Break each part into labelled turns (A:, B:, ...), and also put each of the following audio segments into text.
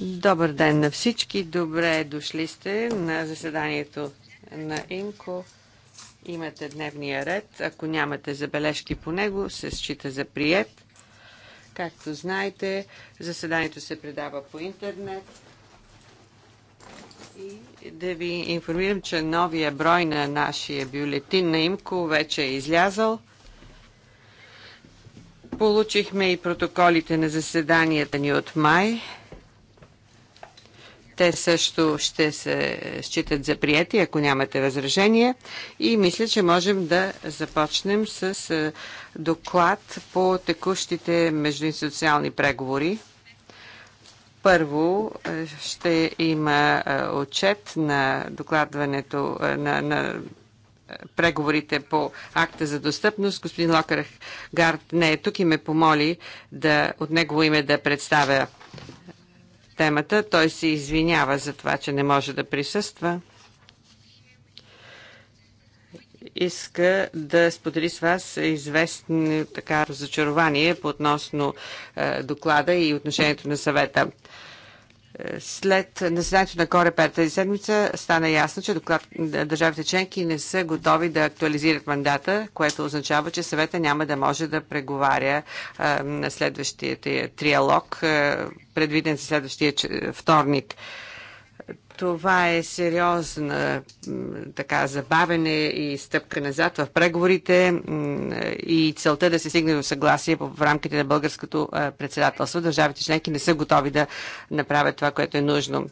A: Добър ден на всички. Добре дошли сте на заседанието на Инко. Имате дневния ред. Ако нямате забележки по него, се счита за прият. Както знаете, заседанието се предава по интернет. И да ви информирам, че новия брой на нашия бюлетин на Имко вече е излязъл – Получихме и протоколите на заседанията ни от май. Те също ще се считат за прияти, ако нямате възражения. И мисля, че можем да започнем с доклад по текущите междуинституционални преговори. Първо ще има отчет на докладването на, на преговорите по акта за достъпност. Господин Локър Гард не е тук и ме помоли да, от негово име да представя темата. Той се извинява за това, че не може да присъства. Иска да сподели с вас известно така разочарование по относно е, доклада и отношението на съвета. След наседанието на Корепер тази седмица стана ясно, че доклад, държавите членки не са готови да актуализират мандата, което означава, че съвета няма да може да преговаря на следващия триалог, предвиден за следващия вторник това е сериозна така забавене и стъпка назад в преговорите и целта е да се стигне до съгласие в рамките на българското председателство. Държавите членки не са готови да направят това, което е нужно.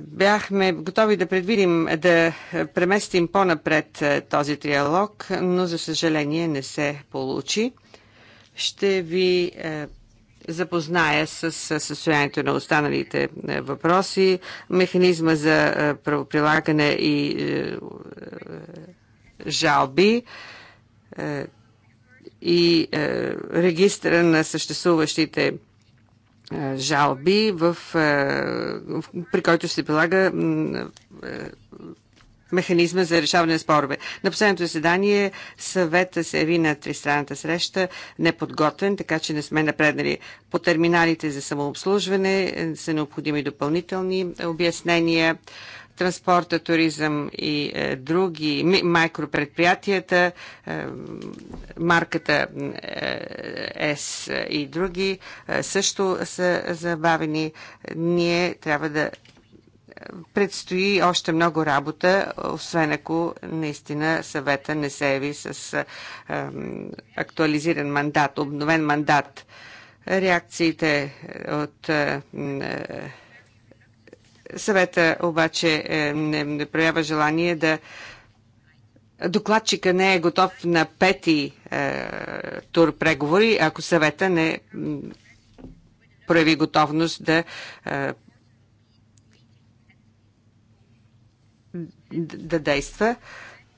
A: Бяхме готови да предвидим, да преместим по-напред този триалог, но за съжаление не се получи. Ще ви запозная с състоянието на останалите е, въпроси, механизма за е, правоприлагане и е, жалби и регистра на съществуващите жалби, в, при който се прилага механизма за решаване на спорове. На последното заседание съвета се яви на тристранната среща неподготвен, така че не сме напреднали. По терминалите за самообслужване е, са необходими допълнителни е, обяснения транспорта, туризъм и е, други, микропредприятията, е, марката е, S е, и други е, също са забавени. Ние трябва да предстои още много работа, освен ако наистина съвета не се яви с актуализиран мандат, обновен мандат. Реакциите от е, е, съвета обаче е, не, не проява желание да докладчика не е готов на пети е, тур преговори, ако съвета не прояви готовност да е, да действа.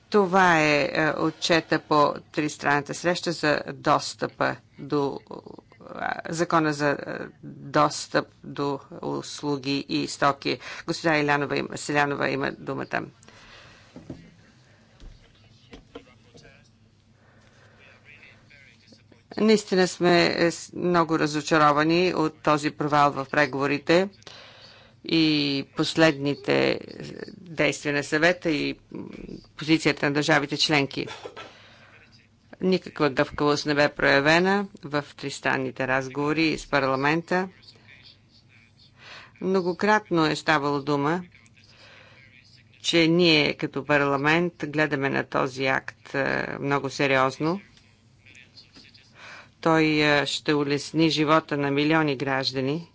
A: Това е, е отчета по тристранната среща за достъпа до е, закона за е, достъп до услуги и стоки. Господа Илянова, Селянова има думата. Наистина сме много разочаровани от този провал в преговорите и последните действия на съвета и позицията на държавите членки. Никаква гъвкавост не бе проявена в тристанните разговори с парламента. Многократно е ставало дума, че ние като парламент гледаме на този акт е, много сериозно. Той е, ще улесни живота на милиони граждани –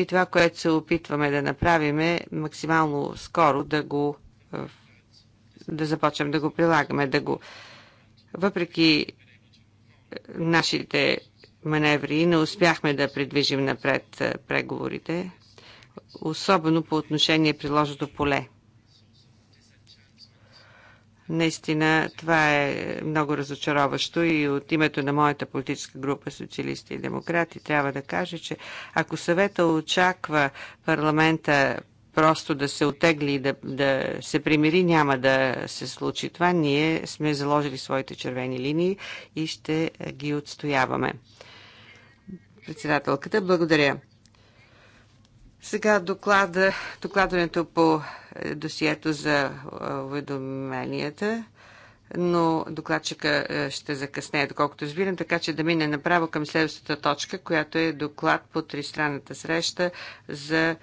A: и това, което се опитваме да направим е максимално скоро да го е, да започнем да го прилагаме, да го въпреки е, нашите маневри не успяхме да придвижим напред е, преговорите, особено по отношение приложното поле. Наистина това е много разочароващо и от името на моята политическа група Социалисти и Демократи трябва да кажа, че ако съвета очаква парламента просто да се отегли и да, да се примири, няма да се случи това. Ние сме заложили своите червени линии и ще ги отстояваме. Председателката, благодаря. Сега доклада, докладването по е, досието за е, уведоменията, но докладчика е, ще закъсне, доколкото разбирам, така че да мине направо към следващата точка, която е доклад по тристранната среща за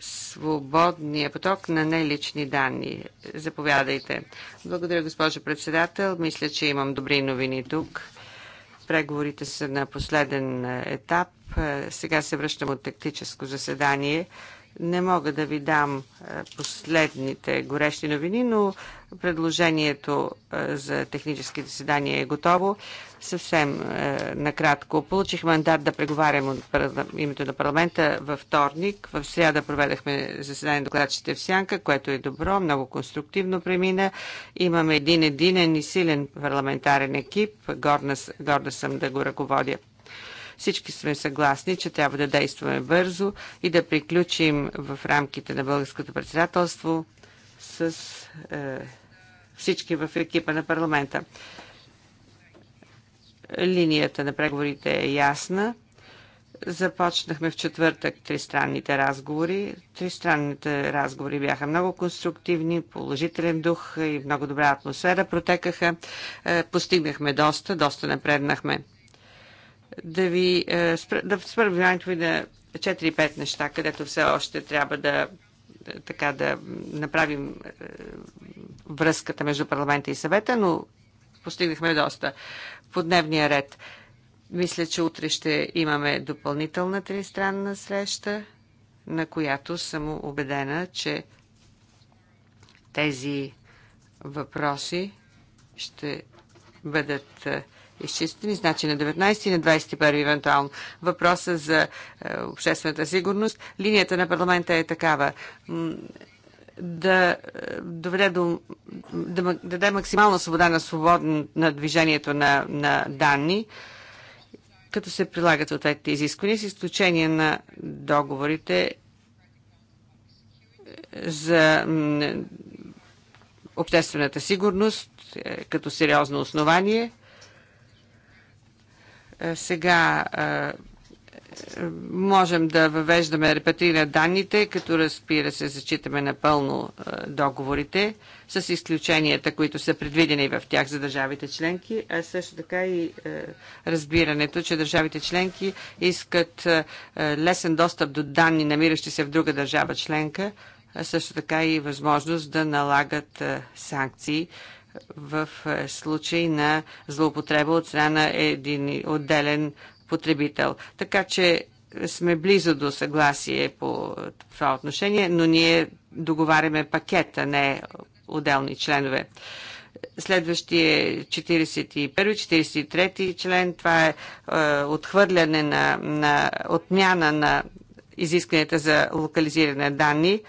A: свободния поток на нелични данни. Заповядайте. Благодаря, госпожо председател. Мисля, че имам добри новини тук. Преговорите са на последен е, етап. Е, сега се връщам от тактическо заседание не мога да ви дам е, последните горещи новини, но предложението е, за технически заседания е готово. Съвсем е, накратко. Получих мандат да преговарям от името на парламента във вторник. В среда проведахме заседание докладчите в Сянка, което е добро, много конструктивно премина. Имаме един единен и силен парламентарен екип. Горна, горда съм да го ръководя. Всички сме съгласни, че трябва да действаме бързо и да приключим в рамките на българското председателство с е, всички в екипа на парламента. Линията на преговорите е ясна. Започнахме в четвъртък тристранните разговори. Тристранните разговори бяха много конструктивни, положителен дух и много добра атмосфера протекаха. Е, постигнахме доста, доста напреднахме да ви е, да спра вниманието ви на 4-5 неща, където все още трябва да така да направим е, връзката между парламента и съвета, но постигнахме доста по дневния ред. Мисля, че утре ще имаме допълнителна тристранна среща, на която съм убедена, че тези въпроси ще бъдат е, изчистени, значи на 19 и на 21 евентуално. Въпроса за е, обществената сигурност. Линията на парламента е такава да е, доведе до да, да даде максимална свобода на свободно на движението на, на данни, като се прилагат съответните изисквания, с изключение на договорите е, за обществената сигурност като сериозно основание – е, сега е, е, можем да въвеждаме репатрира данните, като разбира се, зачитаме напълно договорите, с изключенията, които са предвидени в тях за държавите членки, а също така и разбирането, че държавите членки искат лесен достъп до данни, намиращи се в друга държава членка, а също така и възможност да налагат санкции в е, случай на злоупотреба от страна на един отделен потребител. Така че сме близо до съгласие по това отношение, но ние договаряме пакета, не отделни членове. Следващия 41-43 е член, това е, е отхвърляне на, на отмяна на изискванията за локализиране данни.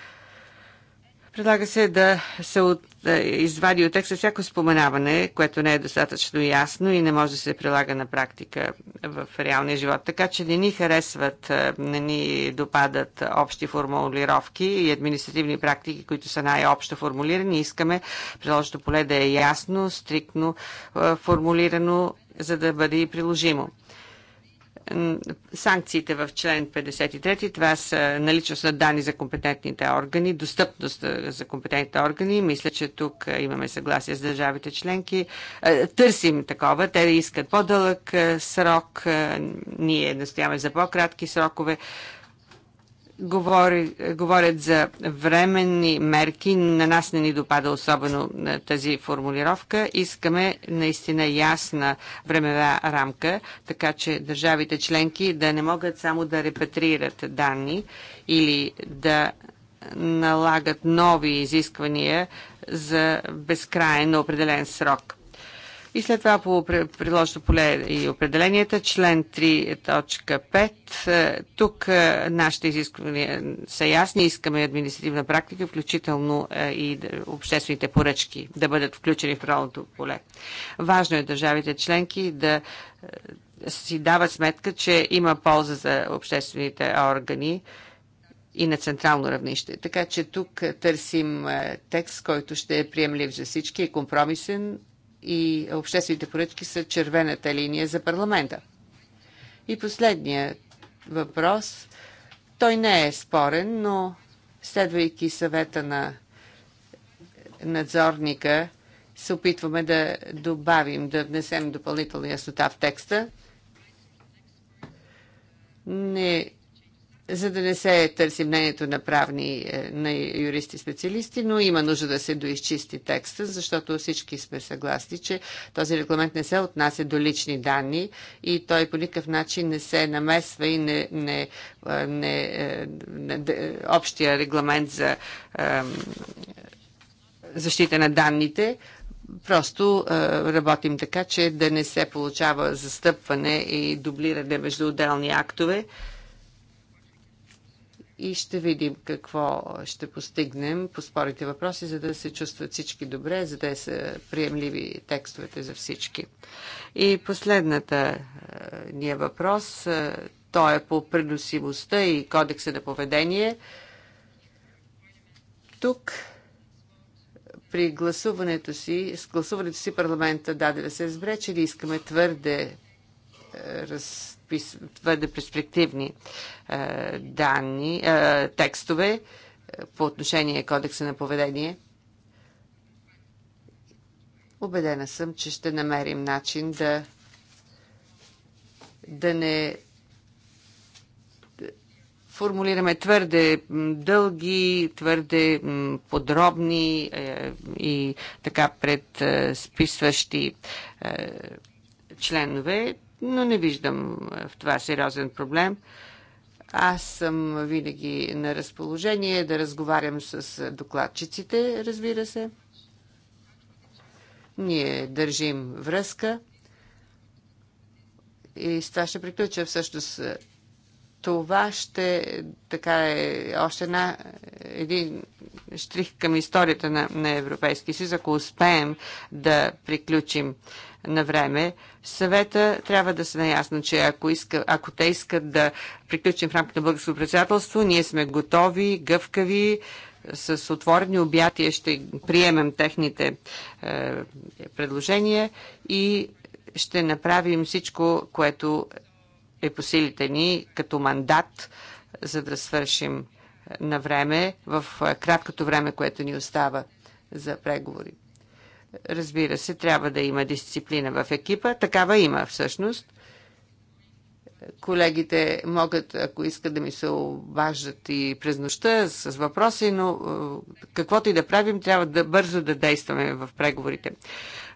A: Предлага се да се от, да извади от текста всяко споменаване, което не е достатъчно ясно и не може да се прилага на практика в реалния живот. Така че не ни харесват, е, не ни допадат общи формулировки и административни практики, които са най-общо формулирани. Искаме приложното поле да е ясно, стриктно е, формулирано, за да бъде и приложимо санкциите в член 53, това са наличност на данни за компетентните органи, достъпност за компетентните органи. Мисля, че тук имаме съгласие с държавите членки. Търсим такова. Те искат по-дълъг срок. Ние настояваме за по-кратки срокове говори, говорят за временни мерки. На нас не ни допада особено тази формулировка. Искаме наистина ясна времева рамка, така че държавите членки да не могат само да репатрират данни или да налагат нови изисквания за безкрайно определен срок. И след това по предложено поле и определенията, член 3.5. Е, е, тук е, нашите изисквания са ясни. Искаме административна практика, включително и обществените поръчки да бъдат включени в правилното поле. Важно е държавите членки да си дават сметка, че има полза за обществените органи и на централно равнище. Така че тук търсим текст, който ще е приемлив за всички и компромисен и обществените поръчки са червената линия за парламента. И последният въпрос, той не е спорен, но следвайки съвета на надзорника, се опитваме да добавим, да внесем допълнителна яснота в текста. Не за да не се търси мнението на правни, е, на юристи специалисти, но има нужда да се доизчисти текста, защото всички сме съгласни, че този регламент не се отнася до лични данни и той по никакъв начин не се намесва и не, не, е, не, е, не общия регламент за защита на данните. Просто е, работим така, че да не се получава застъпване и дублиране между отделни актове и ще видим какво ще постигнем по спорите въпроси, за да се чувстват всички добре, за да са приемливи текстовете за всички. И последната ни е въпрос. Е, той е по преносимостта и кодекса на поведение. Тук при гласуването си, с гласуването си парламента даде да се разбере, че не искаме твърде е, раз, твърде перспективни е, данни, е, текстове е, по отношение кодекса на поведение. Обедена съм, че ще намерим начин да, да не формулираме твърде дълги, твърде подробни е, и така предсписващи е, членове но не виждам е, в това сериозен проблем. Аз съм винаги на разположение да разговарям с е, докладчиците, разбира се. Ние държим връзка. И с това ще приключа всъщност. Е, това ще така е още една, един штрих към историята на, на Европейски съюз, ако успеем да приключим на време. Съвета трябва да се наясна, че ако, иска, ако те искат да приключим в рамките на българското председателство, ние сме готови, гъвкави, с отворени обятия ще приемем техните е, предложения и ще направим всичко, което е по силите ни като мандат, за да свършим е, на време, в е, краткото време, което ни остава за преговори. Разбира се, трябва да има дисциплина в екипа. Такава има всъщност. Колегите могат, ако искат да ми се обаждат и през нощта с въпроси, но е, каквото и да правим, трябва да бързо да действаме в преговорите.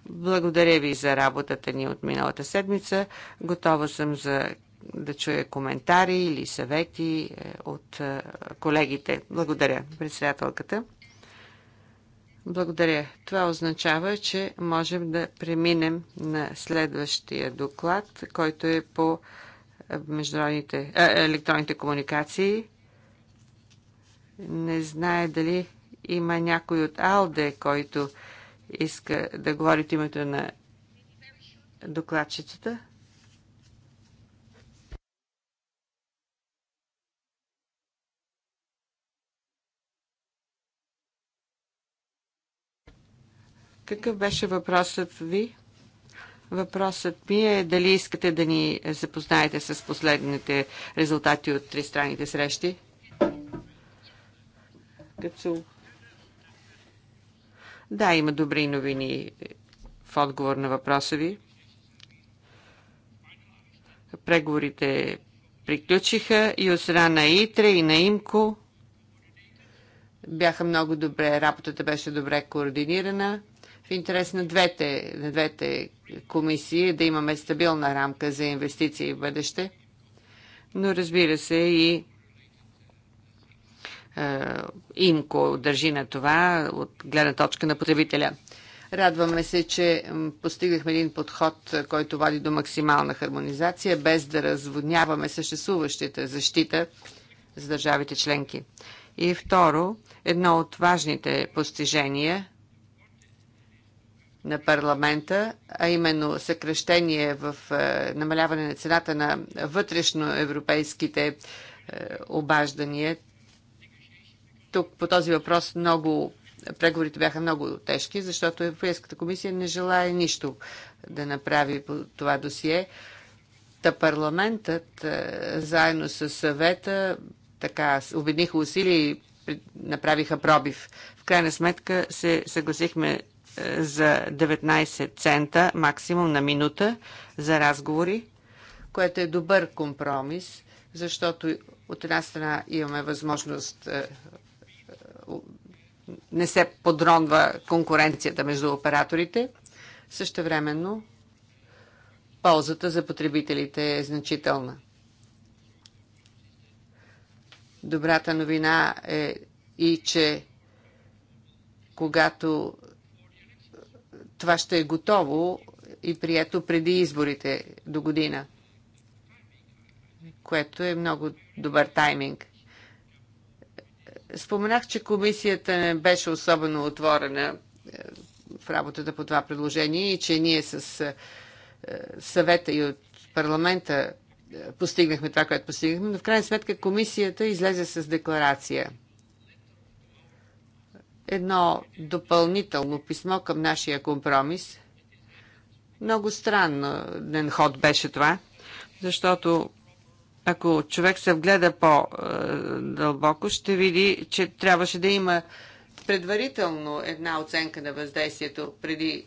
A: Благодаря ви за работата ни от миналата седмица. Готова съм за да чуя коментари или съвети е, от е, колегите. Благодаря, председателката. Благодаря. Това означава, че можем да преминем на следващия доклад, който е по е, международните, а, е, е, електронните комуникации. Не знае дали има някой от АЛДЕ, който иска да говори от името на докладчицата. Какъв беше въпросът ви? Въпросът ми е дали искате да ни запознаете с последните резултати от тристранните срещи. Кацу. Да, има добри новини в отговор на въпроса ви. Преговорите приключиха и от страна на ИТРЕ и на ИМКО. Бяха много добре, работата беше добре координирана интерес на двете, на двете комисии е да имаме стабилна рамка за инвестиции в бъдеще, но разбира се и е, имко държи на това от гледна точка на потребителя. Радваме се, че постигнахме един подход, който води до максимална хармонизация, без да разводняваме съществуващата защита за държавите членки. И второ, едно от важните постижения на парламента, а именно съкрещение в е, намаляване на цената на вътрешно европейските е, обаждания. Тук по този въпрос много преговорите бяха много тежки, защото Европейската комисия не желая нищо да направи по това досие. Та парламентът е, заедно с съвета така обедниха усилия и направиха пробив. В крайна сметка се съгласихме за 19 цента максимум на минута за разговори, което е добър компромис, защото от една страна имаме възможност е, е, не се подронва конкуренцията между операторите. Същевременно ползата за потребителите е значителна. Добрата новина е и, че когато това ще е готово и прието преди изборите до година, което е много добър тайминг. Споменах, че комисията не беше особено отворена е, в работата по това предложение и че ние с е, съвета и от парламента е, постигнахме това, което постигнахме, но в крайна сметка комисията излезе с декларация – едно допълнително писмо към нашия компромис. Много странен ход беше това, защото ако човек се вгледа по-дълбоко, ще види, че трябваше да има предварително една оценка на въздействието преди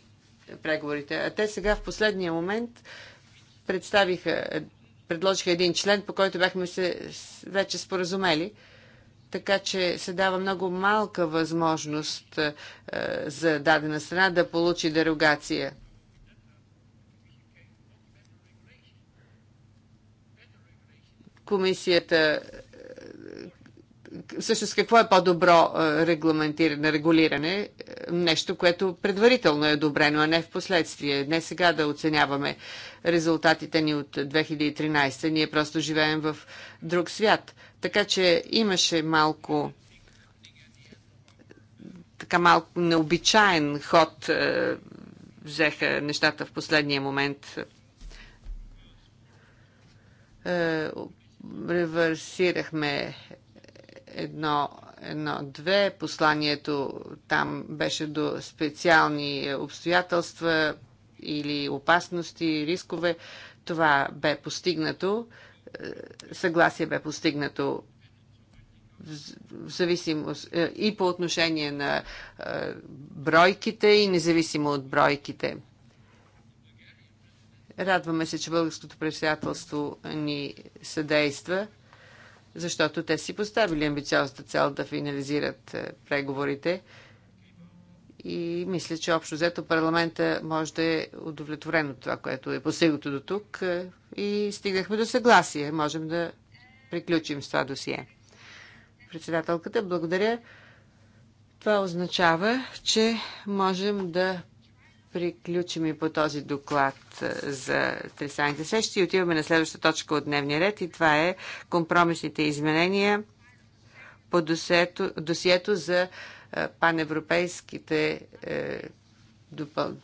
A: преговорите. А те сега в последния момент представиха, предложиха един член, по който бяхме се вече споразумели така че се дава много малка възможност е, за дадена страна да получи дерогация. Комисията е, всъщност какво е по-добро е, регламентиране, регулиране? Нещо, което предварително е одобрено, а не в последствие. Не сега да оценяваме резултатите ни от 2013. Ние просто живеем в друг свят. Така че имаше малко така малко необичайен ход е, взеха нещата в последния момент. Е, ревърсирахме едно, едно, две. Посланието там беше до специални обстоятелства или опасности, рискове. Това бе постигнато съгласие бе постигнато в зависимост е, и по отношение на е, бройките и независимо от бройките. Радваме се, че българското председателство ни съдейства, защото те си поставили амбициозната цел да финализират е, преговорите. И мисля, че общо взето парламента може да е удовлетворен от това, което е постигнато до тук. И стигнахме до съгласие. Можем да приключим с това досие. Председателката, благодаря. Това означава, че можем да приключим и по този доклад за тристранните срещи и отиваме на следващата точка от дневния ред и това е компромисните изменения по досието, досието за е, паневропейските е,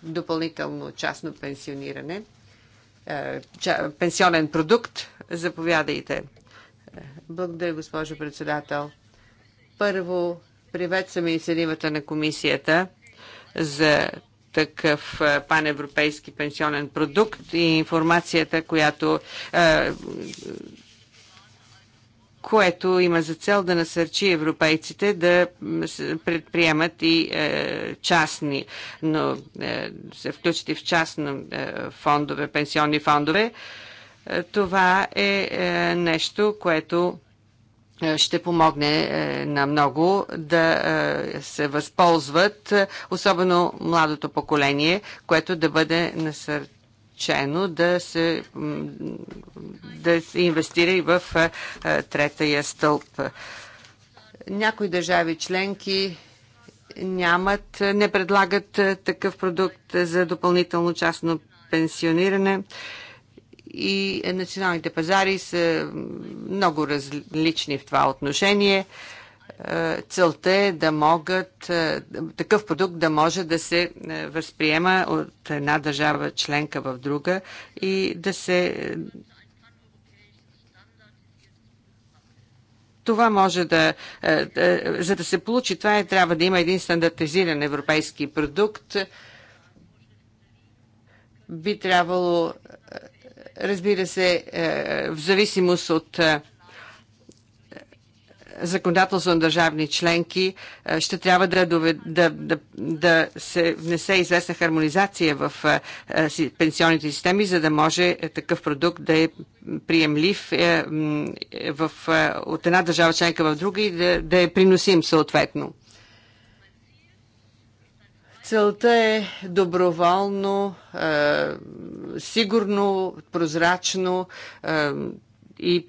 A: допълнително частно пенсиониране, е, пенсионен продукт. Заповядайте. Благодаря, госпожо председател. Първо, приветстваме инициативата на комисията за такъв паневропейски пенсионен продукт и информацията, която е, което има за цел да насърчи европейците да предприемат и е, частни, но е, се включат и в частни е, фондове, пенсионни фондове. Е, това е, е нещо, което е, ще помогне е, на много да се възползват, особено младото поколение, което да бъде насърчено насърчено да се, да се инвестира и в третия стълб. Някои държави членки нямат, не предлагат такъв продукт за допълнително частно пенсиониране и националните пазари са много различни в това отношение. Е, целта е да могат, е, такъв продукт да може да се е, възприема от една държава членка в друга и да се това може да, за да се получи това е, трябва да има един стандартизиран европейски продукт. Би трябвало, разбира се, в зависимост от законодателство на държавни членки е, ще трябва да, довед, да, да, да се внесе известна хармонизация в е, е, пенсионните системи, за да може такъв продукт да е приемлив в, от една държава членка в друга и да, да е приносим съответно. Целта е доброволно, сигурно, прозрачно и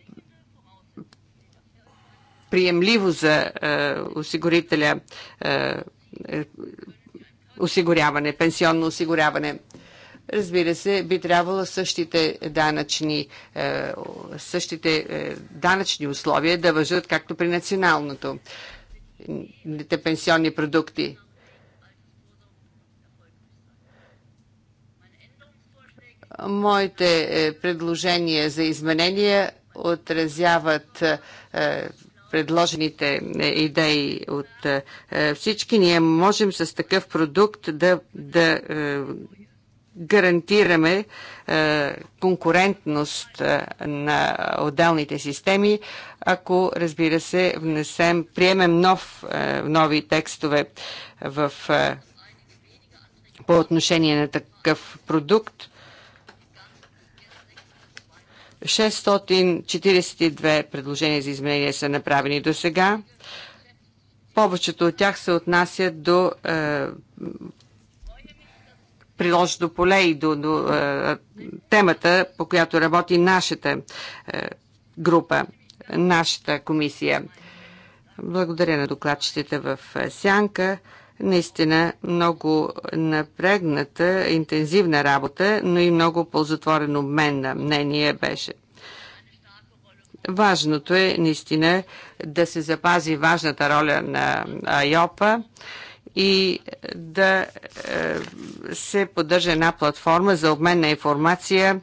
A: приемливо за е, осигурителя е, е, осигуряване, пенсионно осигуряване. Разбира се, би трябвало същите данъчни, същите данъчни условия да въжат както при националното пенсионни продукти. Моите предложения за изменения отразяват предложените е, идеи от е, всички, ние можем с такъв продукт да, да е, гарантираме конкурентност на отделните системи, ако, разбира се, внесем, приемем нов, нови текстове в, по отношение на такъв продукт, 642 предложения за изменения са направени до сега. Повечето от тях се отнасят до е, приложно поле и до, до е, темата, по която работи нашата е, група, нашата комисия. Благодаря на докладчетите в е, Сянка наистина много напрегната, интензивна работа, но и много ползотворен обмен на мнение беше. Важното е наистина да се запази важната роля на Айопа и да е, се поддържа една платформа за обмен на информация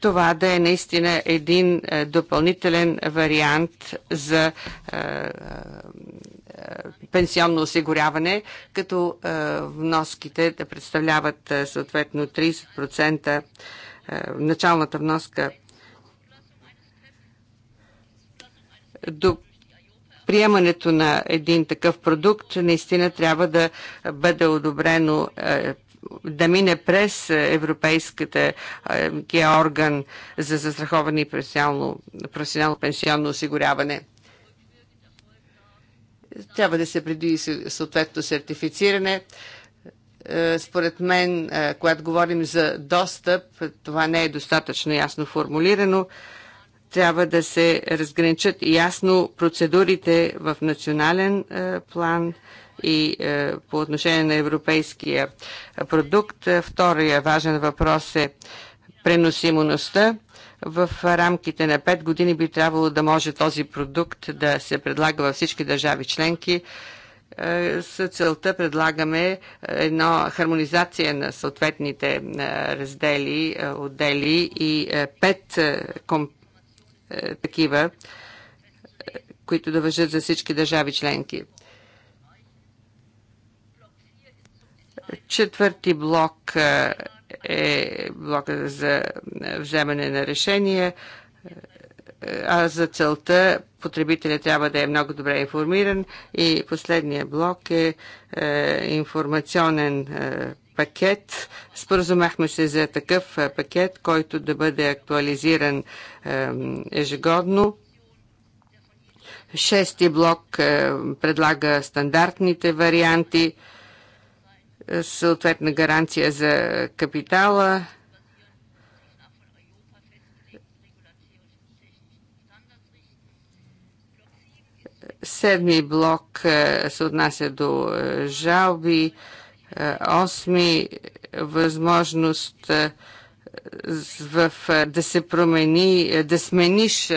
A: това да е наистина един е, допълнителен вариант за е, е, пенсионно осигуряване, като вноските да представляват съответно 30% началната вноска до приемането на един такъв продукт наистина трябва да бъде одобрено да мине през Европейската е, орган за застраховане и професионално, професионално пенсионно осигуряване. Трябва да се преди съответно сертифициране е, според мен, е, когато говорим за достъп, това не е достатъчно ясно формулирано. Трябва да се разграничат ясно процедурите в национален е, план и е, по отношение на европейския продукт. Втория важен въпрос е преносимоността. в рамките на 5 години би трябвало да може този продукт да се предлага във всички държави членки. Е, с целта предлагаме една хармонизация на съответните е, раздели, отдели и пет комп... такива, които да въжат за всички държави членки. Четвърти блок е, е блока за вземане на решение, е, а за целта потребителя трябва да е много добре информиран. И последния блок е, е информационен пакет. Споразумяхме се за такъв пакет, който да бъде актуализиран ежегодно. Шести блок предлага стандартните варианти съответна гаранция за капитала, Седми блок е, се отнася до е, жалби. Е, осми възможност в, да се промени, да смениш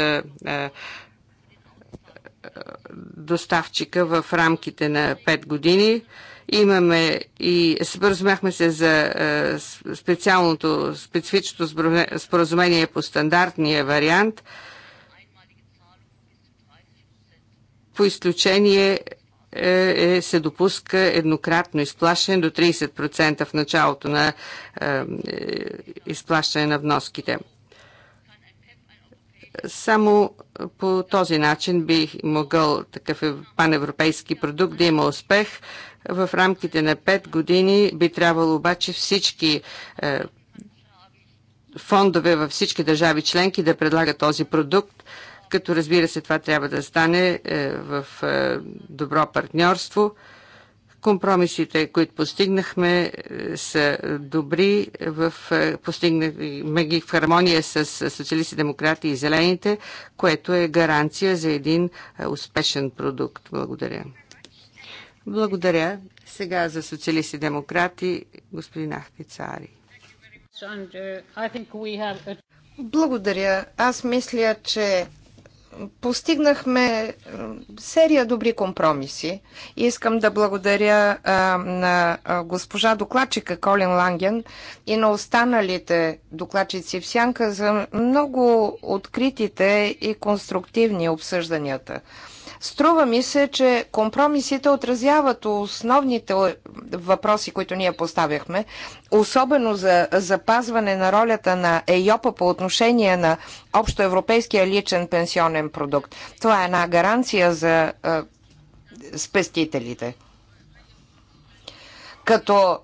A: доставчика в рамките на 5 години. Имаме и споразумяхме се за е, специалното, специфичното споразумение по стандартния вариант. По изключение е, е се допуска еднократно изплащане до 30% в началото на е, е, изплащане на вноските. Само по този начин бих могъл такъв паневропейски продукт да има успех. В рамките на 5 години би трябвало обаче всички е, фондове във всички държави членки да предлагат този продукт, като разбира се това трябва да стане е, в е, добро партньорство. Компромисите, които постигнахме, са добри, в, постигнахме ги в хармония с социалисти, демократи и зелените, което е гаранция за един успешен продукт. Благодаря. Благодаря. Сега за социалисти демократи, господин Ахмед
B: Благодаря. Аз мисля,
A: че постигнахме
B: серия добри компромиси. Искам да благодаря а, на госпожа докладчика Колин Ланген и на останалите докладчици в Сянка за много откритите и конструктивни обсъжданията. Струва ми се, че компромисите отразяват основните въпроси, които ние поставяхме, особено за запазване на ролята на ЕЙОПа по отношение на общоевропейския личен пенсионен продукт. Това е една гаранция за е, спестителите. Като е,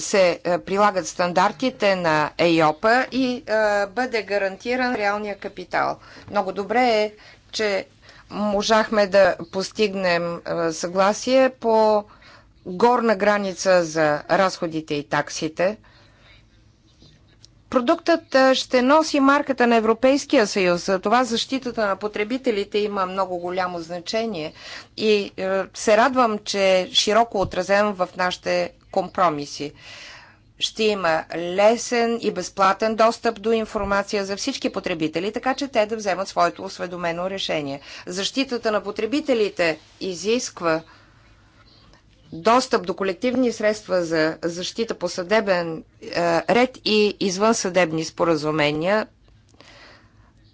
B: се е, прилагат стандартите на ЕЙОПа и бъде гарантиран реалния капитал. Много добре е, че можахме да постигнем съгласие по горна граница за разходите и таксите. Продуктът ще носи марката на Европейския съюз, за това защитата на потребителите има много голямо значение и се радвам, че е широко отразен в нашите компромиси ще има лесен и безплатен достъп до информация за всички потребители, така че те да вземат своето осведомено решение. Защитата на потребителите изисква достъп до колективни средства за защита по съдебен е, ред и извънсъдебни споразумения,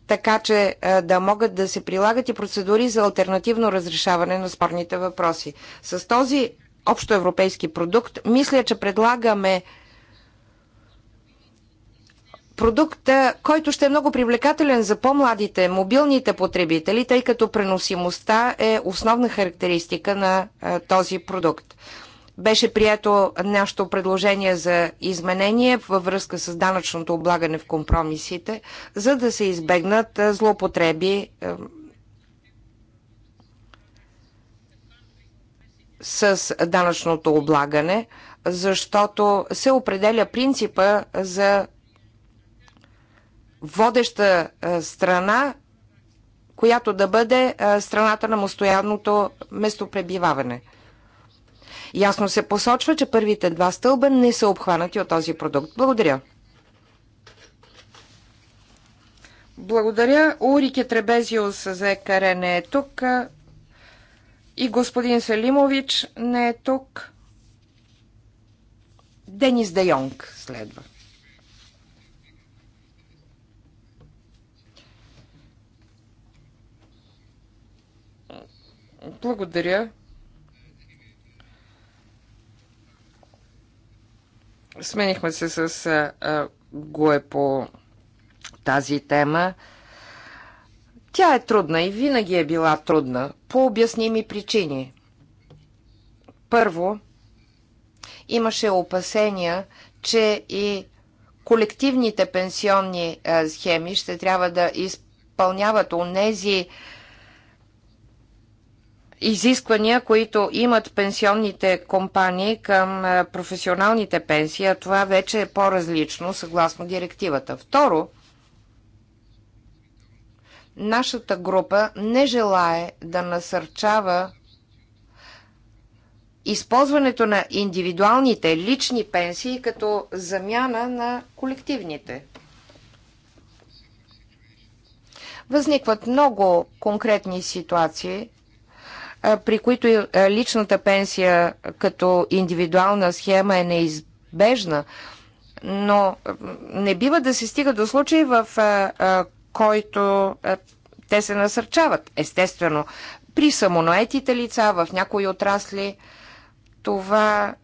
B: така че е, да могат да се прилагат и процедури за альтернативно разрешаване на спорните въпроси. С този общоевропейски продукт, мисля, че предлагаме продукт, който ще е много привлекателен за по-младите, мобилните потребители, тъй като преносимостта е основна характеристика на е, този продукт. Беше прието нашето предложение за изменение във връзка с данъчното облагане в компромисите, за да се избегнат е, злоупотреби е, с данъчното облагане, защото се определя принципа за водеща е, страна, която да бъде е, страната на мостоянното местопребиваване. Ясно се посочва, че първите два стълба не са обхванати от този продукт. Благодаря. Благодаря. Урике Требезиус за екаре не е тук. И господин Селимович не е тук. Денис Дайонг следва. Благодаря. Сменихме се с а, Гое по тази тема. Тя е трудна и винаги е била трудна по обясними причини. Първо, имаше опасения, че и колективните пенсионни схеми ще трябва да изпълняват онези изисквания, които имат пенсионните компании към професионалните пенсии, а това вече е по-различно съгласно директивата. Второ, нашата група не желае да насърчава използването на индивидуалните лични пенсии като замяна на колективните. Възникват много конкретни ситуации, при които личната пенсия като индивидуална схема е неизбежна, но не бива да се стига до случаи, в който те се насърчават. Естествено, при самонаетите лица в някои отрасли това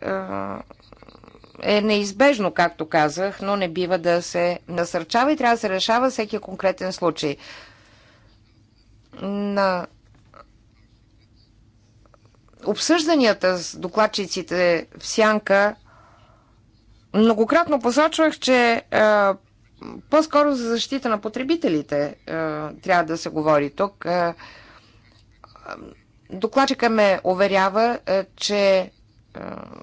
B: е неизбежно, както казах, но не бива да се насърчава и трябва да се решава всеки конкретен случай. На обсъжданията с докладчиците в Сянка многократно посочвах, че е, по-скоро за защита на потребителите е, трябва да се говори тук. Е, докладчика ме уверява, че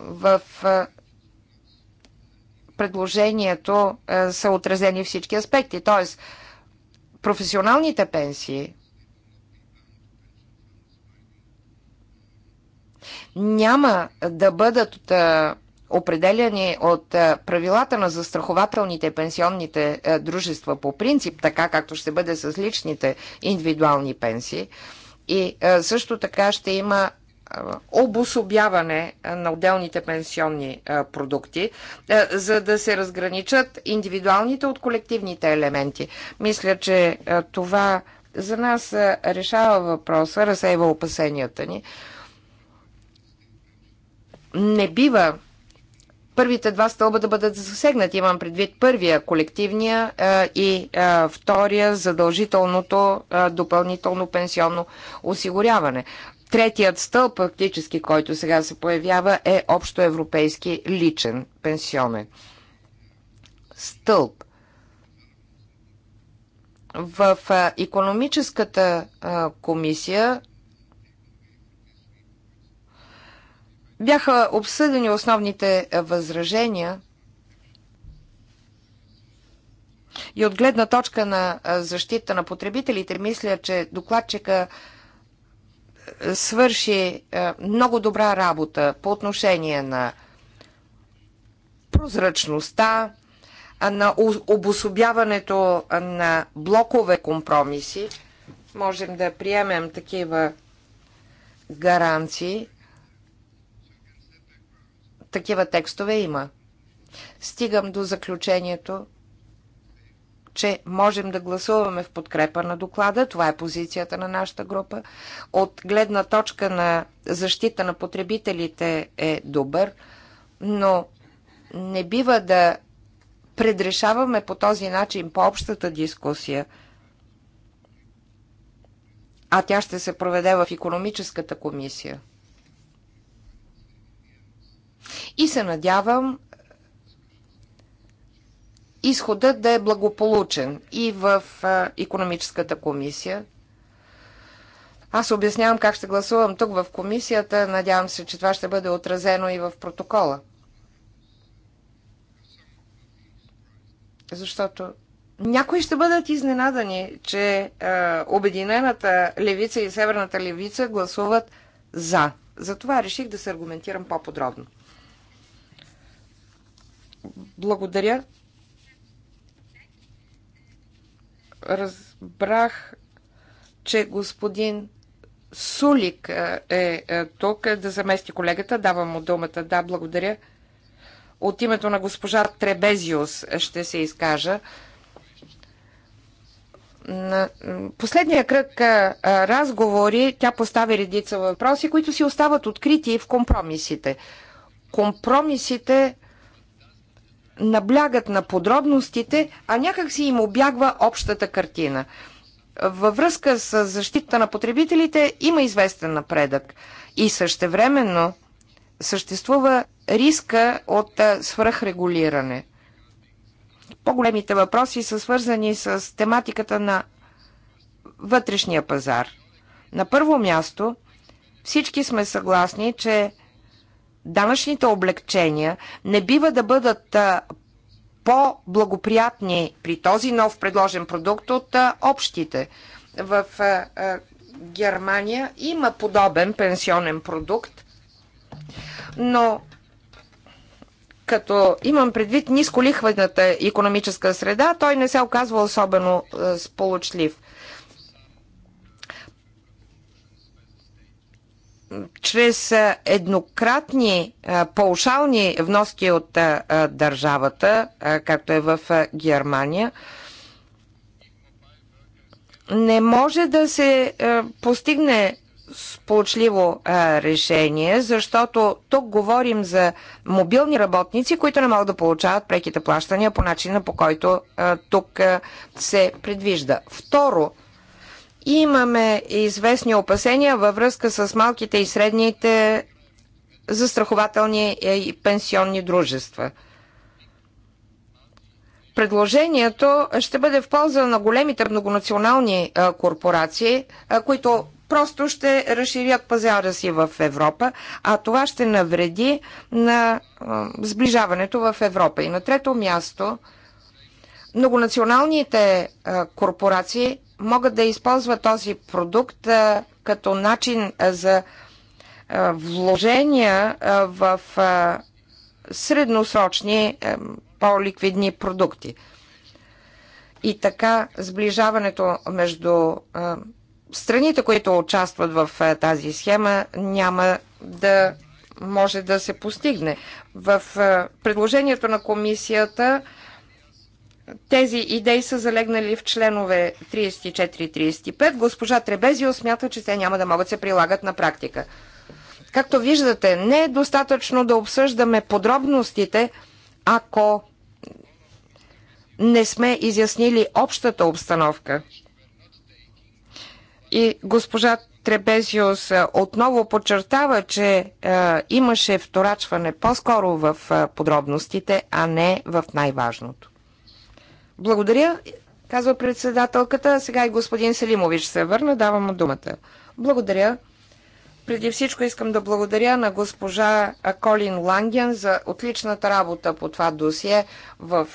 B: в предложението са отразени всички аспекти, т.е. професионалните пенсии, няма да бъдат определени от правилата на застрахователните пенсионните дружества по принцип, така както ще бъде с личните индивидуални пенсии. И също така ще има обособяване на отделните пенсионни продукти, за да се разграничат индивидуалните от колективните елементи. Мисля, че това за нас решава въпроса, разсейва опасенията ни не бива първите два стълба да бъдат засегнати. Имам предвид първия колективния и втория задължителното допълнително пенсионно осигуряване. Третият стълб, фактически, който сега се появява, е общоевропейски личен пенсионен стълб. В економическата комисия Бяха обсъдени основните е, възражения и от гледна точка на е, защита на потребителите, мисля, че докладчика е, свърши много добра работа по отношение на прозрачността, на обособяването на блокове компромиси. Можем да приемем такива гаранции такива текстове има. Стигам до заключението, че можем да гласуваме в подкрепа на доклада. Това е позицията на нашата група. От гледна точка на защита на потребителите е добър, но не бива да предрешаваме по този начин по-общата дискусия, а тя ще се проведе в економическата комисия. И се надявам изходът да е благополучен и в економическата комисия. Аз обяснявам как ще гласувам тук в комисията. Надявам се, че това ще бъде отразено и в протокола. Защото някои ще бъдат изненадани, че е, Обединената левица и Северната левица гласуват за. Затова реших да се аргументирам по-подробно. Благодаря. Разбрах, че господин Сулик е, е, е тук е, да замести колегата. Давам му думата. Да, благодаря. От името на госпожа Требезиус ще се изкажа. На последния кръг разговори тя постави редица въпроси, които си остават открити в компромисите. Компромисите наблягат на подробностите, а някак си им обягва общата картина. Във връзка с защита на потребителите има известен напредък и същевременно съществува риска от свръхрегулиране. По-големите въпроси са свързани с тематиката на вътрешния пазар. На първо място, всички сме съгласни, че данъчните облегчения не бива да бъдат по-благоприятни при този нов предложен продукт от общите. В Германия има подобен пенсионен продукт, но като имам предвид нисколихвената економическа среда, той не се оказва особено сполучлив. чрез еднократни паушални вноски от държавата, както е в Германия, не може да се постигне сполучливо решение, защото тук говорим за мобилни работници, които не могат да получават преките плащания по начина по който тук се предвижда. Второ, и имаме известни опасения във връзка с малките и средните застрахователни и пенсионни дружества. Предложението ще бъде в полза на големите многонационални корпорации, които просто ще разширят пазара си в Европа, а това ще навреди на сближаването в Европа. И на трето място, многонационалните корпорации могат да използват този продукт а, като начин а, за а, вложения а, в а, средносрочни а, по-ликвидни продукти. И така сближаването между а, страните, които участват в а, тази схема, няма да може да се постигне. В а, предложението на комисията а, тези идеи са залегнали в членове 34 и 35. Госпожа Требезио смята, че те няма да могат се прилагат на практика. Както виждате, не е достатъчно да обсъждаме подробностите, ако не сме изяснили общата обстановка. И госпожа Требезиус отново подчертава, че е, имаше вторачване по-скоро в подробностите, а не в най-важното. Благодаря, казва председателката. Сега и господин Селимович се върна. Давам му думата. Благодаря. Преди всичко искам да благодаря на госпожа Колин Ланген за отличната работа по това досие в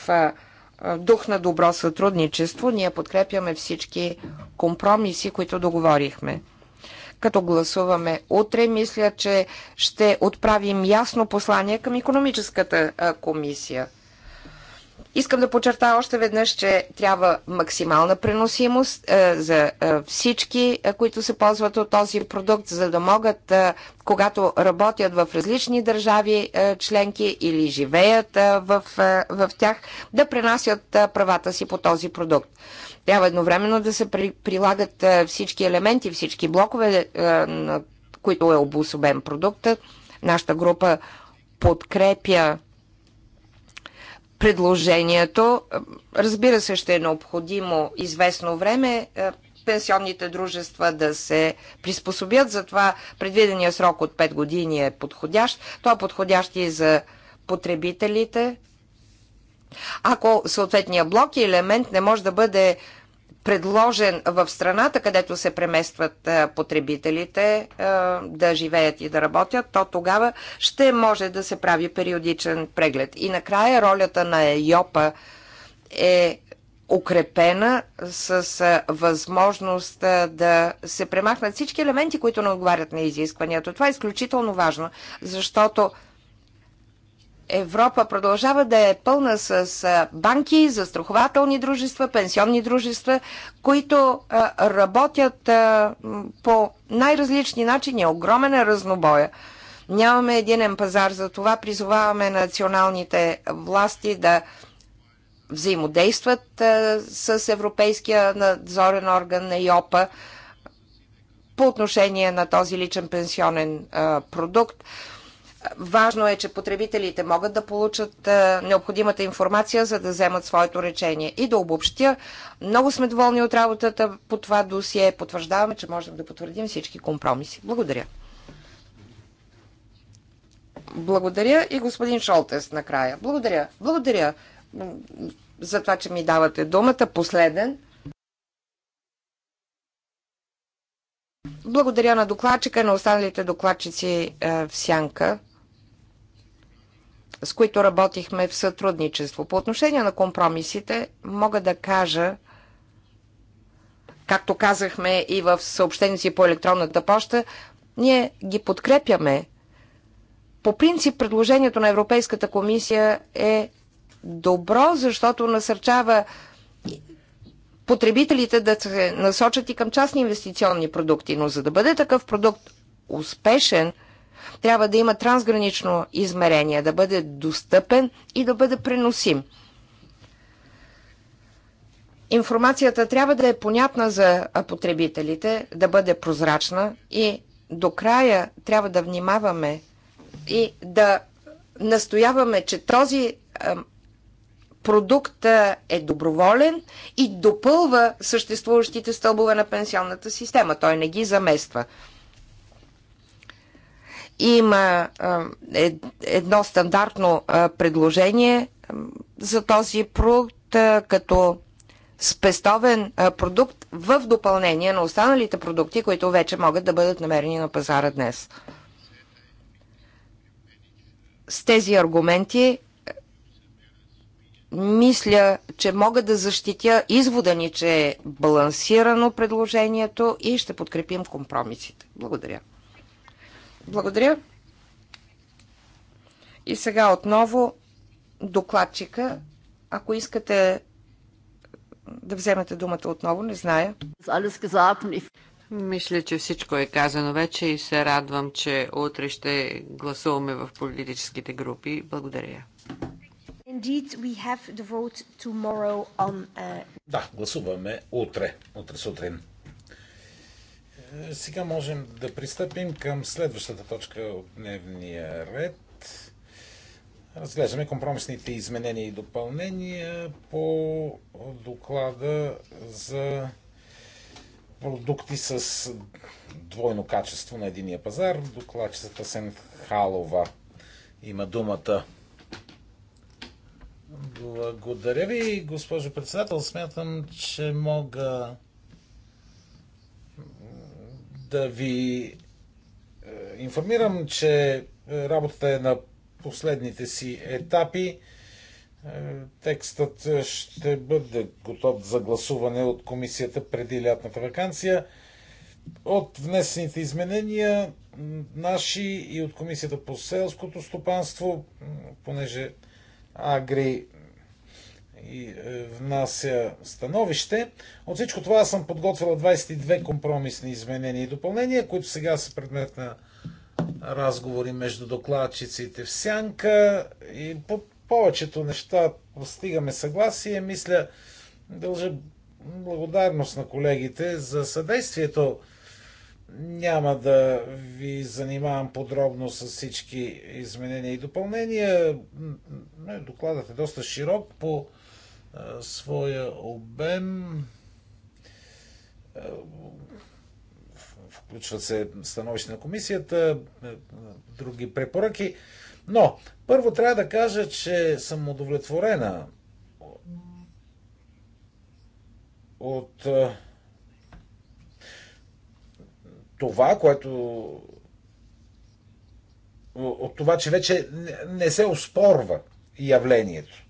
B: дух на добро сътрудничество. Ние подкрепяме всички компромиси, които договорихме. Като гласуваме утре, мисля, че ще отправим ясно послание към економическата комисия – Искам да подчертая още веднъж, че трябва максимална преносимост а, е, за а, е, всички, а, е, които се ползват от този продукт, за да могат, когато работят в различни държави членки или живеят в, в тях, да пренасят правата си по този продукт. Трябва едновременно да се при, прилагат всички елементи, всички блокове, на които е обособен продукта. Нашата група подкрепя предложението. Разбира се, ще е необходимо известно време е, пенсионните дружества да се приспособят. Затова предвидения срок от 5 години е подходящ. Това е подходящ и за потребителите. Ако съответния блок и елемент не може да бъде предложен в страната, където се преместват е, потребителите е, да живеят и да работят, то тогава ще може да се прави периодичен преглед. И накрая ролята на ЕОПа е укрепена с е, възможност да се премахнат всички елементи, които не отговарят на изискванията. Това е изключително важно, защото Европа продължава да е пълна с банки, застрахователни дружества, пенсионни дружества, които работят по най-различни начини. Е огромен е разнобоя. Нямаме единен пазар, за това призоваваме националните власти да взаимодействат с Европейския надзорен орган на ЙОПА по отношение на този личен пенсионен продукт Важно е, че потребителите могат да получат е, необходимата информация, за да вземат своето речение И да обобщя, много сме доволни от работата по това досие. Потвърждаваме, че можем да потвърдим всички компромиси. Благодаря. Благодаря и господин Шолтес накрая. Благодаря. Благодаря за това, че ми давате думата. Последен. Благодаря на докладчика, на останалите докладчици е, в Сянка с които работихме в сътрудничество. По отношение на компромисите, мога да кажа, както казахме и в съобщение си по електронната поща, ние ги подкрепяме. По принцип, предложението на Европейската комисия е добро, защото насърчава потребителите да се насочат и към частни инвестиционни продукти. Но за да бъде такъв продукт успешен – трябва да има трансгранично измерение, да бъде достъпен и да бъде преносим. Информацията трябва да е понятна за потребителите, да бъде прозрачна и до края трябва да внимаваме и да настояваме, че този продукт е доброволен и допълва съществуващите стълбове на пенсионната система. Той не ги замества. Има е, едно стандартно предложение за този продукт като спестовен продукт в допълнение на останалите продукти, които вече могат да бъдат намерени на пазара днес. С тези аргументи мисля, че мога да защитя извода ни, че е балансирано предложението и ще подкрепим компромисите. Благодаря. Благодаря. И сега отново докладчика, ако искате да вземете думата отново, не зная.
A: Е Мисля, че всичко е казано вече и се радвам, че утре ще гласуваме в политическите групи.
C: Благодаря.
B: Indeed, we have the vote tomorrow on... Uh...
C: Да, гласуваме утре, утре сутрин. Сега можем да пристъпим към следващата точка от дневния ред. Разглеждаме компромисните изменения и допълнения по доклада за продукти с двойно качество на единия пазар. Докладчицата Сенхалова има думата. Благодаря ви, госпожо председател. Смятам, че мога да ви е, информирам, че е, работата е на последните си етапи. Е, текстът ще бъде готов за гласуване от комисията преди лятната вакансия. От внесените изменения наши и от комисията по селското стопанство, понеже Агри и е, внася становище. От всичко това съм подготвила 22 компромисни изменения и допълнения, които сега са предмет на разговори между докладчиците в сянка и по повечето неща постигаме съгласие. Мисля, дължа благодарност на колегите за съдействието. Няма да ви занимавам подробно с всички изменения и допълнения. Докладът е доста широк по своя обем. Включват се становище на комисията, други препоръки. Но, първо трябва да кажа, че съм удовлетворена от това, което от това, че вече не се оспорва явлението.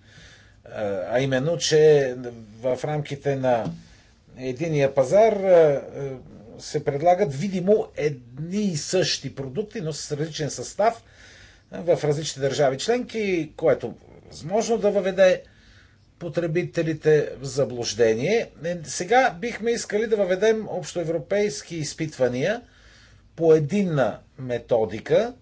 C: А именно, че в рамките на единия пазар се предлагат видимо едни и същи продукти, но с различен състав в различни държави членки, което възможно да въведе потребителите в заблуждение. Е, сега бихме искали да въведем общоевропейски изпитвания по единна методика,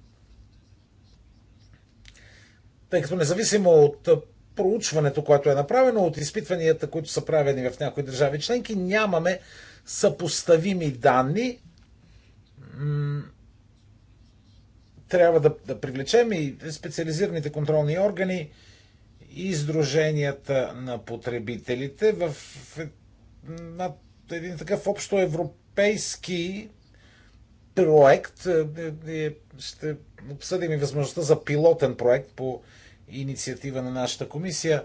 C: тъй като независимо от проучването, което е направено от изпитванията, които са правени в някои държави членки, нямаме съпоставими данни. Трябва да, да привлечем и специализираните контролни органи и издруженията на потребителите в, на един такъв общо европейски проект. Е, е, ще обсъдим и възможността за пилотен проект по инициатива на нашата комисия.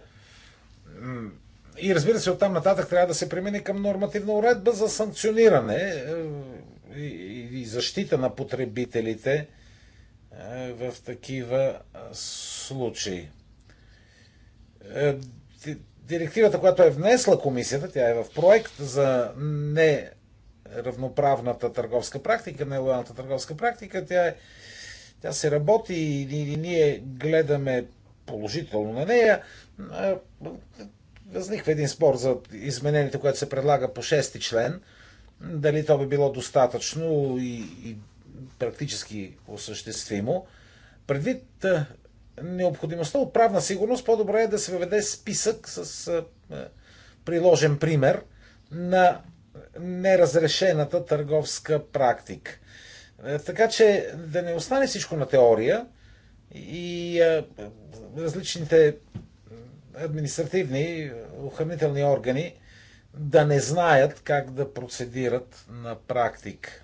C: И разбира се, оттам нататък трябва да се премине към нормативна уредба за санкциониране е, и защита на потребителите е, в такива случаи. Е, директивата, която е внесла комисията, тя е в проект за неравноправната търговска практика, нелоялната търговска практика, тя, е, тя се работи и, и ние гледаме положително на нея. Възниква един спор за изменението, което се предлага по 6 член. Дали то би било достатъчно и, и практически осъществимо. Предвид необходимостта от правна сигурност, по-добре е да се въведе списък с приложен пример на неразрешената търговска практика. Е, така че да не остане всичко на теория, и различните административни охранителни органи да не знаят как да процедират на практик.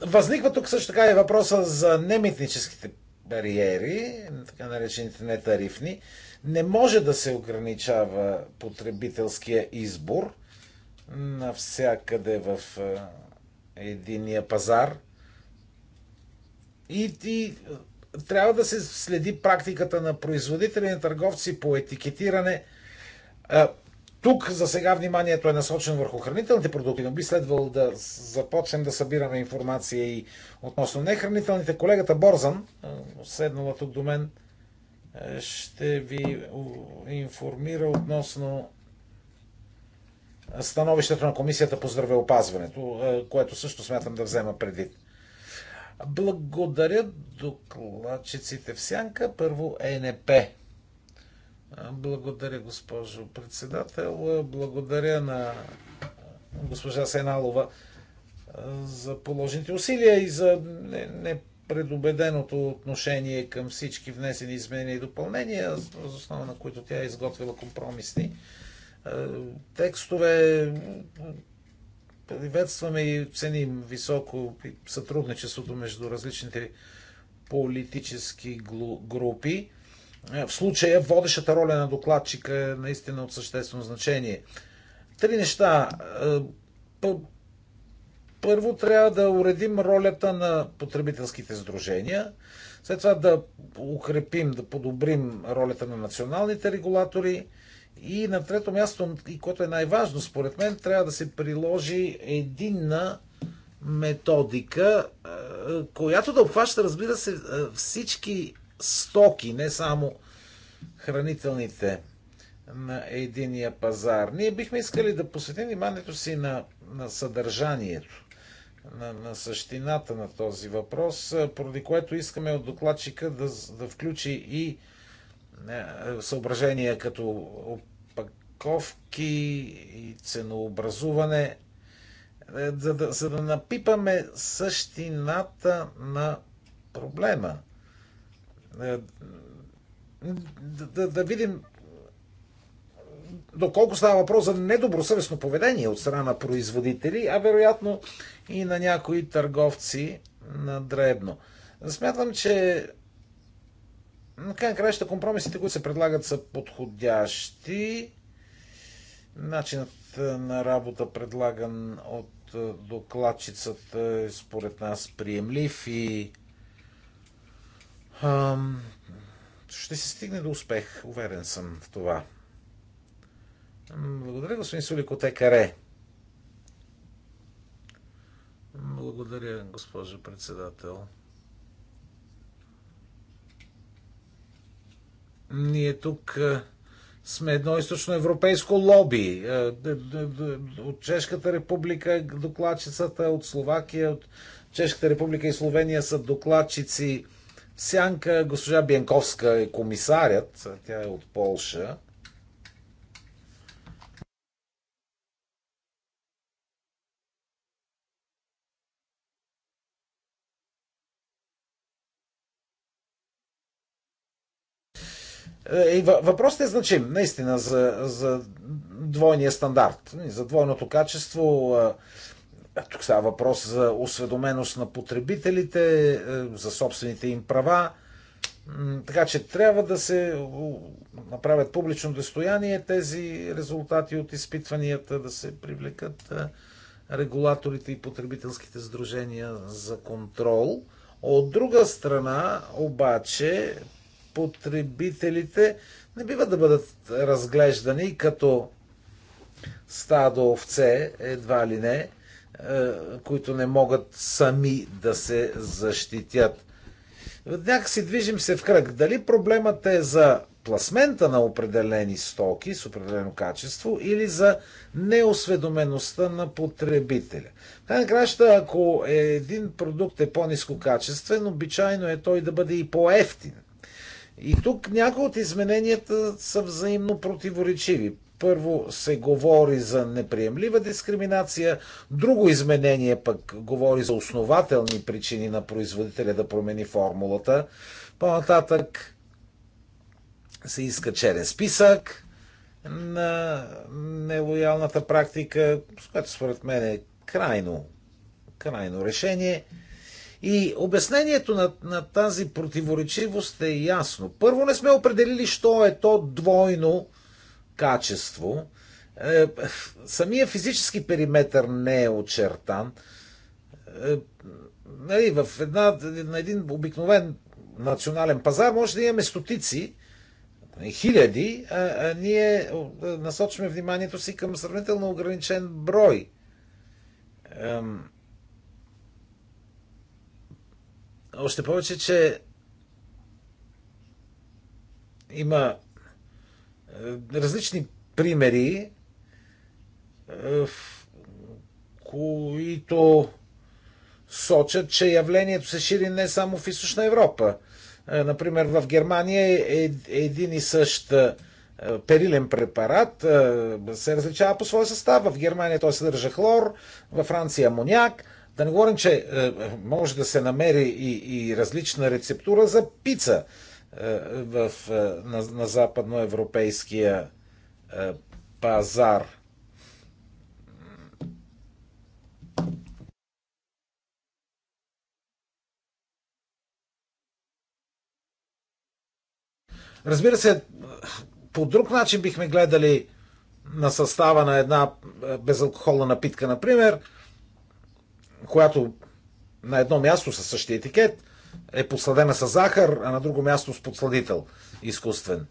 C: Възниква тук също така и въпроса за немитническите бариери, така наречените нетарифни. Не може да се ограничава потребителския избор навсякъде в единия пазар. И, и трябва да се следи практиката на производители и търговци по етикетиране. Тук за сега вниманието е насочено върху хранителните продукти, но би следвало да започнем да събираме информация и относно нехранителните. Колегата Борзан, седнала тук до мен, ще ви информира относно становището на Комисията по здравеопазването, е, което също смятам да взема предвид. Благодаря докладчиците в сянка. Първо ЕНП. Е, благодаря, госпожо председател. Е, благодаря на госпожа Сеналова за положените усилия и за не, не предубеденото отношение към всички внесени изменения и допълнения, въз основа на които тя е изготвила компромисни е, текстове. Приветстваме и ценим високо сътрудничеството между различните политически групи. Е, в случая водещата роля на докладчика е наистина от съществено значение. Три неща е, първо трябва да уредим ролята на потребителските сдружения, след това да укрепим, да подобрим ролята на националните регулатори и на трето място, и което е най-важно според мен, трябва да се приложи единна методика, е, която да обхваща, разбира се, е, всички стоки, не само хранителните на единия пазар. Ние бихме искали да посветим вниманието си на, на съдържанието на, на същината на този въпрос, поради което искаме от докладчика да, да включи и съображения като опаковки и ценообразуване, за да, за да напипаме същината на проблема. Да, да, да видим доколко става въпрос за недобросъвестно поведение от страна на производители, а вероятно и на някои търговци на дребно. Смятам, че на край краища компромисите, които се предлагат, са подходящи. Начинът на работа, предлаган от докладчицата, е според нас приемлив и ам, ще се стигне до успех. Уверен съм в това. Благодаря, господин Сулик от ЕКР. Благодаря, госпожо председател. Ние тук е, сме едно източноевропейско лоби. Е, от Чешката република докладчицата, от Словакия, от Чешката република и Словения са докладчици. Сянка, госпожа Бенковска е комисарят, тя е от Полша. Е, въпросът е значим, наистина, за, за двойния стандарт, нали, за двойното качество. Тук става въпрос за осведоменост на потребителите, е, за собствените им права. Така че трябва да се направят публично достояние тези резултати от изпитванията, да се привлекат е, регулаторите и потребителските сдружения за контрол. От друга страна, обаче, потребителите не бива да бъдат разглеждани като стадо овце, едва ли не, е, които не могат сами да се защитят. Някак си движим се в кръг. Дали проблемът е за пласмента на определени стоки с определено качество или за неосведомеността на потребителя. Край краща, ако един продукт е по-низко качествен, обичайно е той да бъде и по-ефтин. И тук някои от измененията са взаимно противоречиви. Първо се говори за неприемлива дискриминация, друго изменение пък говори за основателни причини на производителя да промени формулата. По-нататък се иска черен списък на нелоялната практика, с което според мен е крайно, крайно решение – и обяснението на, на тази противоречивост е ясно. Първо не сме определили, що е то двойно качество. Е, самия физически периметр не е очертан. Е, нали, в една, на един обикновен национален пазар може да имаме стотици, нали, хиляди, а, а ние е, насочваме вниманието си към сравнително ограничен брой. Е, Още повече, че има е, различни примери, е, в които сочат, че явлението се шири не само в Източна Европа. Е, например, в Германия е един и същ перилен препарат се различава по своя състав. В Германия той съдържа хлор, във Франция амоняк, да не говорим, че е, може да се намери и, и различна рецептура за пица е, в, е, на, на западноевропейския пазар. Разбира се, по друг начин бихме гледали на състава на една безалкохолна напитка, например, която на едно място със същия етикет е подсладена с захар, а на друго място с подсладител изкуствен.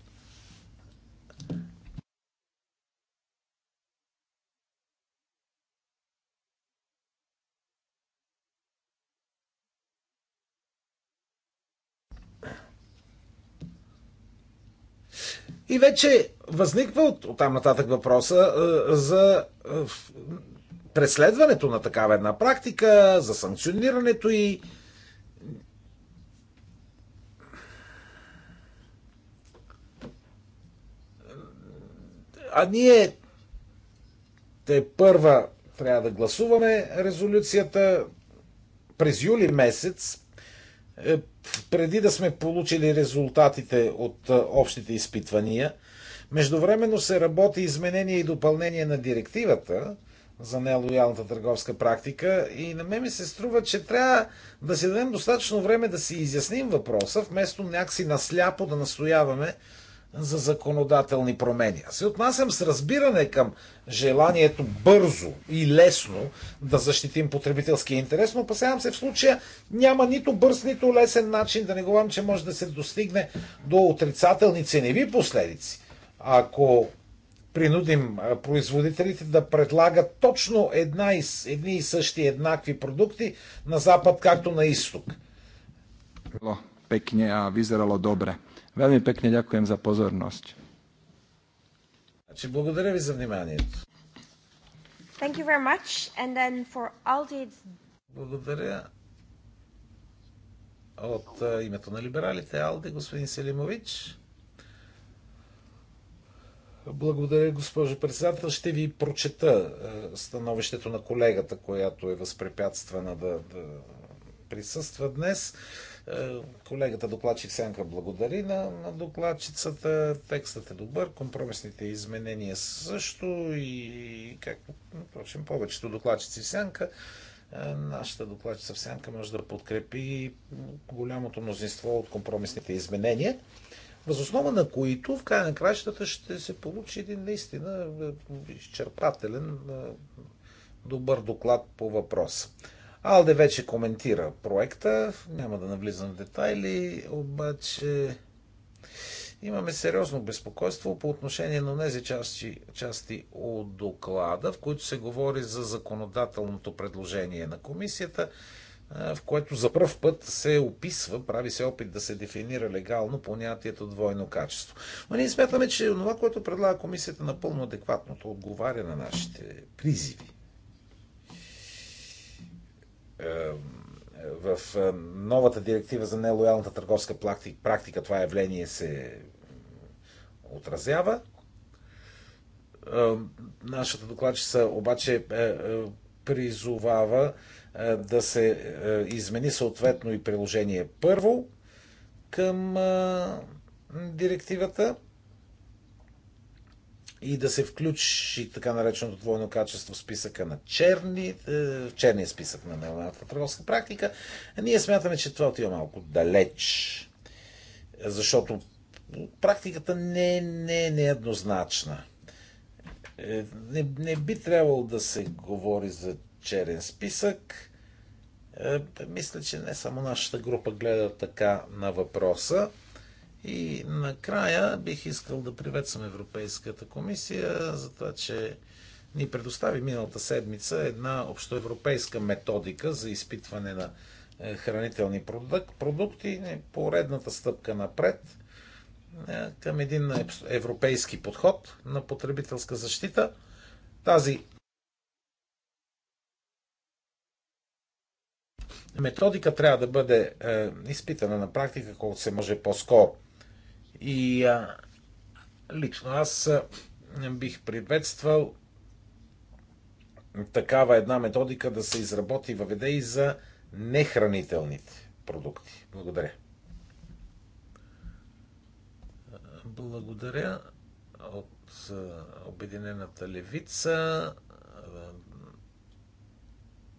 C: И вече възниква от, от там нататък въпроса е, за е, преследването на такава една практика, за санкционирането и А ние те първа трябва да гласуваме резолюцията през юли месец, е, преди да сме получили резултатите от е, общите изпитвания. Междувременно се работи изменение и допълнение на директивата, за нелоялната търговска практика и на мен ми се струва, че трябва да си дадем достатъчно време да си изясним въпроса, вместо някакси насляпо да настояваме за законодателни промени. Аз се отнасям с разбиране към желанието бързо и лесно да защитим потребителския интерес, но опасявам се в случая няма нито бърз, нито лесен начин, да не говорим, че може да се достигне до отрицателни ценеви последици, ако принудим производителите да предлагат точно една и, едни и същи еднакви продукти на Запад, както на Изток. Pekne a vyzeralo dobre. Veľmi pekne ďakujem za pozornosť. Значи, благодаря ви за вниманието.
B: Thank you very much. And then for Aldi,
C: Благодаря. От името на либералите, Алди, господин Селимович. Благодаря, госпожо председател. Ще ви прочета е, становището на колегата, която е възпрепятствана да, да присъства днес. Е, колегата докладчик Сянка благодари на, на докладчицата. Текстът е добър, компромисните изменения също и, как, впрочем, повечето докладчици Сенка. Сянка е, нашата докладчица Сенка сянка може да подкрепи голямото мнозинство от компромисните изменения възоснова на които в края на кращата ще се получи един наистина е, изчерпателен е, добър доклад по въпроса. Алде вече коментира проекта, няма да навлизам в детайли, обаче имаме сериозно безпокойство по отношение на тези части, части от доклада, в които се говори за законодателното предложение на комисията в което за първ път се описва, прави се опит да се дефинира легално понятието двойно качество. Но ние смятаме, че това, което предлага комисията напълно адекватното, отговаря на нашите призиви. В новата директива за нелоялната търговска практика това явление се отразява. Нашата докладчица обаче е, е, призовава е, да се е, измени съответно и приложение първо към е, директивата и да се включи така нареченото двойно качество в списъка на черни, в черния списък на нелоялната търговска практика. Ние смятаме, че това отива малко далеч, защото практиката не, не е нееднозначна. Не, не би трябвало да се говори за черен списък. Е, мисля, че не само нашата група гледа така на въпроса. И накрая бих искал да приветствам Европейската комисия за това, че ни предостави миналата седмица една общоевропейска методика за изпитване на е, хранителни продукти, поредната стъпка напред е, към един европейски подход на потребителска защита. Тази методика трябва да бъде е, изпитана на практика колкото се може по-скоро. И е, лично аз е, бих приветствал такава една методика да се изработи във въведе и за нехранителните продукти. Благодаря. Благодаря от Обединената левица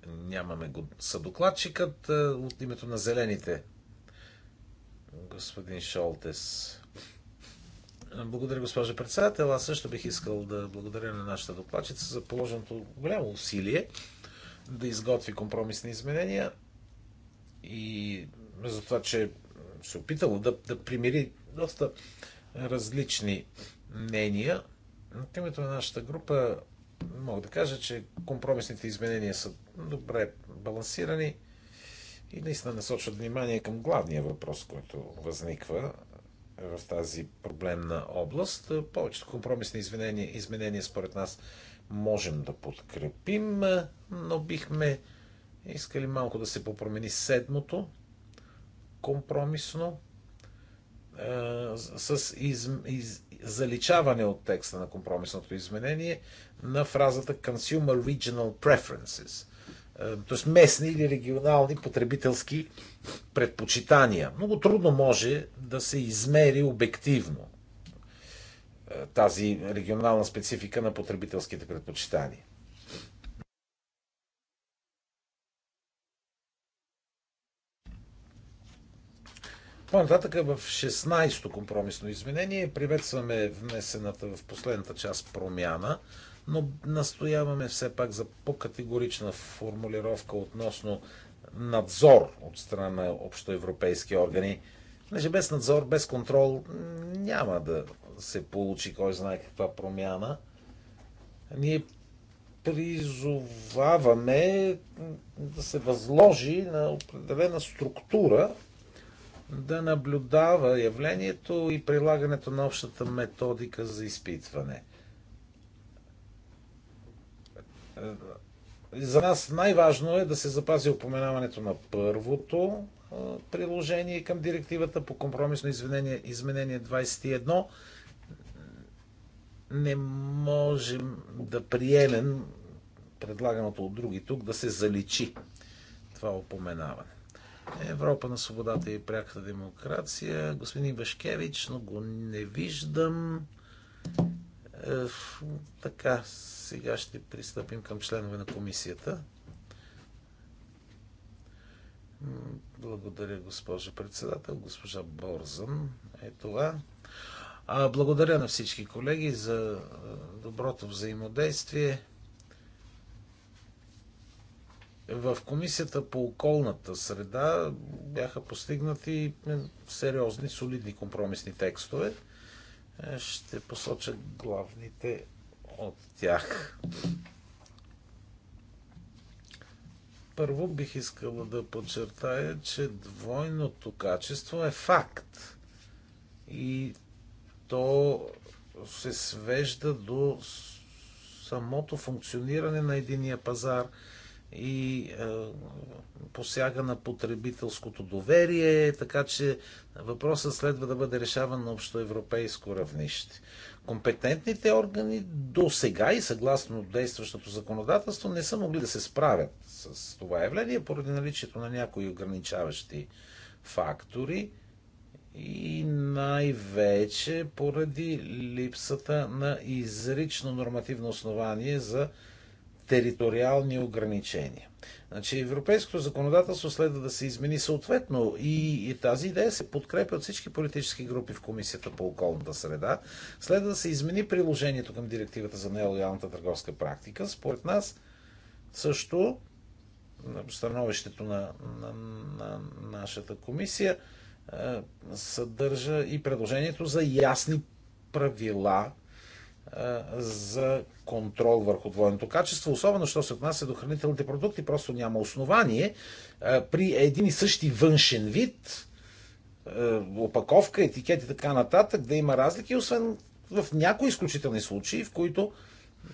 C: Нямаме го. Съдокладчикът е, от името на зелените. Господин Шолтес. Благодаря, госпожа председател. Аз също бих искал да благодаря на нашата докладчица за положеното голямо усилие да изготви компромисни изменения и за това, че се опитало да, да примири доста различни мнения. От името на нашата група мога да кажа, че компромисните изменения са добре балансирани и наистина насочват внимание към главния въпрос, който възниква в тази проблемна област. Повечето компромисни изменения, изменения според нас можем да подкрепим, но бихме искали малко да се попромени седмото компромисно с из, из, заличаване от текста на компромисното изменение на фразата Consumer Regional Preferences, т.е. местни или регионални потребителски предпочитания. Много трудно може да се измери обективно е, тази регионална специфика на потребителските предпочитания. По-нататък е в 16-то компромисно изменение приветстваме внесената в последната част промяна, но настояваме все пак за по-категорична формулировка относно надзор от страна на общоевропейски органи. Значи без надзор, без контрол няма да се получи кой знае каква промяна. Ние призоваваме да се възложи на определена структура да наблюдава явлението и прилагането на общата методика за изпитване. Е, за нас най-важно е да се запази упоменаването на първото е, приложение към директивата по компромисно изменение, изменение 21. Не можем да приемем предлаганото от други тук да се заличи това упоменаване. Европа на свободата и пряката демокрация. Господин Башкевич, но го не виждам. Е, така, сега ще пристъпим към членове на комисията. Благодаря, госпожо председател. Госпожа Борзан е това. А, благодаря на всички колеги за е, доброто взаимодействие. В Комисията по околната среда бяха постигнати е, сериозни, солидни компромисни текстове. Е, ще посоча главните от тях. Първо бих искала да подчертая, че двойното качество е факт. И то се свежда до самото функциониране на единия пазар – и е, посяга на потребителското доверие, така че въпросът следва да бъде решаван на общоевропейско равнище. Компетентните органи до сега и съгласно действащото законодателство не са могли да се справят с това явление поради наличието на някои ограничаващи фактори и най-вече поради липсата на изрично нормативно основание за териториални ограничения. Значи европейското законодателство следва да се измени съответно и, и тази идея се подкрепя от всички политически групи в Комисията по околната среда. Следва да се измени приложението към директивата за нелоялната търговска практика. Според нас също становището на, на, на нашата комисия е, съдържа и предложението за ясни правила за контрол върху двойното качество, особено що се отнася до хранителните продукти, просто няма основание при един и същи външен вид, опаковка, етикет и така нататък, да има разлики, освен в някои изключителни случаи, в които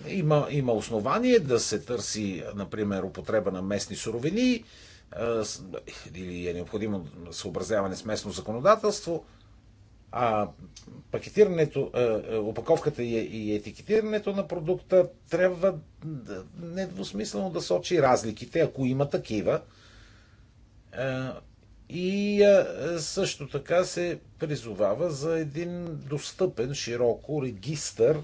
C: има, има основание да се търси, например, употреба на местни суровини или е необходимо съобразяване с местно законодателство – а пакетирането, опаковката е, е, и етикетирането на продукта трябва недвусмислено да сочи разликите, ако има такива. Е, и също така се призовава за един достъпен широко регистър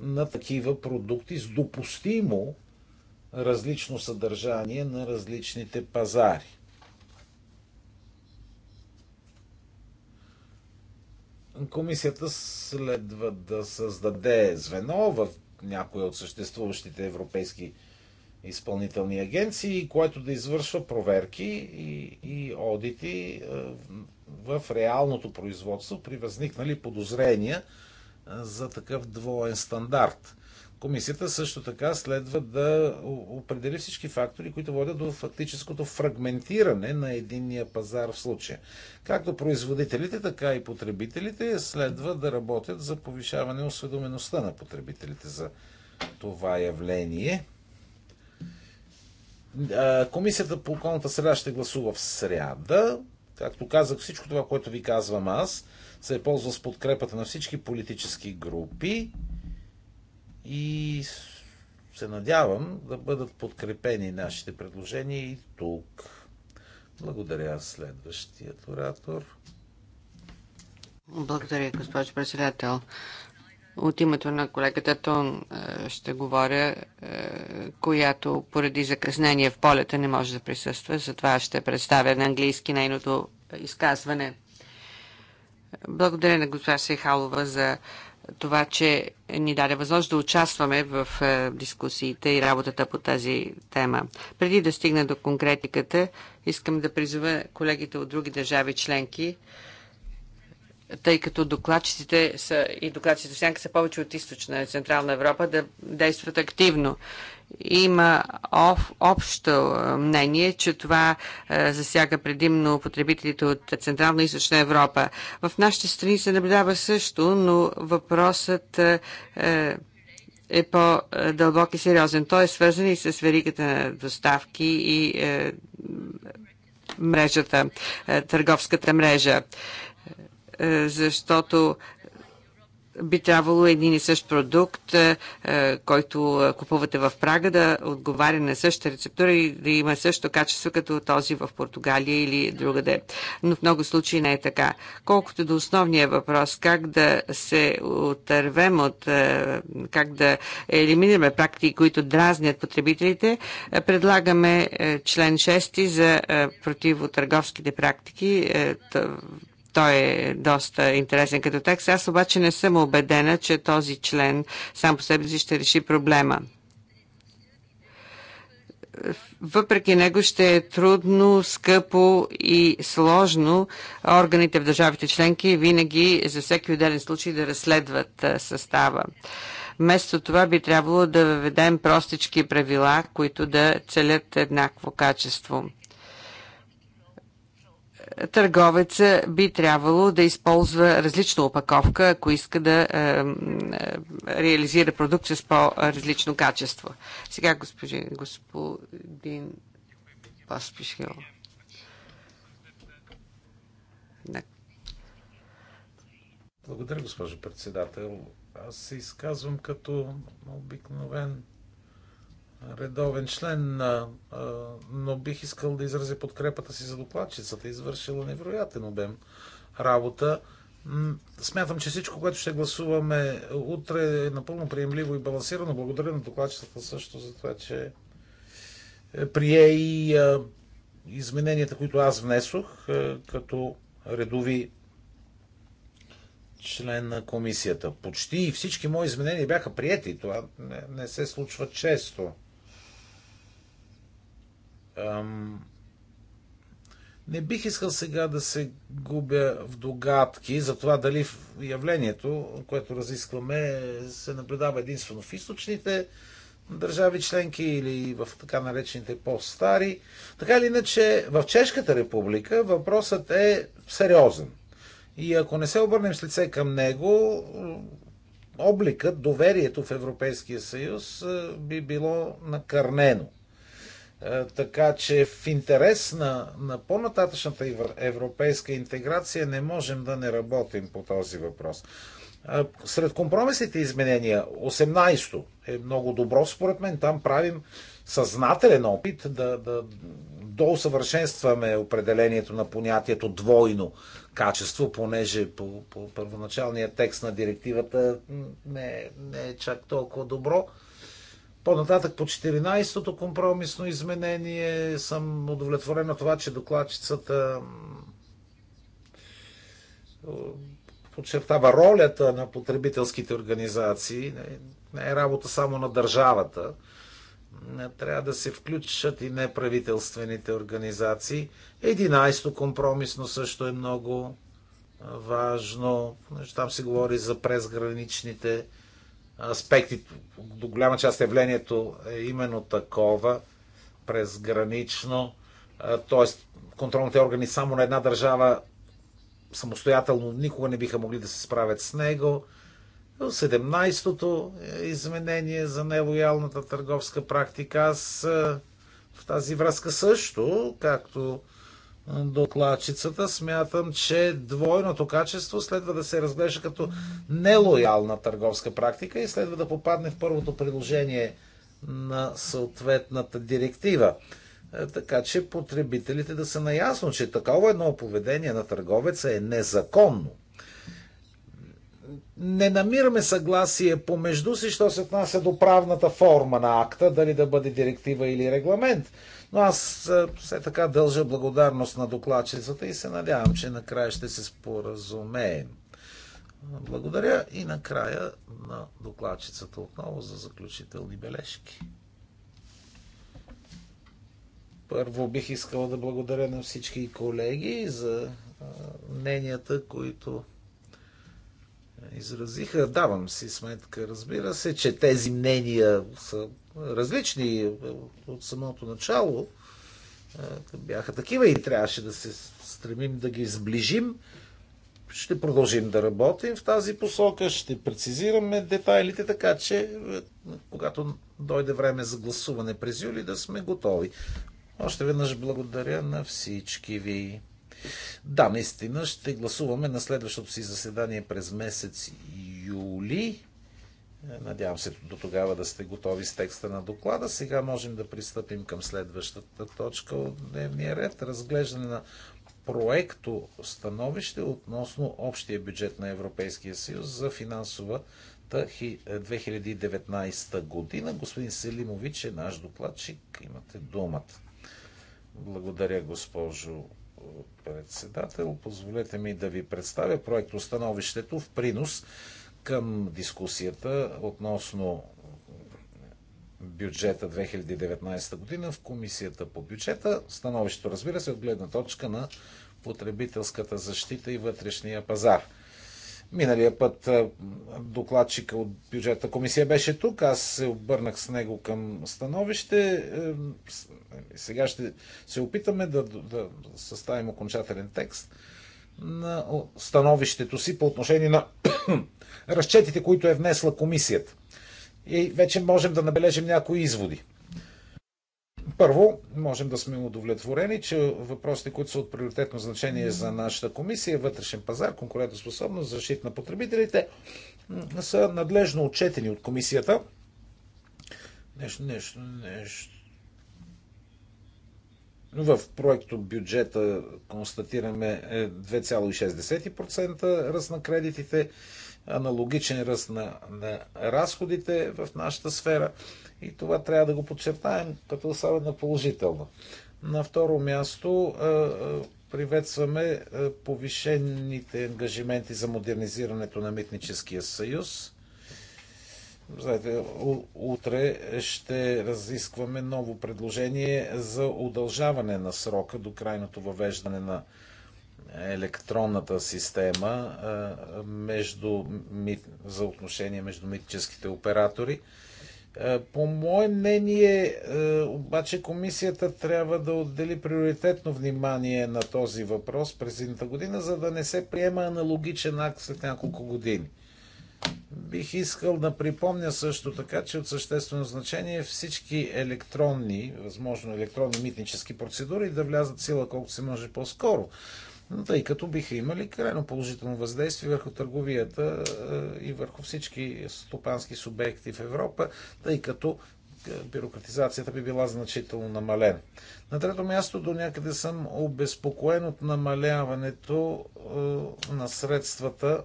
C: на такива продукти с допустимо различно съдържание на различните пазари. комисията следва да създаде звено в някои от съществуващите европейски изпълнителни агенции, което да извършва проверки и, и одити е, в реалното производство при възникнали подозрения е, за такъв двоен стандарт. Комисията също така следва да определи всички фактори, които водят до фактическото фрагментиране на единния пазар в случая. Както производителите, така и потребителите следва да работят за повишаване осведомеността на потребителите за това явление. Комисията по околната среда ще гласува в сряда. Както казах, всичко това, което ви казвам аз, се е ползва с подкрепата на всички политически групи и се надявам да бъдат подкрепени нашите предложения и тук. Благодаря следващият оратор.
A: Благодаря, госпожо председател. От името на колегата Тон е, ще говоря, е, която поради закъснение в полета не може да присъства, затова ще представя на английски нейното изказване. Благодаря на госпожа Сейхалова за е, това, че ни даде възможност да участваме в е, дискусиите и работата по тази тема. Преди да стигна до конкретиката, искам да призова колегите от други държави членки тъй като докладчиците са, и докладчиците в сянка са повече от източна и централна Европа, да действат активно. Има общо мнение, че това е, засяга предимно потребителите от Централна и Източна Европа. В нашите страни се наблюдава също, но въпросът е, е по-дълбок и сериозен. Той е свързан и с веригата на доставки и е, мрежата, е, търговската мрежа. Е, защото би трябвало един и същ продукт, е, е, който купувате в Прага, да отговаря на същата рецептура и да има същото качество, като този в Португалия или другаде. Но в много случаи не е така. Колкото до основния въпрос, как да се отървем от, как да елиминираме практики, които дразнят потребителите, предлагаме член 6 за противотърговските практики той е доста интересен като текст. Аз обаче не съм убедена, че този член сам по себе си ще реши проблема въпреки него ще е трудно, скъпо и сложно органите в държавите членки винаги за всеки отделен случай да разследват състава. Вместо това би трябвало да въведем простички правила, които да целят еднакво качество търговеца би трябвало да използва различна опаковка, ако иска да е, е реализира продукция с по-различно качество. Сега госпожи, господин Паспишхил.
C: Благодаря, госпожо председател. Аз се изказвам като обикновен редовен член, но бих искал да изразя подкрепата си за докладчицата. Извършила невероятен обем работа. Смятам, че всичко, което ще гласуваме утре е напълно приемливо и балансирано. Благодаря на докладчицата също за това, че е, прие и измененията, които аз внесох е, като редови член на комисията. Почти всички мои изменения бяха приети. Това не, не се случва често. Не бих искал сега да се губя в догадки за това дали явлението, което разискваме, се наблюдава единствено в източните държави членки или в така наречените по-стари. Така или иначе, в Чешката република въпросът е сериозен. И ако не се обърнем с лице към него, обликът, доверието в Европейския съюз е, би било накърнено. Е, така че в интерес на, на по-нататъчната европейска интеграция не можем да не работим по този въпрос. Е, сред компромисните изменения, 18-то е много добро според мен. Там правим съзнателен опит да, да доусъвършенстваме определението на понятието двойно качество, понеже по, по първоначалния текст на директивата не, не е чак толкова добро. По-нататък по 14-то компромисно изменение съм удовлетворен на това, че докладчицата подчертава ролята на потребителските организации. Не е работа само на държавата. Трябва да се включат и неправителствените организации. 11-то компромисно също е много важно. Там се говори за презграничните аспекти. До голяма част явлението е именно такова, презгранично. Т.е. контролните органи само на една държава самостоятелно никога не биха могли да се справят с него. 17-то изменение за нелоялната търговска практика. Аз в тази връзка също, както докладчицата, смятам, че двойното качество следва да се разглежда като нелоялна търговска практика и следва да попадне в първото приложение на съответната директива. Е, така че потребителите да са наясно, че такова едно поведение на търговеца е незаконно. Не намираме съгласие помежду си, що се отнася до правната форма на акта, дали да бъде директива или регламент. Но аз е, все така дължа благодарност на докладчицата и се надявам, че накрая ще се споразумеем. Благодаря и накрая на докладчицата отново за заключителни бележки. Първо бих искала да благодаря на всички колеги за е, мненията, които изразиха. Давам си сметка, разбира се, че тези мнения са различни е, от самото начало. Е, бяха такива и трябваше да се стремим да ги сближим. Ще продължим да работим в тази посока, ще прецизираме детайлите, така че е, когато дойде време за гласуване през юли, да сме готови. Още веднъж благодаря на всички ви. Да, наистина ще гласуваме на следващото си заседание през месец юли. Надявам се до тогава да сте готови с текста на доклада. Сега можем да пристъпим към следващата точка от дневния ред. Разглеждане на проекто становище относно общия бюджет на Европейския съюз за финансова 2019 година. Господин Селимович е наш докладчик. Имате думата. Благодаря, госпожо председател. Позволете ми да ви представя проектостановището в принос към дискусията относно бюджета 2019 година в Комисията по бюджета. Становището, разбира се, от гледна точка на потребителската защита и вътрешния пазар. Миналия път докладчика от бюджетна комисия беше тук, аз се обърнах с него към становище. Е, е, сега ще се опитаме да, да съставим окончателен текст на становището си по отношение на разчетите, които е внесла комисията. И вече можем да набележим някои изводи. Първо, можем да сме удовлетворени, че въпросите, които са от приоритетно значение за нашата комисия, вътрешен пазар, конкурентоспособност, защита на потребителите, са надлежно отчетени от комисията. Нещо, нещо, нещо. В проекто бюджета констатираме 2,6% е, ръст на кредитите, аналогичен ръст на, на разходите в нашата сфера и това трябва да го подчертаем като особено положително. На второ място е, е, приветстваме е, повишените ангажименти за модернизирането на митническия съюз. Знаете, утре ще разискваме ново предложение за удължаване на срока до крайното въвеждане на електронната система между, за отношение между митническите оператори. Е, по мое мнение, е, обаче комисията трябва да отдели приоритетно внимание на този въпрос през едната година, за да не се приема аналогичен акт след няколко години. Бих искал да припомня също така, че от съществено значение е всички електронни, възможно електронни митнически процедури да влязат в сила колкото се може по-скоро тъй като биха имали крайно положително въздействие върху търговията е, и върху всички стопански субекти в Европа, тъй като е, бюрократизацията би била значително намалена. На трето място до някъде съм обезпокоен от намаляването е, на средствата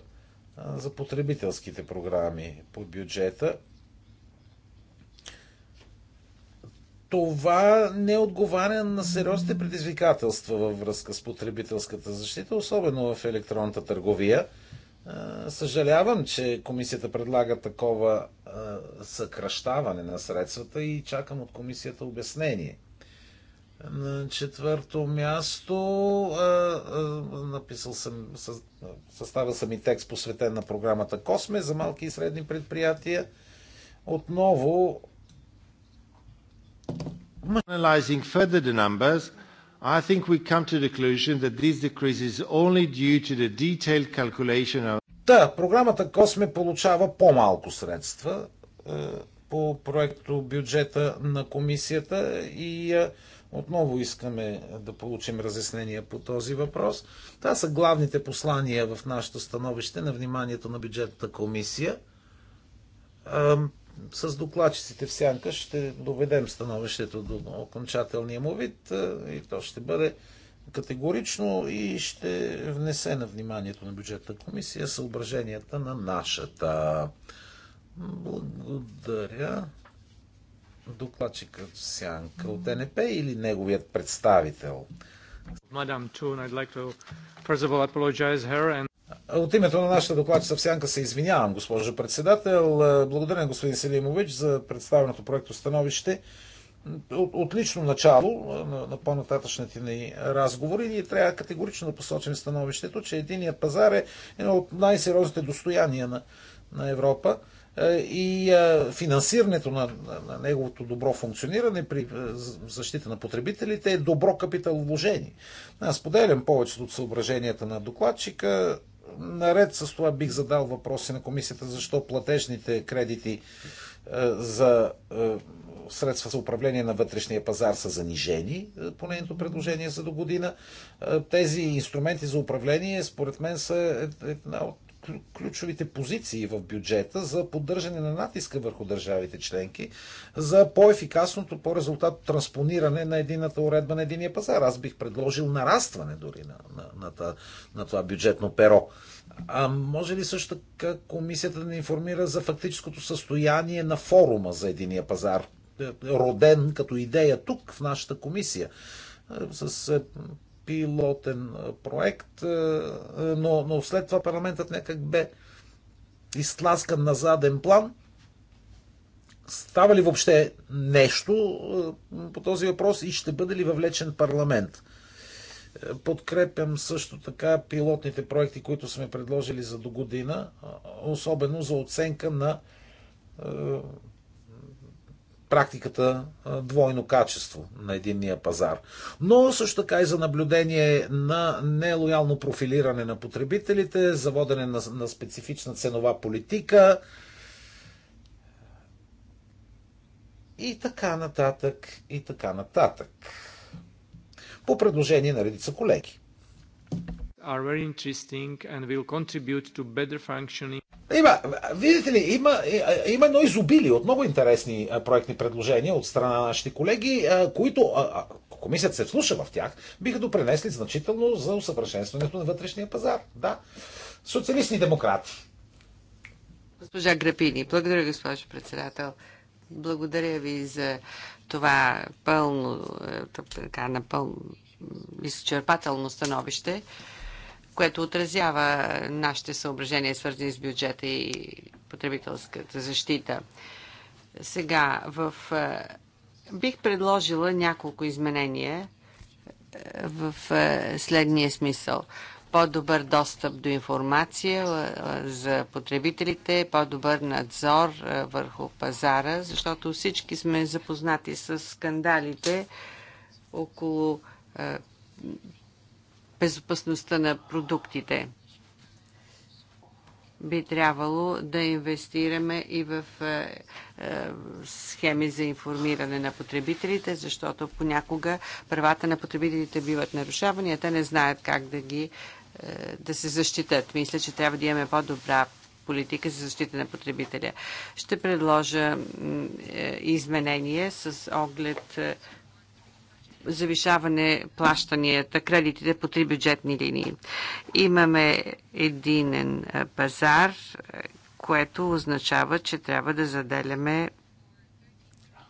C: за потребителските програми по бюджета. това не отговаря на сериозните предизвикателства във връзка с потребителската защита, особено в електронната търговия. Съжалявам, че комисията предлага такова съкръщаване на средствата и чакам от комисията обяснение. На четвърто място написал съм, съставил съм и текст посветен на програмата Косме за малки и средни предприятия. Отново Analyzing further the numbers, I think we come to the conclusion that this decrease is only due to the detailed calculation of... Да, програмата Косме получава по-малко средства е, по проекто бюджета на комисията и е, отново искаме да получим разяснения по този въпрос. Това са главните послания в нашето становище на вниманието на бюджетната комисия. Е, с докладчиците в сянка ще доведем становището до окончателния му вид и то ще бъде категорично и ще внесе на вниманието на бюджетна комисия съображенията на нашата. Благодаря. Докладчикът Сянка от НП или неговият представител? Мадам Toon, I'd like to first of all apologize her and от името на нашата докладчица в сянка се извинявам, госпожо председател. Е, благодаря на господин Селимович за представеното проекто становище. от Отлично начало е, на по-нататъчните ни разговори. Ние трябва категорично да посочим становището, че единият пазар е едно от най-сериозните достояния на, на Европа е, и финансирането на, на, на неговото добро функциониране при защита на потребителите е добро капитал вложение. Аз поделям повечето от съображенията на докладчика наред с това бих задал въпроси на комисията, защо платежните кредити е, за е, средства за управление на вътрешния пазар са занижени е, по нейното предложение за до година. Тези инструменти за управление, според мен, са една от ключовите позиции в бюджета за поддържане на натиска върху държавите членки за по-ефикасното, по-резултатно транспониране на едината уредба на единия пазар. Аз бих предложил нарастване дори на, на, на, на това бюджетно перо. А може ли също така комисията да ни информира за фактическото състояние на форума за единия пазар, е, роден като идея тук в нашата комисия, е, с е, пилотен проект, но, но след това парламентът някак бе изтласкан на заден план. Става ли въобще нещо по този въпрос и ще бъде ли въвлечен парламент? Подкрепям също така пилотните проекти, които сме предложили за до година, особено за оценка на практиката двойно качество на единния пазар. Но също така и за наблюдение на нелоялно профилиране на потребителите, за водене на, на специфична ценова политика и така нататък, и така нататък. По предложение на редица колеги. Има, видите ли, има, е, е, има едно изобилие от много интересни е, проектни предложения от страна на нашите колеги, които, ако комисията се вслуша в тях, биха допренесли значително за усъвършенстването на вътрешния пазар. Да. Социалистни и демократи.
A: Госпожа Грапини, благодаря, госпожо председател. Благодаря ви за това пълно, така, напълно изчерпателно становище което отразява нашите съображения, свързани с бюджета и потребителската защита. Сега, в... Е, бих предложила няколко изменения е, в е, следния смисъл. По-добър достъп до информация за потребителите, по-добър надзор върху пазара, защото всички сме запознати с скандалите около безопасността на продуктите. Би трябвало да инвестираме и в е, е, схеми за информиране на потребителите, защото понякога правата на потребителите биват нарушавани, а те не знаят как да ги е, да се защитат. Мисля, че трябва да имаме по-добра политика за защита на потребителя. Ще предложа изменение с оглед завишаване плащанията, кредитите по три бюджетни линии. Имаме единен пазар, което означава, че трябва да заделяме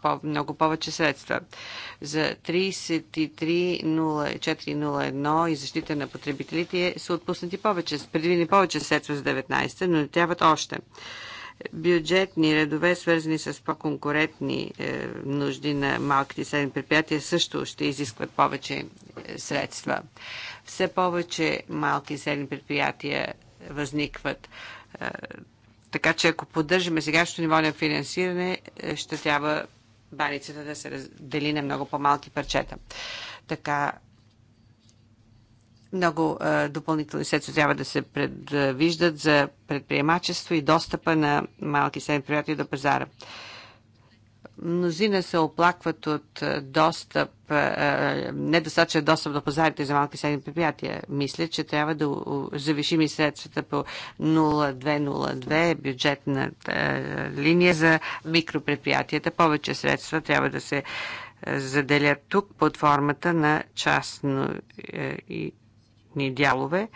A: по- много повече средства. За 33.04.01 и защита на потребителите е, са отпуснати повече, предвидени повече средства за 19, но не трябват още бюджетни редове, свързани с по-конкурентни е, нужди на малките и средни предприятия, също ще изискват повече е, средства. Все повече малки и средни предприятия възникват. Е, така че ако поддържаме сегашното ниво на финансиране, ще трябва баницата да се раздели на много по-малки парчета. Така много а, допълнителни средства трябва да се предвиждат за предприемачество и достъпа на малки средни предприятия до пазара. Мнозина се оплакват от достъп, е, недостатъчен достъп до пазарите за малки средни предприятия. Мисля, че трябва да завишим и средствата по 0202 бюджетна линия за микропредприятията. Повече средства трябва да се заделят тук под формата на частно и ни дялове,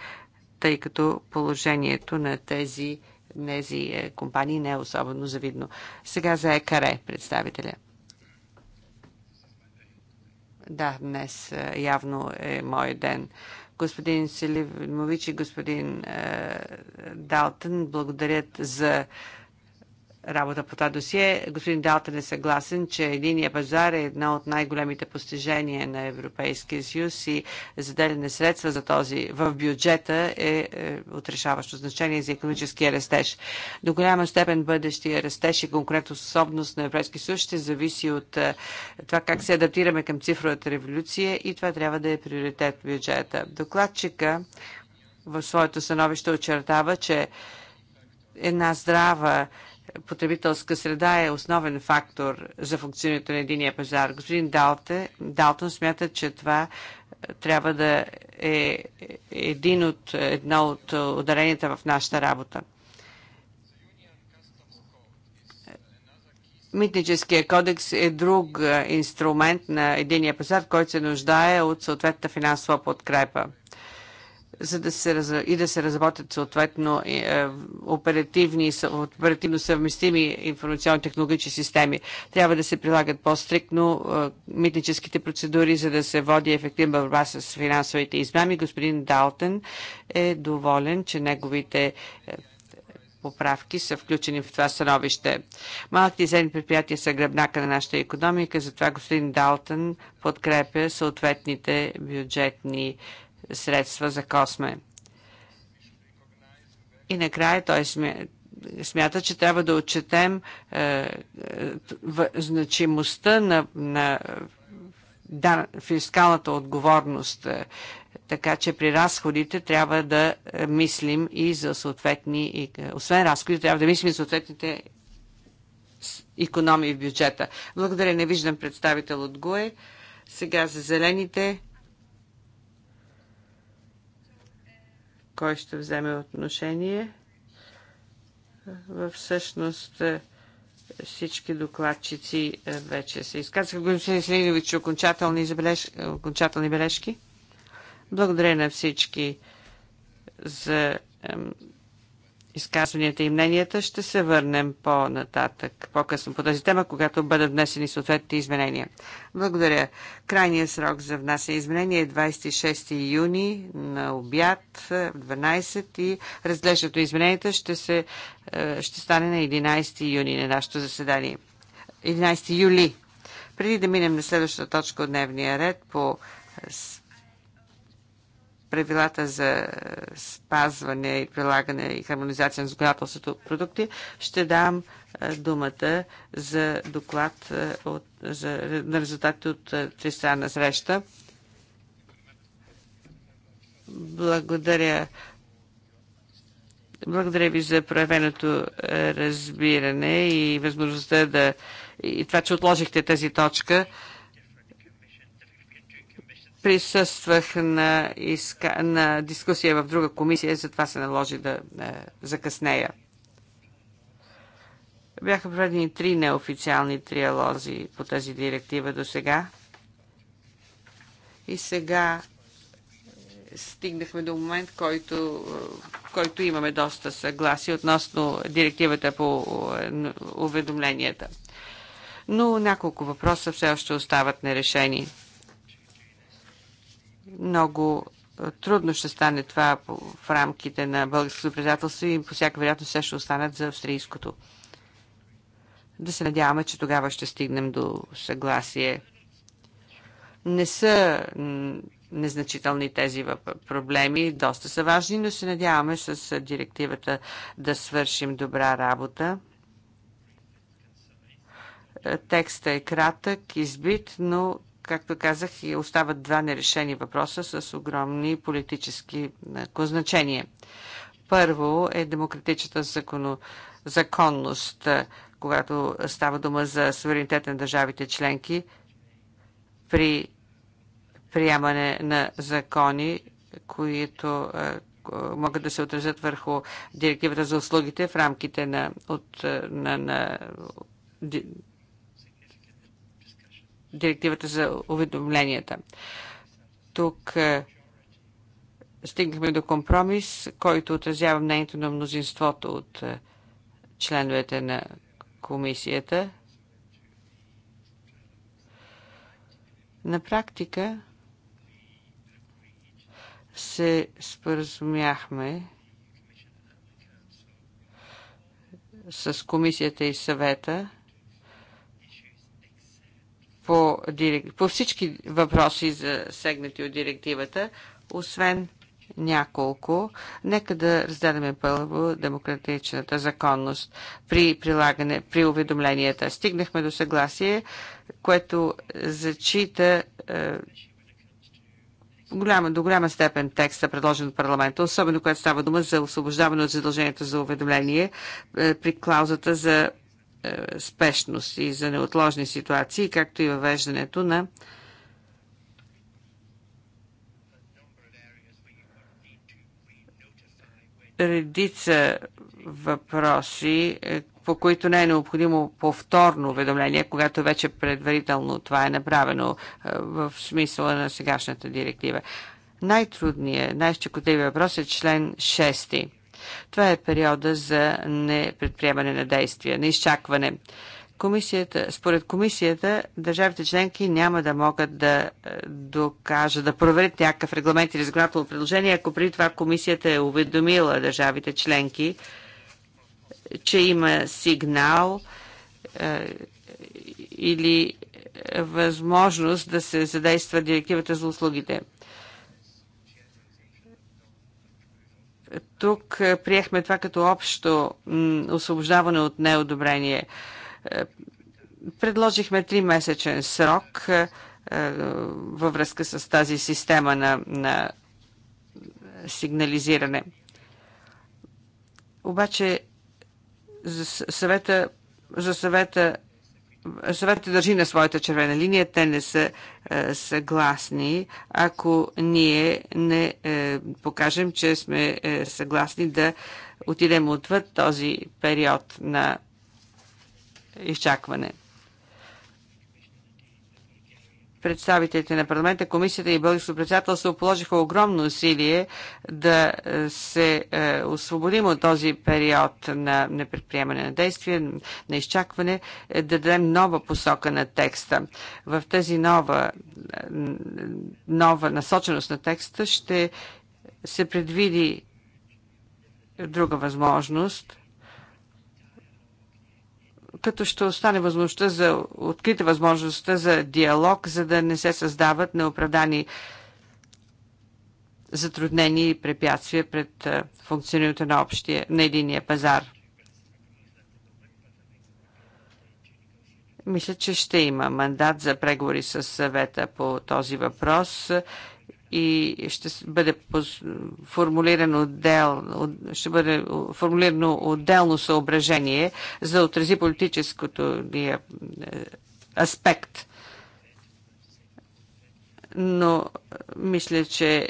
A: тъй като положението на тези, тези е, компании не е особено завидно. Сега за ЕКАРЕ представителя. Да, днес е, явно е мой ден. Господин Селимович и господин е, Далтън благодарят за работа по това досие. Господин Далтън е съгласен, че единия пазар е едно от най-големите постижения на Европейския съюз и заделяне средства за този в бюджета е, е отрешаващо значение за економическия растеж. До голяма степен бъдещия растеж и конкурентоспособност на Европейския съюз ще зависи от е, това как се адаптираме към цифровата революция и това трябва да е приоритет в бюджета. Докладчика в своето становище очертава, че една здрава потребителска среда е основен фактор за функционирането на единия пазар. Господин Далте, Далтон смята, че това е, трябва да е един от, едно от ударенията в нашата работа. Митническия кодекс е друг е, инструмент на единия пазар, който се нуждае от съответната финансова подкрепа за да се, и да се разработят съответно е, е, оперативни, оперативно съвместими информационно-технологични системи. Трябва да се прилагат по стриктно е, митническите процедури, за да се води ефективна борба с финансовите измами. Господин Далтен е доволен, че неговите поправки са включени в това становище. Малките и средни предприятия са гръбнака на нашата економика, затова господин Далтън подкрепя съответните бюджетни средства за Косме. И накрая той смята, че трябва да отчетем е, значимостта на, на да, фискалната отговорност, е, така че при разходите трябва да мислим и за съответни, и, е, освен разходи, трябва да мислим и за съответните економии в бюджета. Благодаря, не виждам представител от ГУЕ. Сега за зелените. кой ще вземе отношение. Във всъщност е, всички докладчици е, вече се изказаха. Господин Селинович, окончателни, забележ... окончателни бележки. Благодаря на всички за изказванията и мненията. Ще се върнем по-нататък, по-късно по тази тема, когато бъдат внесени съответните изменения. Благодаря. Крайният срок за внасяне изменения е 26 юни на обяд в 12 и разглеждането на измененията ще, се, е, ще стане на 11 юни на нашето заседание. 11 юли. Преди да минем на следващата точка от дневния ред по правилата за спазване и прилагане и хармонизация на законодателството продукти, ще дам е, думата за доклад е, от, за, на резултатите от е, тристранна среща. Благодаря. Благодаря ви за проявеното разбиране и възможността да и това, че отложихте тази точка. Присъствах на, иска... на дискусия в друга комисия, затова се наложи да е, закъснея. Бяха проведени три неофициални триалози по тази директива до сега. И сега е, стигнахме до момент, който, е, който имаме доста съгласие относно директивата по е, уведомленията. Но няколко въпроса все още остават нерешени. Много трудно ще стане това в рамките на българското председателство и по всяка вероятност все ще останат за австрийското. Да се надяваме, че тогава ще стигнем до съгласие. Не са незначителни тези проблеми, доста са важни, но се надяваме с директивата да свършим добра работа. Текстът е кратък, избит, но както казах, остават два нерешени въпроса с огромни политически значения. Първо е демократичната законо, законност, когато става дума за суверенитет на държавите членки при приемане на закони, които могат да се отразят върху директивата за услугите в рамките на, от, на, на директивата за уведомленията. Тук е, стигнахме до компромис, който отразява мнението на мнозинството от е, членовете на комисията. На практика се споразумяхме с комисията и съвета – по, по всички въпроси, засегнати от директивата, освен няколко. Нека да раздадеме първо демократичната законност при прилагане, при уведомленията. Стигнахме до съгласие, което зачита е, голяма, до голяма степен текста, предложен от парламента, особено когато става дума за освобождаване от задължението за уведомление е, при клаузата за е, спешност и за неотложни ситуации, както и въвеждането на редица въпроси, е, по които не е необходимо повторно уведомление, когато вече предварително това е направено е, в смисъла на сегашната директива. Най-трудният, най-щекотливият въпрос е член 6 това е периода за непредприемане на действия, на изчакване. Комисията, според комисията, държавите членки няма да могат да е, докажат, да проверят някакъв регламент или законодателно предложение, ако преди това комисията е уведомила държавите членки, че има сигнал е, или е, възможност да се задейства директивата за услугите. Тук е, приехме това като общо освобождаване от неодобрение. Е, предложихме три месечен срок е, във връзка с тази система на, на сигнализиране. Обаче за съвета, за съвета съветът държи на своята червена линия, те не са е, съгласни, ако ние не е, покажем, че сме е, съгласни да отидем отвъд този период на изчакване представителите на парламента, комисията и българското председателство положиха огромно усилие да е, се е, освободим от този период на непредприемане на действие, на изчакване, е, да дадем нова посока на текста. В тази нова, нова насоченост на текста ще се предвиди друга възможност – като ще остане възможността за открита възможността за диалог, за да не се създават неоправдани затруднения и препятствия пред функционирането на, общия, на единия пазар. Мисля, че ще има мандат за преговори с съвета по този въпрос и ще бъде формулирано отдел, ще бъде формулирано отделно съображение за отрази политическото е, аспект. Но мисля, че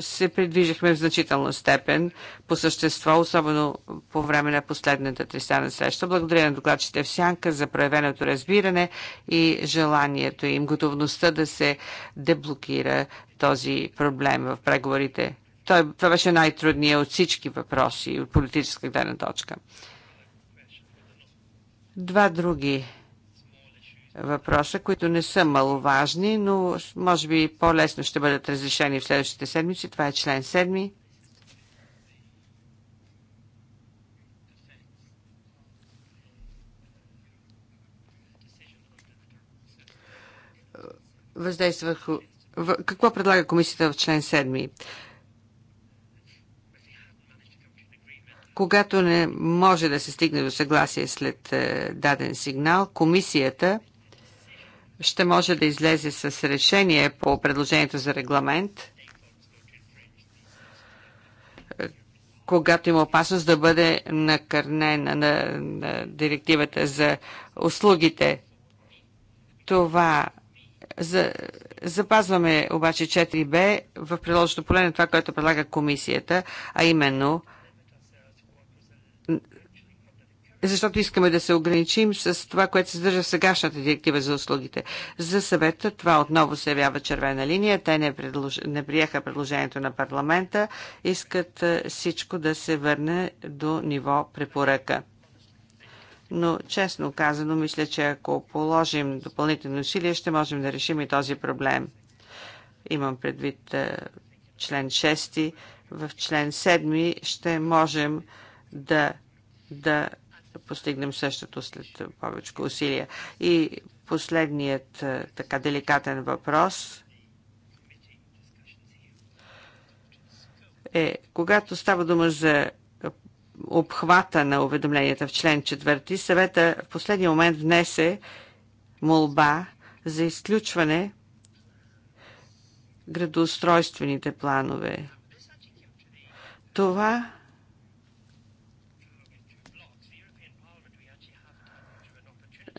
A: се придвижихме в значителна степен по същество, особено по време на последната тристана среща. Благодаря на докладчите в Сянка за проявеното разбиране и желанието им, готовността да се деблокира този проблем в преговорите. Той, това беше най-трудният от всички въпроси от политическа гледна точка. Два други въпроса, които не са маловажни, но може би по-лесно ще бъдат разрешени в следващите седмици. Това е член 7. Въздейства върху... Какво предлага комисията в член 7? когато не може да се стигне до съгласие след е, даден сигнал, комисията ще може да излезе с решение по предложението за регламент, когато има опасност да бъде накърнена на, на директивата за услугите. Това за, запазваме обаче 4Б в приложното поле на това, което предлага комисията, а именно защото искаме да се ограничим с това, което се съдържа в сегашната директива за услугите. За съвета това отново се явява червена линия. Те не, предлож... не приеха предложението на парламента. Искат е, всичко да се върне до ниво препоръка. Но, честно казано, мисля, че ако положим допълнителни усилия, ще можем да решим и този проблем. Имам предвид е, член 6. В член 7 ще можем да да постигнем същото след повече усилия. И последният е, така деликатен въпрос е, когато става дума за обхвата на уведомленията в член 4, съвета в последния момент внесе молба за изключване градоустройствените планове. Това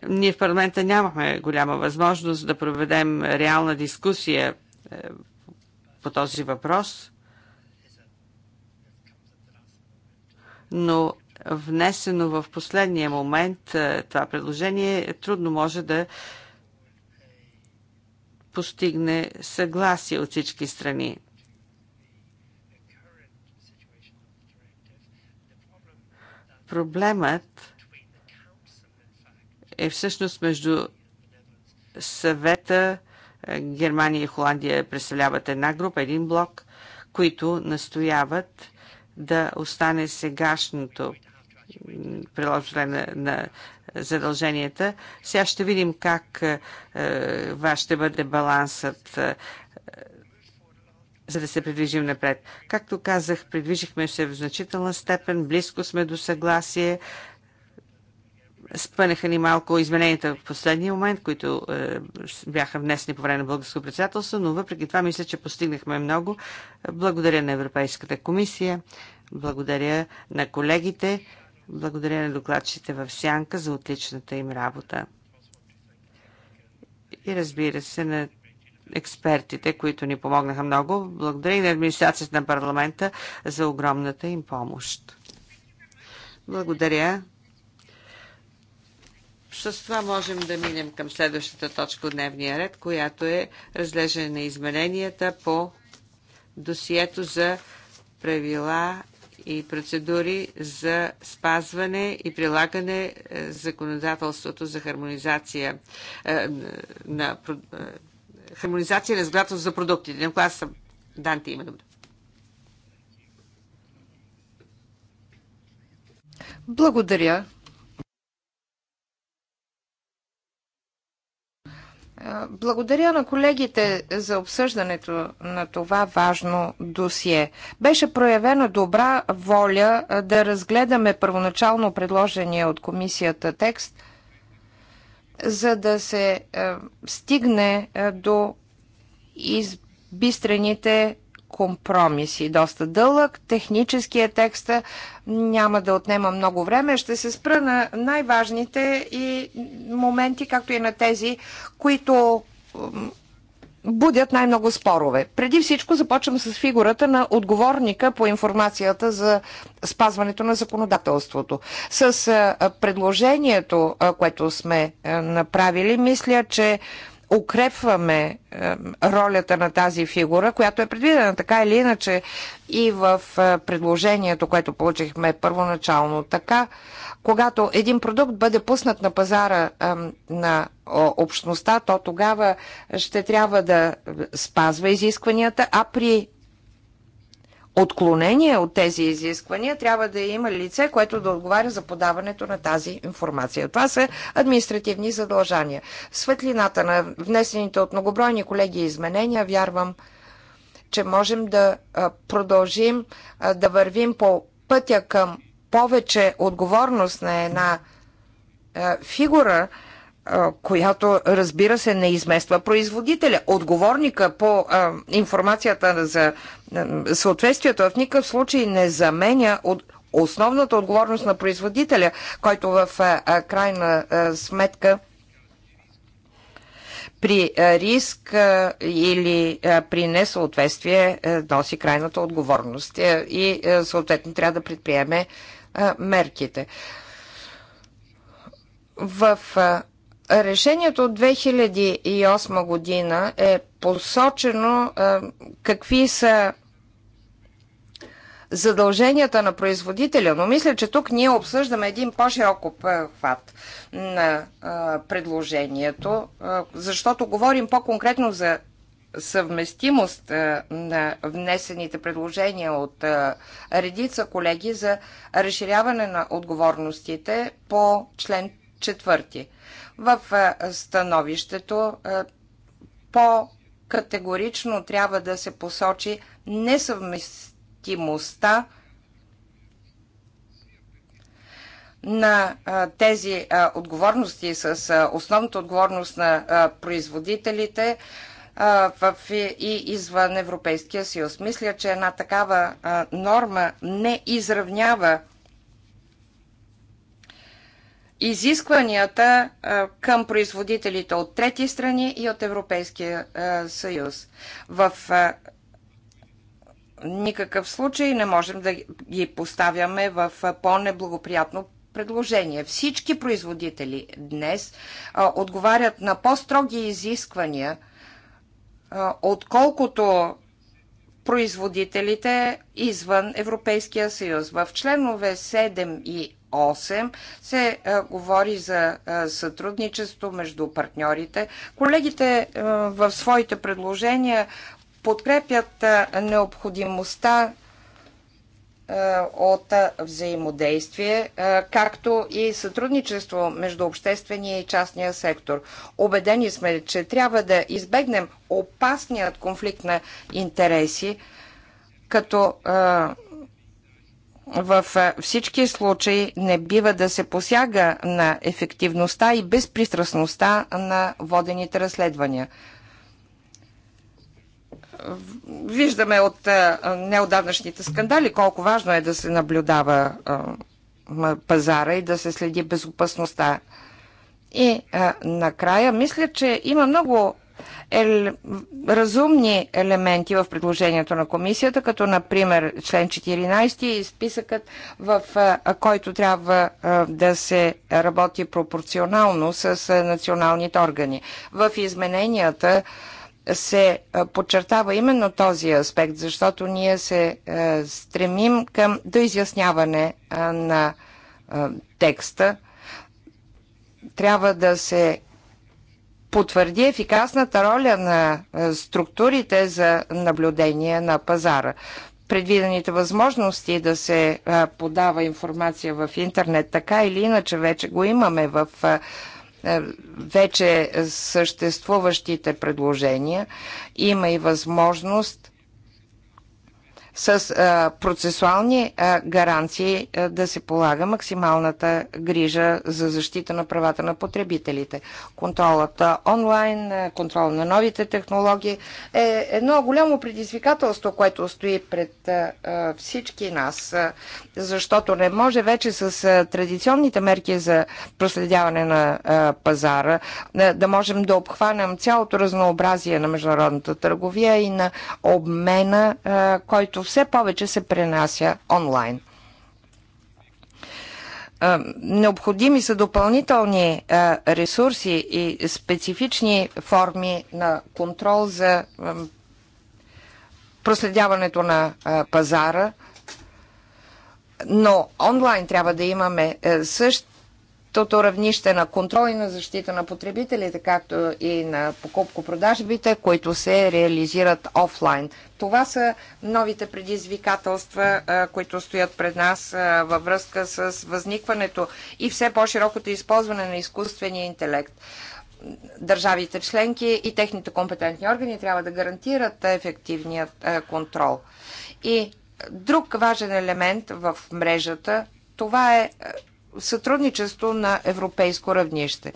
A: Ние в парламента нямахме голяма възможност да проведем реална дискусия е, по този въпрос, но внесено в последния момент е, това предложение е трудно може да постигне съгласие от всички страни. Проблемът е всъщност между съвета е, Германия и Холандия представляват една група, един блок, които настояват да остане сегашното приложение на, на задълженията. Сега ще видим как е, е ваш ще бъде балансът, е, за да се придвижим напред. Както казах, придвижихме се в значителна степен, близко сме до съгласие спънаха ни малко измененията в последния момент, които е, бяха внесени по време на българско председателство, но въпреки това мисля, че постигнахме много. Благодаря на Европейската комисия, благодаря на колегите, благодаря на докладчите в Сянка за отличната им работа. И разбира се, на експертите, които ни помогнаха много. Благодаря и на администрацията на парламента за огромната им помощ. Благодаря. С това можем да минем към следващата точка от дневния ред, която е разглеждане на измененията по досието за правила и процедури за спазване и прилагане е, законодателството за хармонизация е, на е, хармонизация на законодателство за продуктите. На класа Данте има думата.
B: Благодаря. Благодаря на колегите за обсъждането на това важно досие. Беше проявена добра воля да разгледаме първоначално предложение от комисията текст, за да се стигне до избистрените компромиси. Доста дълъг, техническия е текст няма да отнема много време. Ще се спра на най-важните и моменти, както и на тези, които будят най-много спорове. Преди всичко започвам с фигурата на отговорника по информацията за спазването на законодателството. С предложението, което сме направили, мисля, че укрепваме ролята на тази фигура, която е предвидена така или иначе и в е, предложението, което получихме първоначално. Така, когато един продукт бъде пуснат на пазара на общността, то тогава ще трябва да спазва изискванията, а при отклонение от тези изисквания, трябва да има лице, което да отговаря за подаването на тази информация. Това са административни задължания. Светлината на внесените от многобройни колеги изменения, вярвам, че можем да продължим да вървим по пътя към повече отговорност на една фигура, която разбира се не измества производителя. Отговорника по а, информацията за а, съответствието в никакъв случай не заменя от основната отговорност на производителя, който в а, крайна а, сметка при риск или при несъответствие носи крайната отговорност и съответно трябва да предприеме мерките. В решението от 2008 година е посочено а, какви са задълженията на производителя, но мисля, че тук ние обсъждаме един по-широк обхват на а, предложението, а, защото говорим по-конкретно за съвместимост а, на внесените предложения от а, редица колеги за разширяване на отговорностите по член четвърти. В становището по-категорично трябва да се посочи несъвместимостта на тези отговорности с основната отговорност на производителите в и извън Европейския съюз. Мисля, че една такава норма не изравнява изискванията към производителите от трети страни и от Европейския съюз. В никакъв случай не можем да ги поставяме в по-неблагоприятно предложение. Всички производители днес отговарят на по-строги изисквания, отколкото производителите извън Европейския съюз. В членове 7 и 8 се а, е, говори за а, е, сътрудничество между партньорите. Колегите а, е, в своите предложения подкрепят необходимостта е, от е, взаимодействие, е, както и сътрудничество между обществения и частния сектор. Обедени сме, че трябва да избегнем опасният конфликт на интереси, като в всички случаи не бива да се посяга на ефективността и безпристрастността на водените разследвания. Виждаме от неодавнашните скандали колко важно е да се наблюдава пазара и да се следи безопасността. И накрая, мисля, че има много ел... разумни елементи в предложението на комисията, като например член 14 и списъкът, в който трябва да се работи пропорционално с националните органи. В измененията се подчертава именно този аспект, защото ние се стремим към доизясняване на текста. Трябва да се потвърди ефикасната роля на структурите за наблюдение на пазара. Предвидените възможности да се подава информация в интернет, така или иначе вече го имаме в е, вече съществуващите предложения. Има и възможност с процесуални гаранции да се полага максималната грижа за защита на правата на потребителите. Контролата онлайн, контрол на новите технологии е едно голямо предизвикателство, което стои пред всички нас, защото не може вече с традиционните мерки за проследяване на пазара да можем да обхванем цялото разнообразие на международната търговия и на обмена, който все повече се пренася онлайн. Необходими са допълнителни ресурси и специфични форми на контрол за проследяването на пазара, но онлайн трябва да имаме е, същ тото равнище на контрол и на защита на потребителите, както и на покупко-продажбите, които се реализират офлайн. Това са новите предизвикателства, които стоят пред нас във връзка с възникването и все по-широкото използване на изкуствения интелект. Държавите членки и техните компетентни органи трябва да гарантират ефективният контрол. И друг важен елемент в мрежата това е сътрудничество на европейско равнище.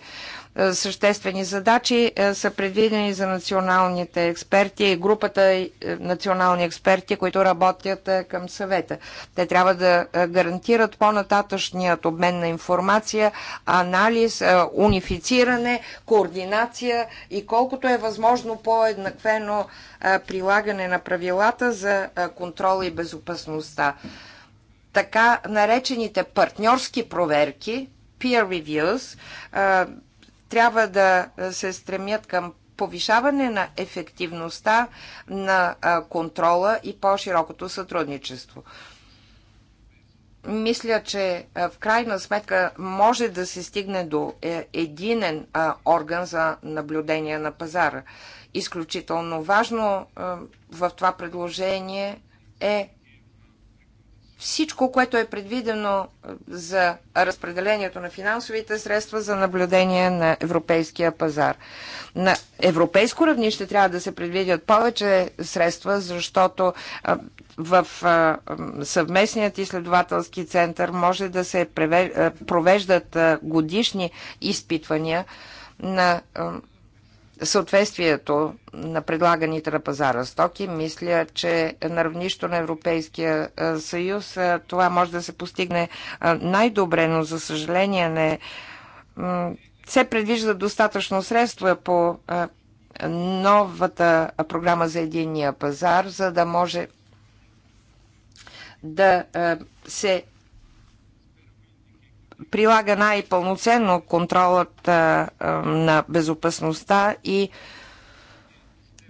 B: Е, съществени задачи е, са предвидени за националните експерти и групата е, национални експерти, които работят към съвета. Те трябва да гарантират по-нататъчният обмен на информация, анализ, унифициране, координация и колкото е възможно по-еднаквено прилагане на правилата за контрола и безопасността така наречените партньорски проверки, peer reviews, трябва да се стремят към повишаване на ефективността на контрола и по-широкото сътрудничество. Мисля, че в крайна сметка може да се стигне до е, единен орган за наблюдение на пазара. Изключително важно в това предложение е всичко, което е предвидено е, за разпределението на финансовите средства за наблюдение на европейския пазар. На европейско равнище трябва да се предвидят повече средства, защото е, в е, съвместният изследователски център може да се провеждат годишни изпитвания на съответствието на предлаганите на пазара стоки. Мисля, че на равнището на Европейския съюз това може да се постигне най-добре, но за съжаление не се предвижда достатъчно средства по новата програма за единния пазар, за да може да се прилага най-пълноценно контролът на безопасността и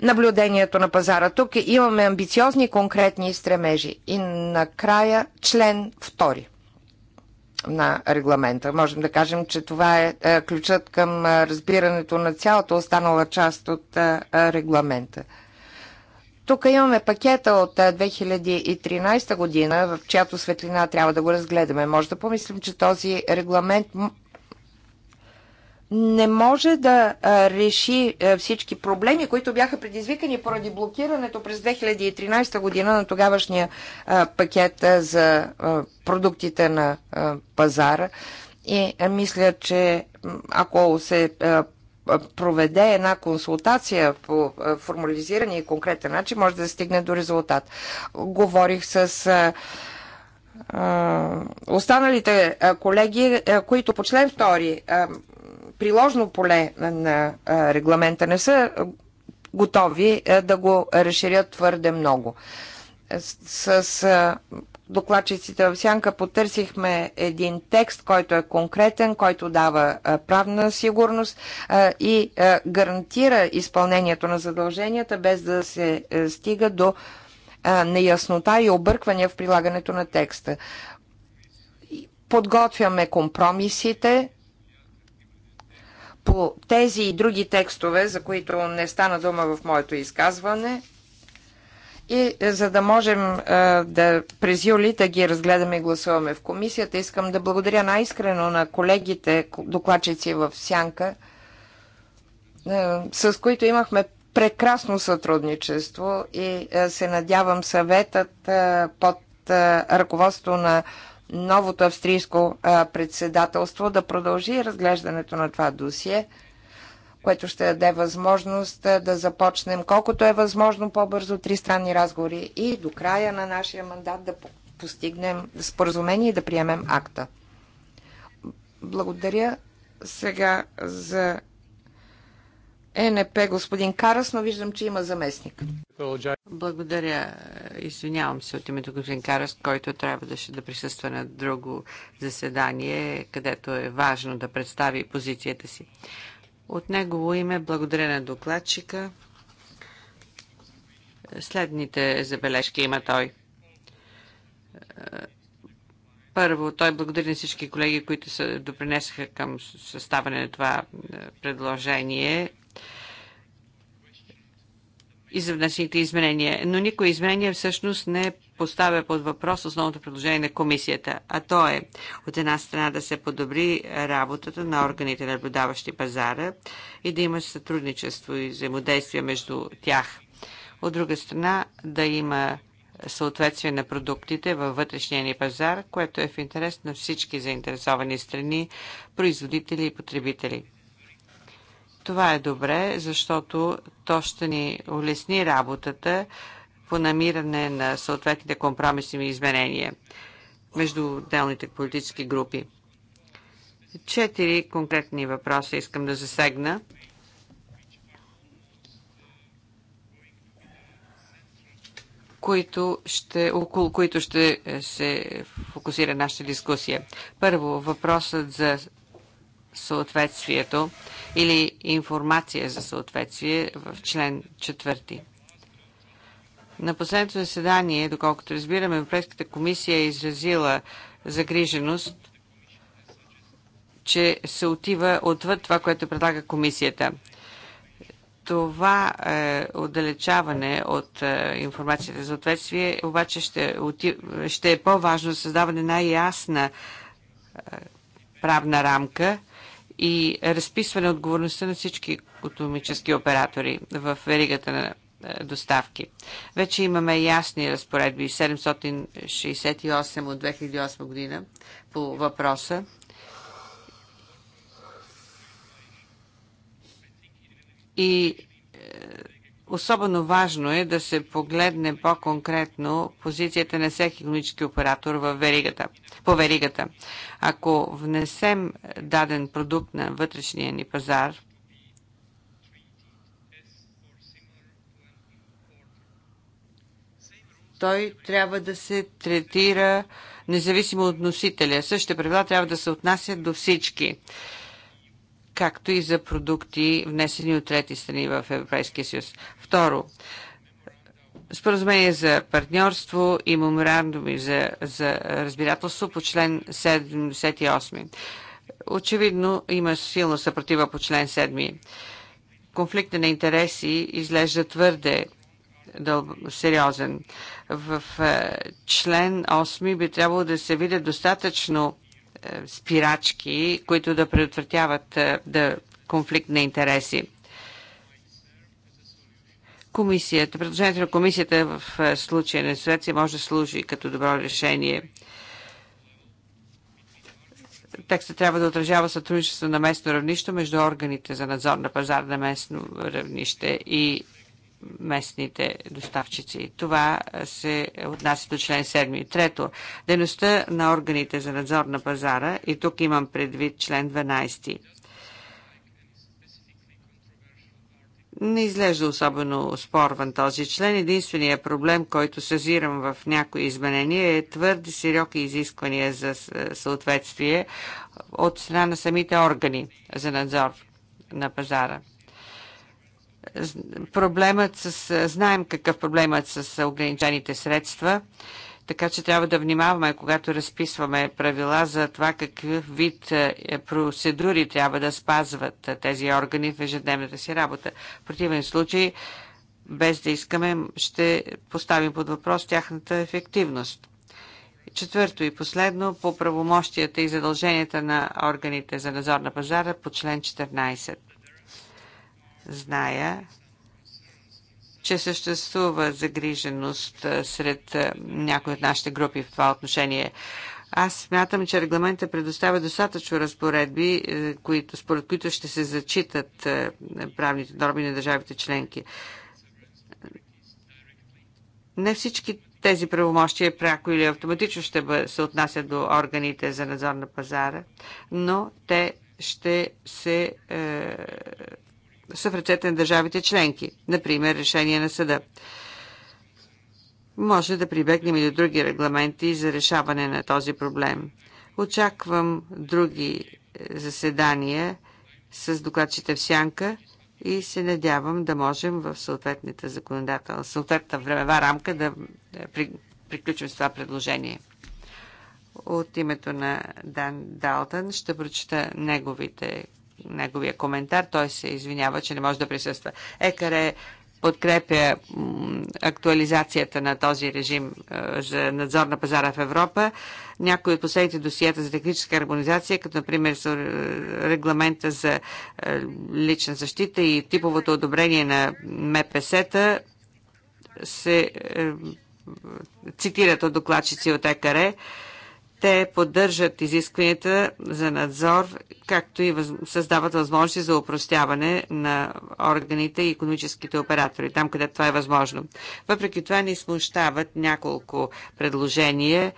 B: наблюдението на пазара. Тук имаме амбициозни конкретни стремежи. И накрая член 2 на регламента. Можем да кажем, че това е, е ключът към разбирането на цялата останала част от регламента. Тук имаме пакета от 2013 година, в чиято светлина трябва да го разгледаме. Може да помислим, че този регламент не може да реши всички проблеми, които бяха предизвикани поради блокирането през 2013 година на тогавашния пакет за продуктите на пазара. И мисля, че ако се проведе една консултация по формализиране и конкретен начин, може да стигне до резултат. Говорих с останалите колеги, които по член 2 приложно поле на регламента не са готови да го разширят твърде много. С докладчиците в Сянка потърсихме един текст, който е конкретен, който дава правна сигурност и гарантира изпълнението на задълженията, без да се стига до неяснота и обърквания в прилагането на текста. Подготвяме компромисите по тези и други текстове, за които не стана дума в моето изказване – и е, за да можем е, да през юли да ги разгледаме и гласуваме в комисията, искам да благодаря най-искрено на колегите, докладчици в Сянка, е, с които имахме прекрасно сътрудничество и се надявам съветът под ръководство на новото австрийско председателство да продължи разглеждането на това досие което ще даде възможност да започнем колкото е възможно по-бързо тристранни разговори и до края на нашия мандат да постигнем споразумение и да приемем акта. Благодаря сега за ЕНП господин Карас, но виждам, че има заместник.
A: Благодаря. Извинявам се от името господин Карас, който трябваше да присъства на друго заседание, където е важно да представи позицията си. От негово име благодаря на докладчика. Следните забележки има той. Първо, той благодари на всички колеги, които се допринесаха към съставане на това предложение извъншните изменения. Но никой изменение всъщност не поставя под въпрос основното предложение на комисията, а то е от една страна да се подобри работата на органите наблюдаващи пазара и да има сътрудничество и взаимодействие между тях. От друга страна да има съответствие на продуктите във вътрешния ни пазар, което е в интерес на всички заинтересовани страни, производители и потребители. Това е добре, защото то ще ни улесни работата по намиране на съответните компромисни изменения между отделните политически групи. Четири конкретни въпроса искам да засегна. които ще, около които ще се фокусира нашата дискусия. Първо, въпросът за съответствието или информация за съответствие в член 4. На последното заседание, доколкото разбираме, Европейската комисия е изразила загриженост, че се отива отвъд това, което предлага комисията. Това е, отдалечаване от е, информацията за ответствие обаче ще, отив, ще е по-важно създаване на ясна е, правна рамка, и разписване отговорността на всички економически оператори в веригата на е, доставки. Вече имаме ясни разпоредби 768 от 2008 година по въпроса. И е, Особено важно е да се погледне по-конкретно позицията на всеки економически оператор в веригата, по веригата. Ако внесем даден продукт на вътрешния ни пазар, той трябва да се третира независимо от носителя. Същите правила трябва да се отнасят до всички както и за продукти, внесени от трети страни в Европейския съюз. Второ, споразумение за партньорство и меморандуми за, за разбирателство по член 78. Очевидно има силна съпротива по член 7. Конфликта на интереси изглежда твърде сериозен. В е, член 8 би трябвало да се видят достатъчно е, спирачки, които да предотвратяват е, да конфликт на интереси. Комисията, предложението на комисията в е, случая на Суеция може да служи като добро решение. Текста трябва да отражава сътрудничество на местно равнище между органите за надзор на пазар на местно равнище и местните доставчици. Това се отнася до член 7. Трето, дейността на органите за надзор на пазара, и тук имам предвид член 12. Не изглежда особено спорван този член. Единственият проблем, който съзирам в някои изменения е твърде сироки изисквания за съответствие от страна на самите органи за надзор на пазара. Проблемът с... Знаем какъв проблемът с ограничените средства. Така че трябва да внимаваме, когато разписваме правила за това какъв вид е, процедури трябва да спазват е, тези органи в ежедневната си работа. В противен случай, без да искаме, ще поставим под въпрос тяхната ефективност. Четвърто и последно, по правомощията и задълженията на органите за надзор на пазара по член 14. Зная, че съществува загриженост сред някои от нашите групи в това отношение. Аз смятам, че регламентът предоставя достатъчно разпоредби, които, според които ще се зачитат правните норми на държавите членки. Не всички тези правомощия пряко или автоматично ще се отнасят до органите за надзор на пазара, но те ще се е, са в ръцете на държавите членки, например решение на съда. Може да прибегнем и до други регламенти за решаване на този проблем. Очаквам други е, заседания с докладчите в сянка и се надявам да можем в съответната законодателна, съответната времева рамка да приключим с това предложение. От името на Дан Далтън ще прочета неговите неговия коментар. Той се извинява, че не може да присъства. Екаре подкрепя актуализацията на този режим е, за надзор на пазара в Европа. Някои от последните досията за техническа хармонизация, като например е, регламента за е, лична защита и типовото одобрение на МПС-та, се цитират от докладчици от ЕКАРЕ. Те поддържат изискванията за надзор, както и въз... създават възможности за упростяване на органите и економическите оператори, там където това е възможно. Въпреки това ни смущават няколко предложения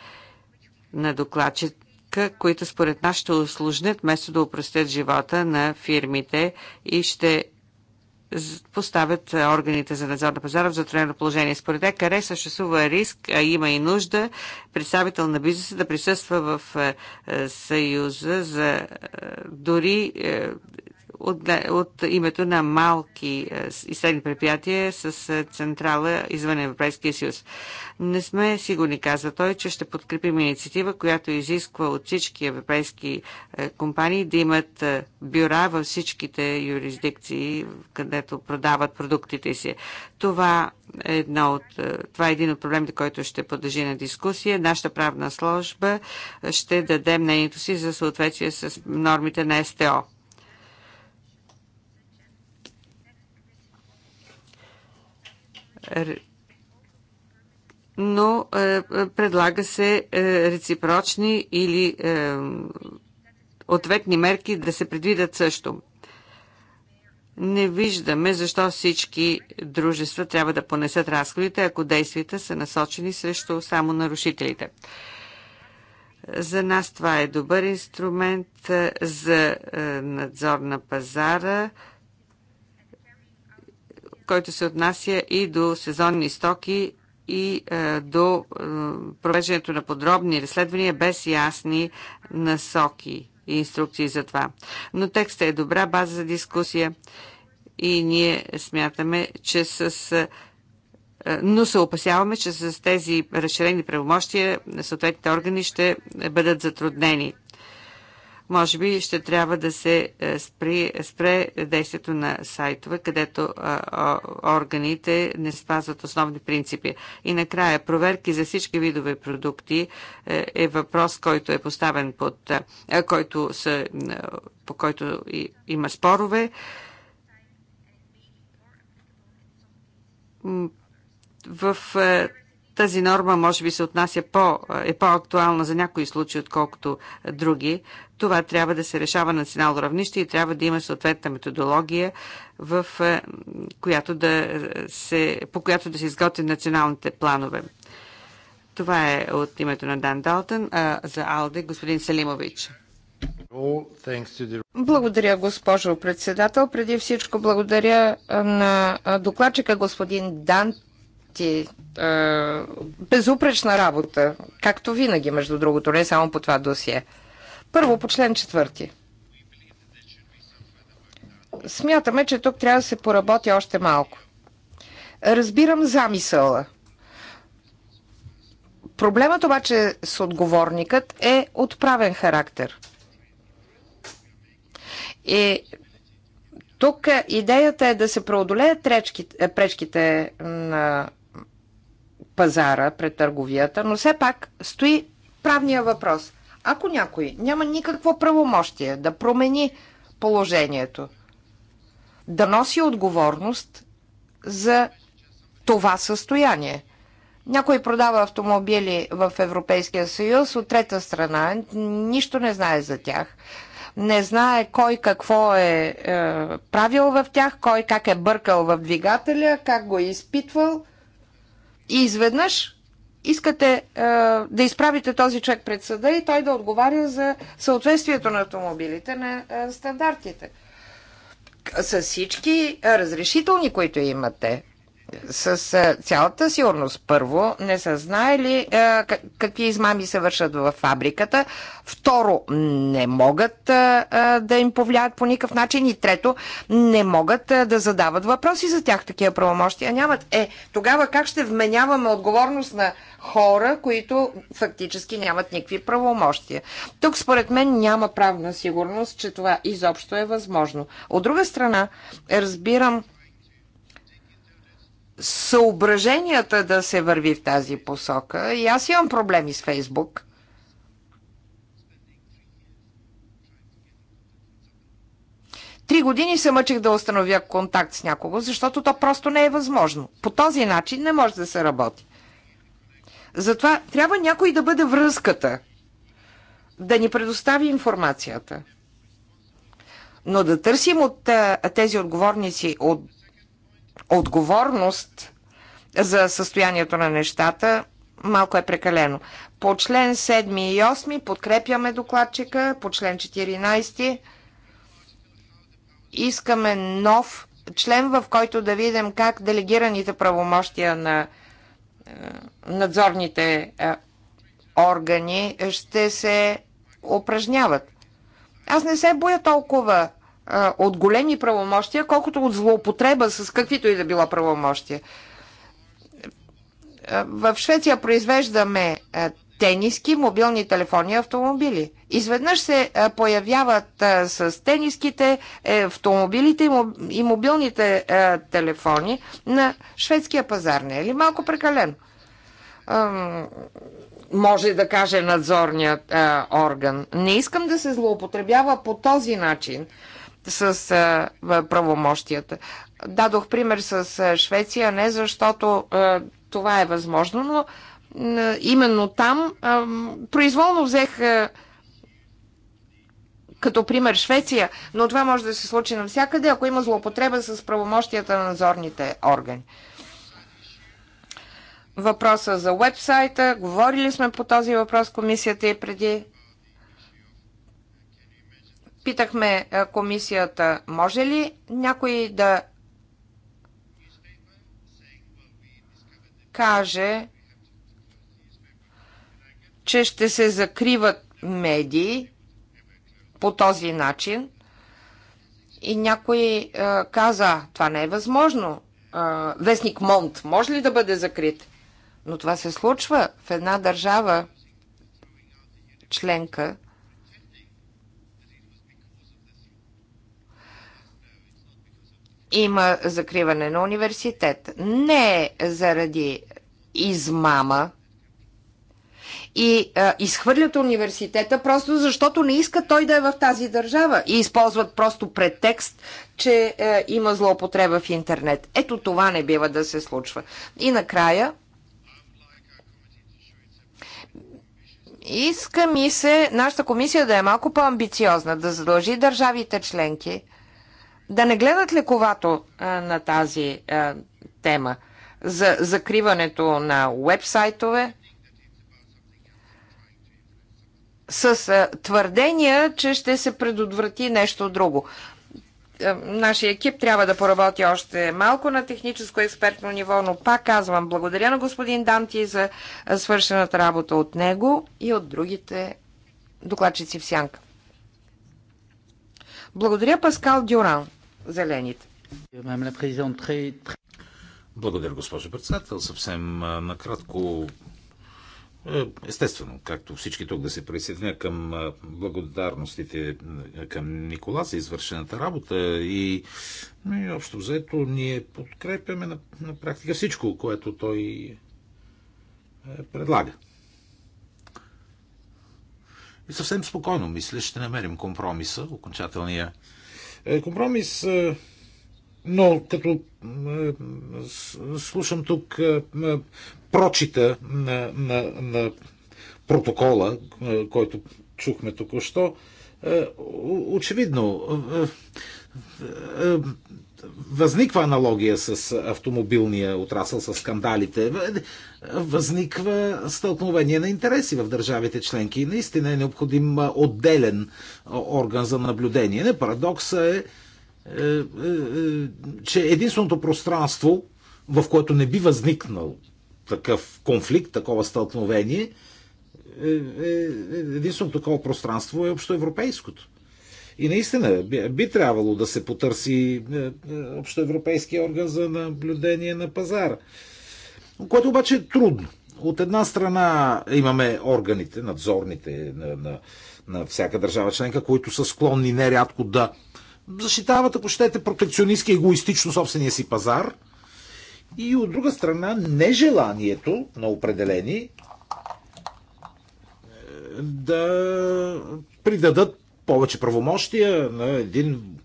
A: на докладчика, които според нас ще осложнят вместо да упростят живота на фирмите и ще поставят органите за надзор на пазара в затруднено положение. Според къде съществува риск, а има и нужда представител на бизнеса да присъства в Съюза за дори от, от името на малки е, и средни предприятия с е, централа извън Европейския съюз. Не сме сигурни, казва той, че ще подкрепим инициатива, която изисква от всички европейски е, компании да имат бюра във всичките юрисдикции, където продават продуктите си. Това е, едно от, това е един от проблемите, който ще подлежи на дискусия. Нашата правна служба ще даде мнението си за съответствие с нормите на СТО. но е, е, предлага се е, реципрочни или е, ответни мерки да се предвидят също. Не виждаме защо всички дружества трябва да понесат разходите, ако действията са насочени срещу само нарушителите. За нас това е добър инструмент е, за е, надзор на пазара който се отнася и до сезонни стоки и е, до е, провеждането на подробни разследвания без ясни насоки и инструкции за това. Но текста е добра база за дискусия и ние смятаме, че с. Е, е, но се опасяваме, че с тези разширени правомощия съответните органи ще бъдат затруднени. Може би ще трябва да се е, спри, спре действието на сайтове, където е, органите не спазват основни принципи. И накрая, проверки за всички видове продукти е, е въпрос, който е поставен под, който са, по който има спорове в тази норма може би се отнася по, е по-актуална за някои случаи, отколкото други, това трябва да се решава на национално равнище и трябва да има съответна методология, в е, която да се, по която да се изготвят националните планове. Това е от името на Дан Далтън. А за Алде, господин Селимович.
B: Благодаря, госпожо председател. Преди всичко благодаря на докладчика господин Дан ти безупречна работа, както винаги, между другото, не само по това досие. Първо по член четвърти. Смятаме, че тук трябва да се поработи още малко. Разбирам замисъла. Проблемът обаче с отговорникът е отправен характер. И тук идеята е да се преодолеят пречките, пречките на пазара пред търговията, но все пак стои правния въпрос. Ако някой няма никакво правомощие да промени положението, да носи отговорност за това състояние. Някой продава автомобили в Европейския съюз от трета страна, нищо не знае за тях, не знае кой какво е, е правил в тях, кой как е бъркал в двигателя, как го е изпитвал. И изведнъж искате е, да изправите този човек пред съда и той да отговаря за съответствието на автомобилите на е, стандартите. С всички разрешителни, които имате, с цялата сигурност, първо, не са знаели е, какви измами се вършат в фабриката, второ, не могат а, да им повлияят по никакъв начин и трето, не могат а, да задават въпроси за тях, такива правомощия нямат. Е, тогава как ще вменяваме отговорност на хора, които фактически нямат никакви правомощия? Тук, според мен, няма правна сигурност, че това изобщо е възможно. От друга страна, разбирам, съображенията да се върви в тази посока. И аз имам проблеми с Фейсбук. Три години се мъчих да установя контакт с някого, защото то просто не е възможно. По този начин не може да се работи. Затова трябва някой да бъде връзката, да ни предостави информацията. Но да търсим от тези отговорници от отговорност за състоянието на нещата малко е прекалено. По член 7 и 8 подкрепяме докладчика, по член 14 искаме нов член, в който да видим как делегираните правомощия на е, надзорните е, органи ще се упражняват. Аз не се боя толкова от големи правомощия, колкото от злоупотреба с каквито и да било правомощия. В Швеция произвеждаме тениски, мобилни телефони, автомобили. Изведнъж се появяват с тениските, е, автомобилите и мобилните телефони на шведския пазар. Не е ли малко прекалено? може да каже надзорният орган. Не искам да се злоупотребява по този начин с а, правомощията. Дадох пример с а, Швеция, не защото а, това е възможно, но а, именно там а, произволно взех а, като пример Швеция, но това може да се случи навсякъде, ако има злоупотреба с правомощията на надзорните органи. Въпроса за вебсайта. Говорили сме по този въпрос комисията и преди. Питахме комисията, може ли някой да каже, че ще се закриват медии по този начин. И някой каза, това не е възможно. вестник Монт може ли да бъде закрит? Но това се случва в една държава членка, има закриване на университет. Не е заради измама и а, изхвърлят университета просто защото не искат той да е в тази държава и използват просто претекст, че а, е, има злоупотреба в интернет. Ето това не бива да се случва. И накрая иска ми се нашата комисия да е малко по-амбициозна, да задължи държавите членки – да не гледат лековато на тази тема за закриването на уебсайтове с твърдения, че ще се предотврати нещо друго. Нашия екип трябва да поработи още малко на техническо експертно ниво, но пак казвам, благодаря на господин Данти за свършената работа от него и от другите докладчици в Сянка. Благодаря, Паскал Дюран зелените.
C: Благодаря, госпожо председател. Съвсем накратко е, Естествено, както всички тук да се присъединя към благодарностите към Никола за извършената работа и, и общо взето ние подкрепяме на, на практика всичко, което той е, предлага. И съвсем спокойно, мисля, ще намерим компромиса, окончателния е, компромис, е, но като е, слушам тук прочита на, на, на протокола, който чухме току-що, очевидно възниква аналогия с автомобилния отрасъл, с скандалите, възниква стълкновение на интереси в държавите членки и наистина е необходим отделен орган за наблюдение. Не, парадокса е, е, е, че единственото пространство, в което не би възникнал такъв конфликт, такова стълкновение, е, единственото такова пространство е общоевропейското. И наистина би, би трябвало да се потърси е, е, Общоевропейския орган за наблюдение на пазара, което обаче е трудно. От една страна имаме органите, надзорните на, на, на всяка държава членка, които са склонни нерядко да защитават, ако щете, протекционистски егоистично собствения си пазар. И от друга страна, нежеланието на определени е, да придадат повече правомощия на един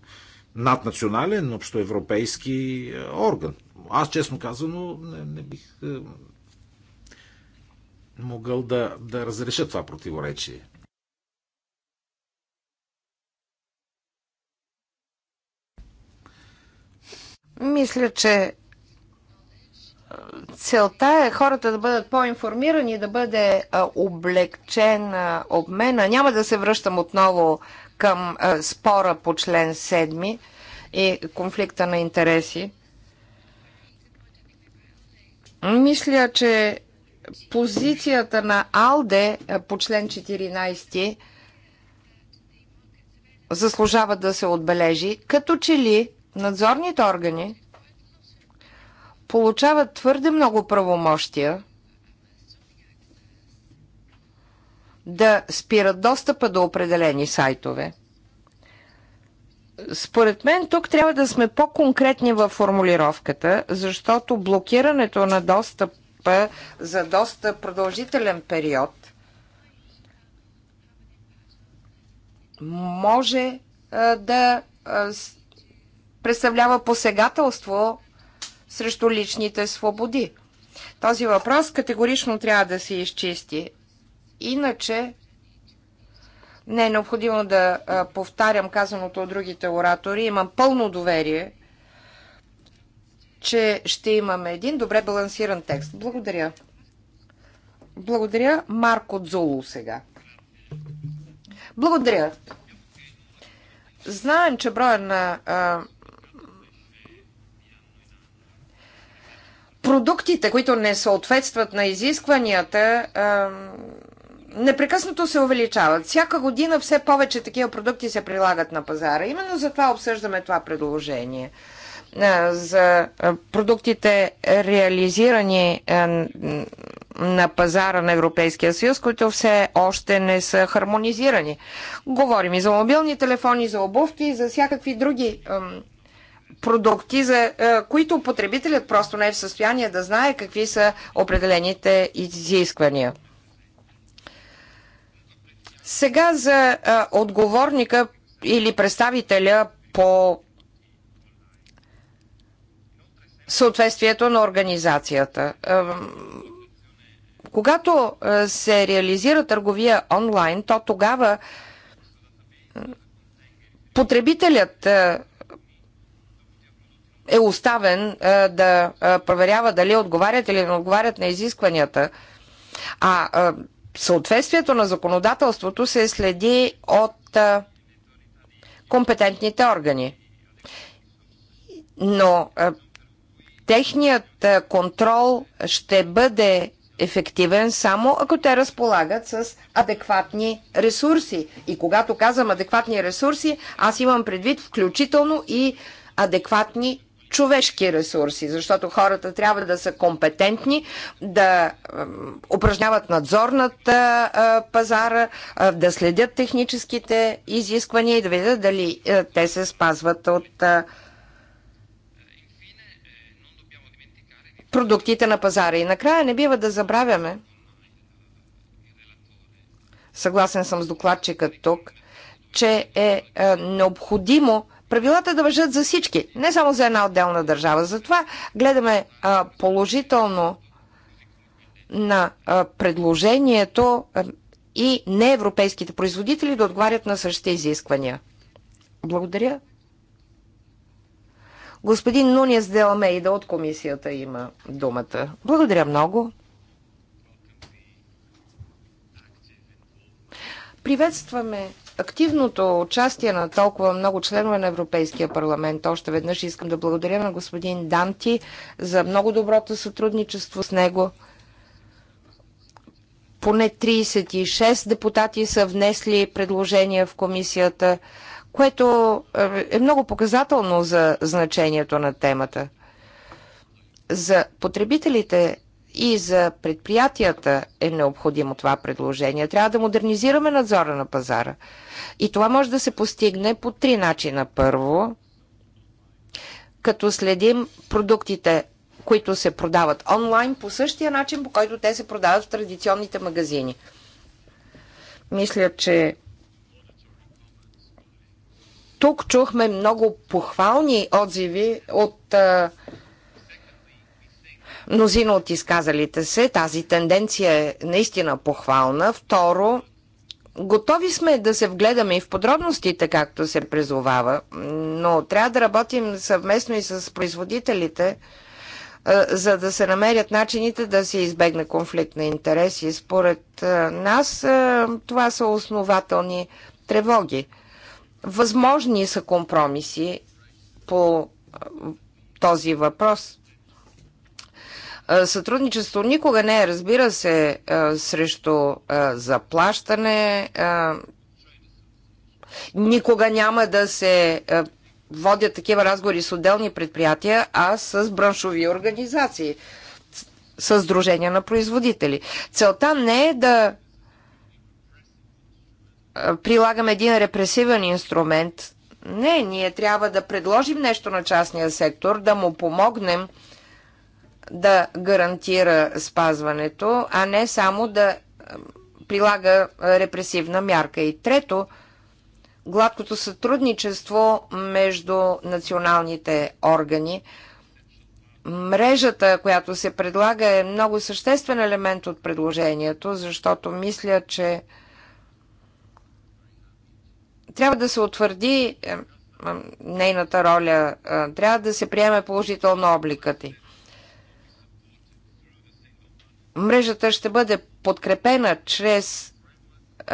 C: наднационален, общоевропейски е, орган. Аз, честно казано, не, не бих е, могъл да, да разреша това противоречие.
B: Мисля, че целта е хората да бъдат по-информирани, да бъде облегчен обмена. Няма да се връщам отново към спора по член 7 и конфликта на интереси. Мисля, че позицията на Алде по член 14 заслужава да се отбележи, като че ли надзорните органи получават твърде много правомощия да спират достъпа до определени сайтове. Според мен тук трябва да сме по-конкретни във формулировката, защото блокирането на достъпа за доста продължителен период може да представлява посегателство срещу личните свободи. Този въпрос категорично трябва да се изчисти. Иначе не е необходимо да повтарям казаното от другите оратори. Имам пълно доверие, че ще имаме един добре балансиран текст. Благодаря. Благодаря Марко Дзулу сега. Благодаря. Знаем, че броя на а, продуктите, които не съответстват на изискванията, непрекъснато се увеличават. Всяка година все повече такива продукти се прилагат на пазара. Именно за това обсъждаме това предложение за продуктите реализирани на пазара на Европейския съюз, които все още не са хармонизирани. Говорим и за мобилни телефони, за обувки, и за всякакви други продукти, за е, които потребителят просто не е в състояние да знае какви са определените изисквания. Сега за е, отговорника или представителя по съответствието на организацията. Когато е, се реализира търговия онлайн, то тогава потребителят е оставен да проверява дали отговарят или не отговарят на изискванията. А съответствието на законодателството се следи от компетентните органи. Но техният контрол ще бъде ефективен само ако те разполагат с адекватни ресурси. И когато казвам адекватни ресурси, аз имам предвид включително и адекватни човешки ресурси, защото хората трябва да са компетентни, да упражняват надзор над пазара, да следят техническите изисквания и да видят дали те се спазват от продуктите на пазара. И накрая не бива да забравяме, съгласен съм с докладчика тук, че е необходимо правилата да въжат за всички, не само за една отделна държава. Затова гледаме а, положително на а, предложението а, и неевропейските производители да отговарят на същите изисквания. Благодаря. Господин Нунес Делмейда от комисията има думата. Благодаря много. Приветстваме активното участие на толкова много членове на Европейския парламент. Още веднъж искам да благодаря на господин Данти за много доброто сътрудничество с него. Поне 36 депутати са внесли предложения в комисията, което е, е много показателно за значението на темата. За потребителите и за предприятията е необходимо това предложение. Трябва да модернизираме надзора на пазара. И това може да се постигне по три начина. Първо, като следим продуктите, които се продават онлайн по същия начин, по който те се продават в традиционните магазини. Мисля, че тук чухме много похвални отзиви от а, мнозина от изказалите се. Тази тенденция е наистина похвална. Второ, готови сме да се вгледаме и в подробностите, както се призовава, но трябва да работим съвместно и с производителите, е, за да се намерят начините да се избегне конфликт на интереси. Според е, нас е, това са основателни тревоги. Възможни са компромиси по този въпрос. Сътрудничество никога не е, разбира се, срещу заплащане. Никога няма да се водят такива разговори с отделни предприятия, а с браншови организации, с дружения на производители. Целта не е да прилагаме един репресивен инструмент. Не, ние трябва да предложим нещо на частния сектор, да му помогнем да гарантира спазването, а не само да прилага репресивна мярка. И трето, гладкото сътрудничество между националните органи. Мрежата, която се предлага, е много съществен елемент от предложението, защото мисля, че трябва да се утвърди нейната роля, трябва да се приеме положително обликът и мрежата ще бъде подкрепена чрез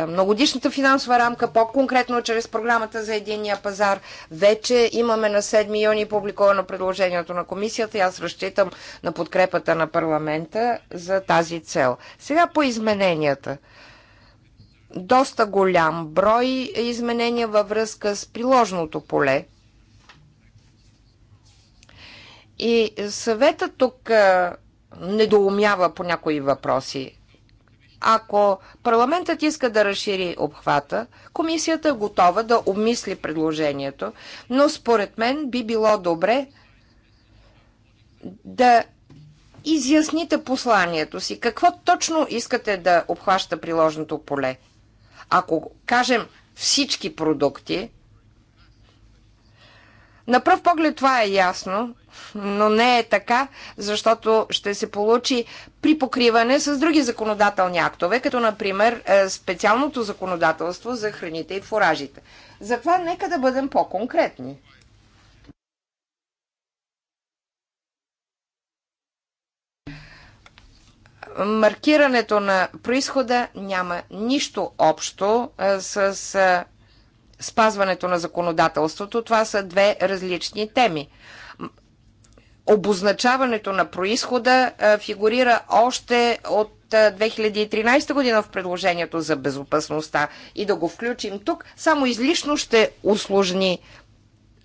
B: многодишната финансова рамка, по-конкретно чрез програмата за единния пазар. Вече имаме на 7 юни публиковано предложението на комисията и аз разчитам на подкрепата на парламента за тази цел. Сега по измененията. Доста голям брой изменения във връзка с приложното поле. И съветът тук недоумява по някои въпроси. Ако парламентът иска да разшири обхвата, комисията е готова да обмисли предложението, но според мен би било добре да изясните посланието си. Какво точно искате да обхваща приложното поле? Ако кажем всички продукти, на пръв поглед това е ясно, но не е така, защото ще се получи при покриване с други законодателни актове, като например е, специалното законодателство за храните и фуражите. Затова нека да бъдем по-конкретни. Маркирането на происхода няма нищо общо е, с е, спазването на законодателството. Това са две различни теми обозначаването на происхода фигурира още от 2013 година в предложението за безопасността и да го включим тук само излишно ще усложни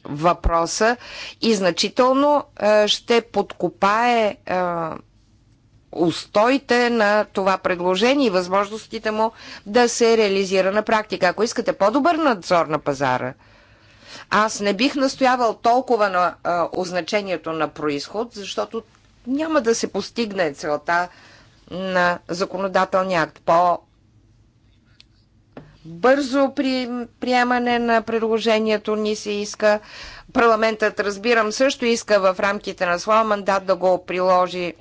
B: въпроса и значително ще подкопае устоите на това предложение и възможностите му да се реализира на практика. Ако искате по-добър надзор на пазара, аз не бих настоявал толкова на а, означението на происход, защото няма да се постигне целта на законодателния акт. По бързо при приемане на предложението ни се иска. Парламентът, разбирам, също иска в рамките на своя мандат да го приложи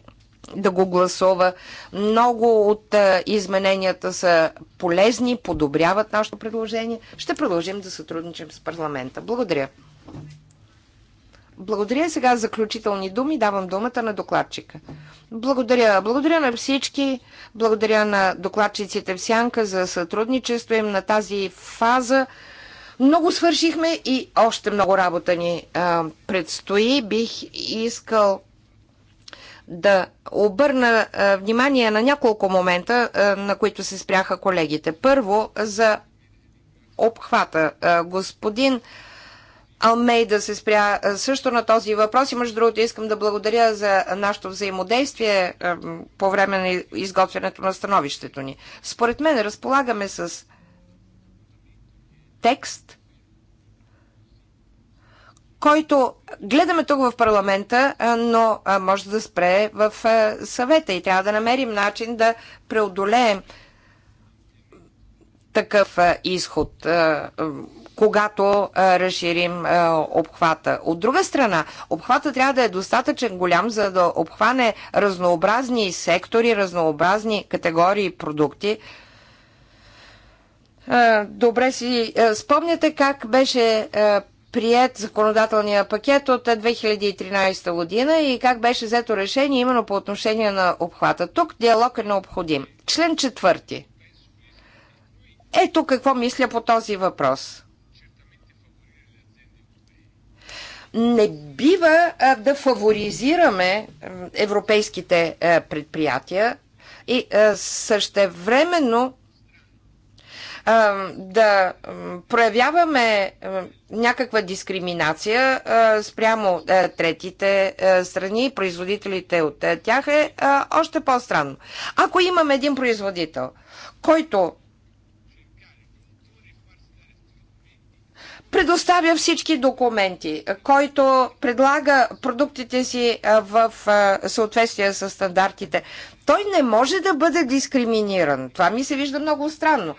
B: да го гласува. Много от измененията са полезни, подобряват нашето предложение. Ще продължим да сътрудничим с парламента. Благодаря. Благодаря сега за заключителни думи. Давам думата на докладчика. Благодаря. Благодаря на всички. Благодаря на докладчиците в Сянка за сътрудничество им на тази фаза. Много свършихме и още много работа ни а, предстои. Бих искал да обърна внимание на няколко момента, на които се спряха колегите. Първо, за обхвата. Господин Алмейда се спря също на този въпрос и между другото искам да благодаря за нашето взаимодействие по време на изготвянето на становището ни. Според мен разполагаме с текст, който гледаме тук в парламента, но може да спре в съвета и трябва да намерим начин да преодолеем такъв изход, когато разширим обхвата. От друга страна, обхвата трябва да е достатъчен голям, за да обхване разнообразни сектори, разнообразни категории продукти, Добре си спомняте как беше прият законодателния пакет от 2013 година и как беше взето решение именно по отношение на обхвата. Тук диалог е необходим. Член четвърти. Ето какво мисля по този въпрос. Не бива да фаворизираме европейските е, предприятия и също е, същевременно да проявяваме някаква дискриминация спрямо третите страни и производителите от тях е още по-странно. Ако имам един производител, който предоставя всички документи, който предлага продуктите си в съответствие с стандартите, той не може да бъде дискриминиран. Това ми се вижда много странно.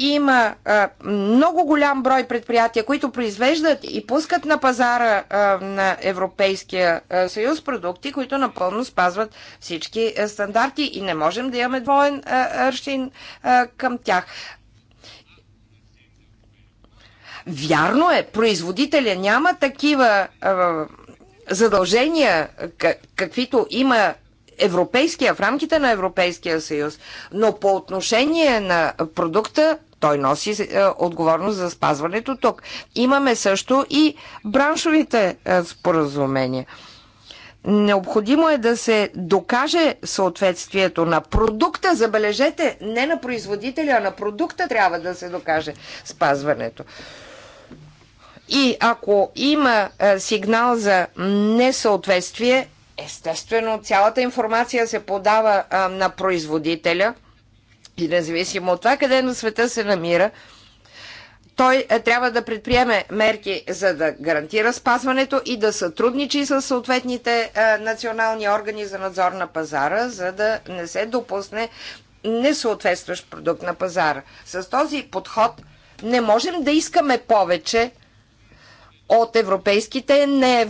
B: Има а, много голям брой предприятия, които произвеждат и пускат на пазара а, на Европейския съюз продукти, които напълно спазват всички а, стандарти и не можем да имаме двоен а, аршин а, към тях. Вярно е, производителя няма такива а, задължения, каквито има европейския, в рамките на Европейския съюз, но по отношение на продукта той носи е, отговорност за спазването тук. Имаме също и браншовите е, споразумения. Необходимо е да се докаже съответствието на продукта. Забележете, не на производителя, а на продукта трябва да се докаже спазването. И ако има е, сигнал за несъответствие, естествено цялата информация се подава е, на производителя – и независимо от това къде на света се намира, той е, трябва да предприеме мерки за да гарантира спазването и да сътрудничи с съответните е, национални органи за надзор на пазара, за да не се допусне несъответстващ продукт на пазара. С този подход не можем да искаме повече от европейските, не е,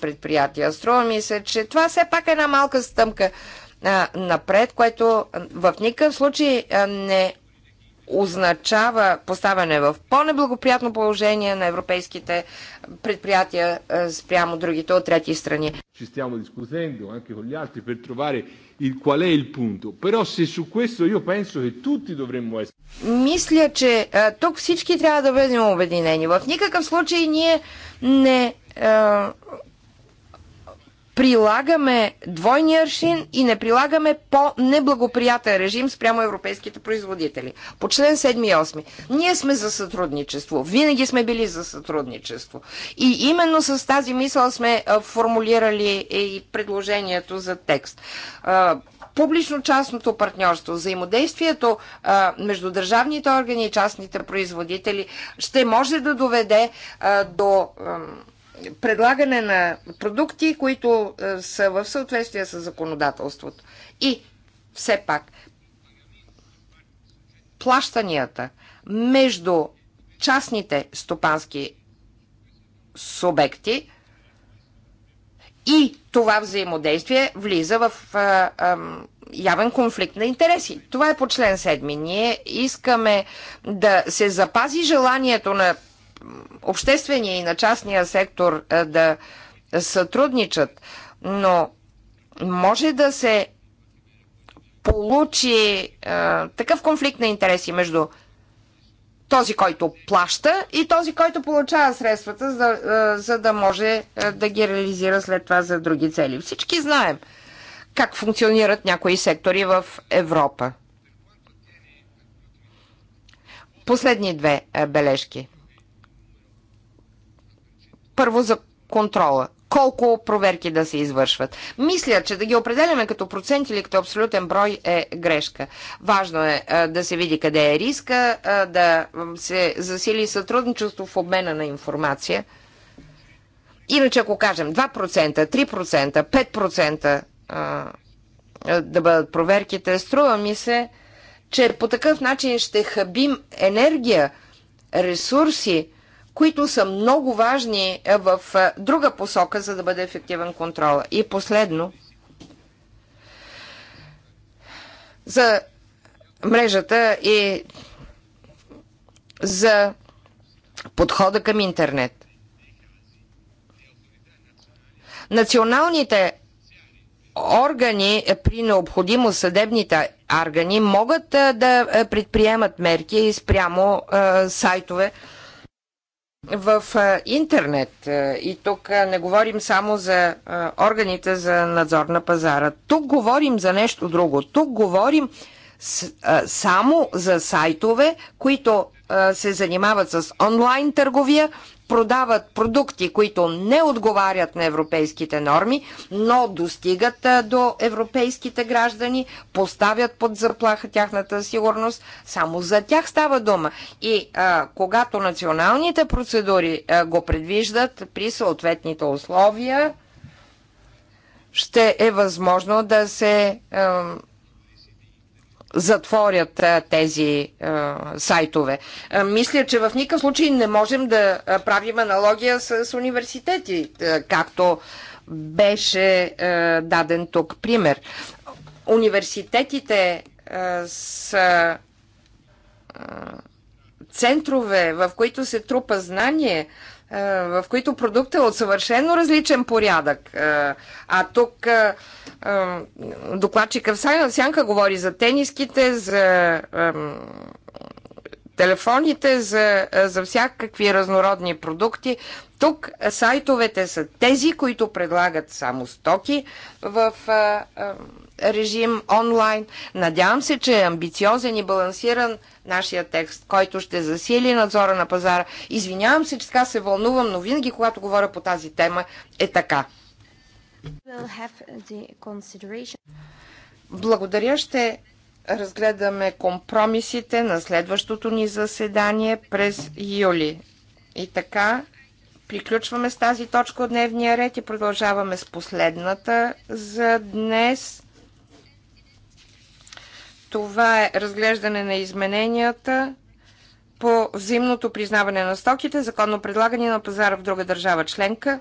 B: предприятия. Струва ми се, че това все пак е една малка стъмка напред, което в никакъв случай не означава поставяне в по-неблагоприятно положение на европейските предприятия спрямо другите от трети страни. Ci stiamo discutendo anche con gli altri per trovare il, qual è il punto. Però se
C: su questo io penso che tutti dovremmo essere.
B: Мисля, че а, тук всички трябва да бъдем обединени. В никакъв случай ние не а, прилагаме двойния аршин и не прилагаме по-неблагоприятен режим спрямо европейските производители. По член 7 и 8. Ние сме за сътрудничество. Винаги сме били за сътрудничество. И именно с тази мисъл сме формулирали е, и предложението за текст. Публично-частното партньорство, взаимодействието между държавните органи и частните производители ще може да доведе до предлагане на продукти, които е, са в съответствие с законодателството. И все пак, плащанията между частните стопански субекти и това взаимодействие влиза в а, е, а, явен конфликт на интереси. Това е по член 7. Ние искаме да се запази желанието на обществения и на частния сектор е, да сътрудничат, но може да се получи а, е, такъв конфликт на интереси между този, който плаща и този, който получава средствата, за, а, е, за да може а, да ги реализира след това за други цели. Всички знаем как функционират някои сектори в Европа. Последни две бележки. Първо за контрола. Колко проверки да се извършват. Мисля, че да ги определяме като процент или като абсолютен брой е грешка. Важно е да се види къде е риска, да се засили сътрудничество в обмена на информация. Иначе, ако кажем 2%, 3%, 5% да бъдат проверките, струва ми се, че по такъв начин ще хабим енергия, ресурси, които са много важни е, в е, друга посока, за да бъде ефективен контрол. И последно, за мрежата и за подхода към интернет. Националните органи е, при необходимо съдебните органи могат да предприемат мерки спрямо сайтове, в интернет. И тук не говорим само за органите за надзор на пазара. Тук говорим за нещо друго. Тук говорим само за сайтове, които се занимават с онлайн търговия продават продукти, които не отговарят на европейските норми, но достигат до европейските граждани, поставят под заплаха тяхната сигурност. Само за тях става дума. И а, когато националните процедури а, го предвиждат при съответните условия, ще е възможно да се а, затворят тези сайтове. Мисля, че в никакъв случай не можем да правим аналогия с университети, както беше даден тук пример. Университетите са центрове, в които се трупа знание, е, в които продукт е от съвършено различен порядък. Е, а тук е, докладчика в Сянка говори за тениските, за телефоните, за, за всякакви разнородни продукти. Тук сайтовете са тези, които предлагат само стоки в режим онлайн. Надявам се, че е амбициозен и балансиран нашия текст, който ще засили надзора на пазара. Извинявам се, че така се вълнувам, но винаги, когато говоря по тази тема, е така. Благодаря, ще разгледаме компромисите на следващото ни заседание през юли. И така, приключваме с тази точка от дневния ред и продължаваме с последната за днес. Това е разглеждане на измененията по взаимното признаване на стоките, законно предлагане на пазара в друга държава членка.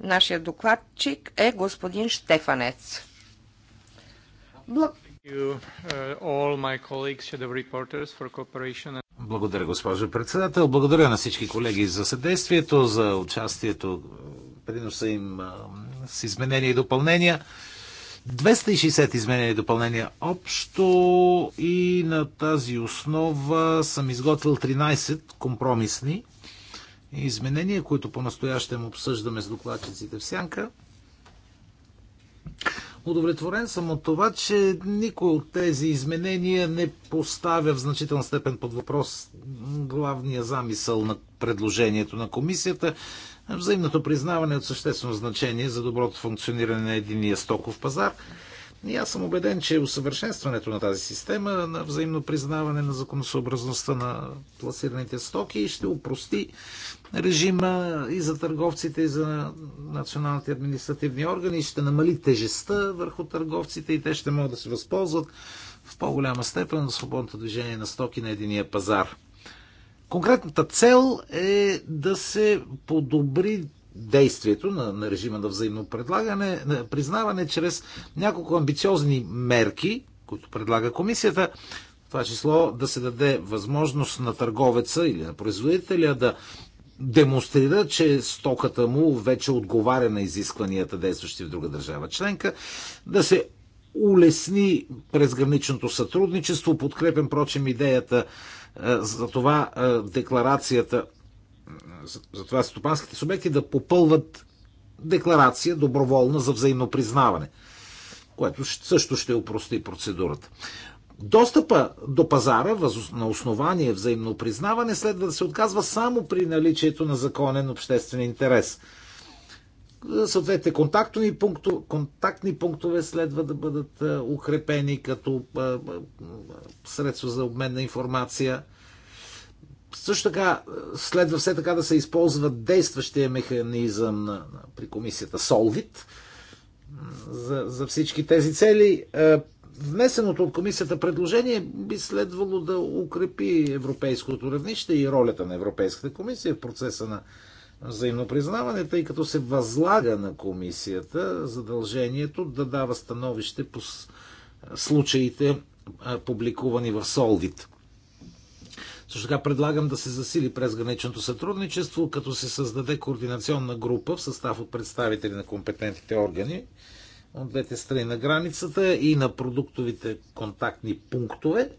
B: Нашия докладчик е господин Штефанец.
A: Uh,
C: Благодаря, госпожо председател. Благодаря на всички колеги за съдействието, за участието, приноса им с изменения и допълнения. 260 изменения и допълнения общо и на тази основа съм изготвил 13 компромисни изменения, които по-настоящем обсъждаме с докладчиците в Сянка. Удовлетворен съм от това, че никой от тези изменения не поставя в значителна степен под въпрос главния замисъл на предложението на комисията Взаимното признаване е от съществено значение за доброто функциониране на единия стоков пазар. И аз съм убеден, че усъвършенстването на тази система на взаимно признаване на законосъобразността на пласираните стоки ще упрости режима и за търговците, и за националните административни органи, ще намали тежестта върху търговците и те ще могат да се възползват в по-голяма степен на свободното движение на стоки на единия пазар. Конкретната цел е да се подобри действието на, на режима на взаимно предлагане, на признаване чрез няколко амбициозни мерки, които предлага комисията, това число да се даде възможност на търговеца или на производителя да демонстрира, че стоката му вече отговаря на изискванията, действащи в друга държава членка, да се улесни презграничното сътрудничество. Подкрепям, прочим, идеята е, за това е, декларацията, е, за това стопанските субекти да попълват декларация доброволна за взаимно признаване, което също ще упрости процедурата. Достъпа до пазара на основание взаимно признаване следва да се отказва само при наличието на законен обществен интерес – Съответните контактни, пунктове, контактни пунктове следва да бъдат е, укрепени като е, е, средство за обмен на информация. Също така следва все така да се използва действащия механизъм на, на, при комисията Солвит за, за всички тези цели. Внесеното от комисията предложение би следвало да укрепи европейското равнище и ролята на Европейската комисия в процеса на взаимно признаване, тъй като се възлага на комисията задължението да дава становище по случаите публикувани в Солвит. Също така предлагам да се засили през граничното сътрудничество, като се създаде координационна група в състав от представители на компетентните органи от двете страни на границата и на продуктовите контактни пунктове.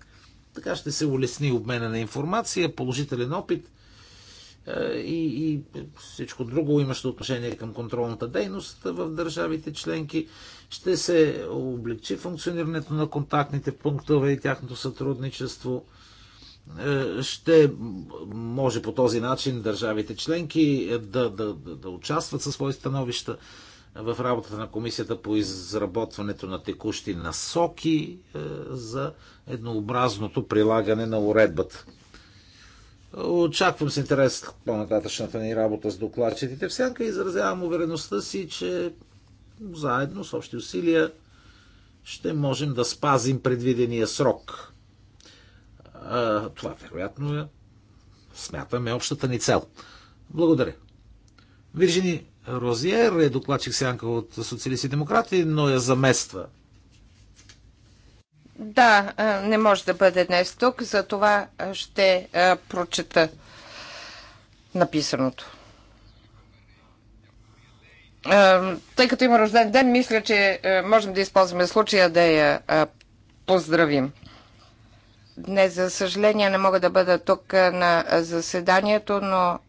C: Така ще се улесни обмена на информация, положителен опит – е, и, и всичко друго, имащо отношение към контролната дейност в държавите членки. Ще се облегчи функционирането на контактните пунктове и тяхното сътрудничество. Е, ще може по този начин държавите членки да, да, да, да участват със свои становища в работата на комисията по изработването на текущи насоки е, за еднообразното прилагане на уредбата. Очаквам с интерес по-нататъчната ни работа с докладчетите. Всяка изразявам увереността си, че заедно с общи усилия ще можем да спазим предвидения срок. А, това вероятно е, смятаме, общата ни цел. Благодаря. Виржини Розиер е докладчик сянка от социалисти и демократи, но я замества
B: да, не може да бъде днес тук, за това ще прочета написаното. Тъй като има рожден ден, мисля, че можем да използваме случая да я поздравим. Днес, за съжаление, не мога да бъда тук на заседанието, но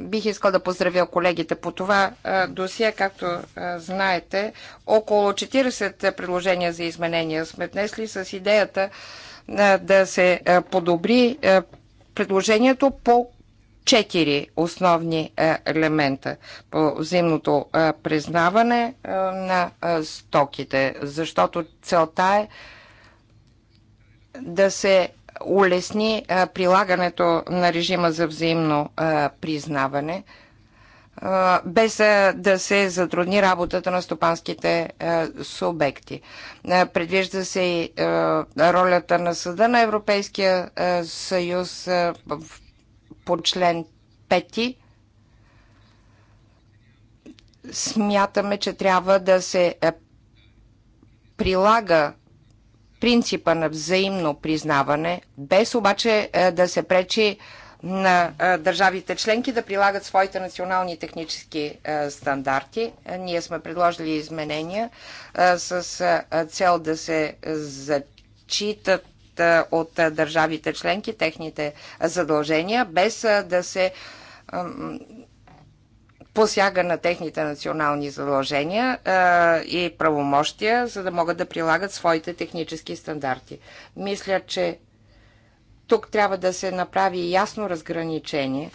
B: бих искал да поздравя колегите по това досие. Както знаете, около 40 предложения за изменения сме внесли с идеята да се подобри предложението по четири основни елемента по взаимното признаване на стоките, защото целта е да се улесни прилагането на режима за взаимно признаване, без да се затрудни работата на стопанските субекти. Предвижда се и ролята на Съда на Европейския съюз по член 5 смятаме, че трябва да се прилага принципа на взаимно признаване, без обаче е, да се пречи на е, държавите членки да прилагат своите национални технически е, стандарти. Ние сме предложили изменения с цел да се зачитат от държавите членки техните задължения, без да се посяга на техните национални задължения а, и правомощия, за да могат да прилагат своите технически стандарти. Мисля, че тук трябва да се направи ясно разграничение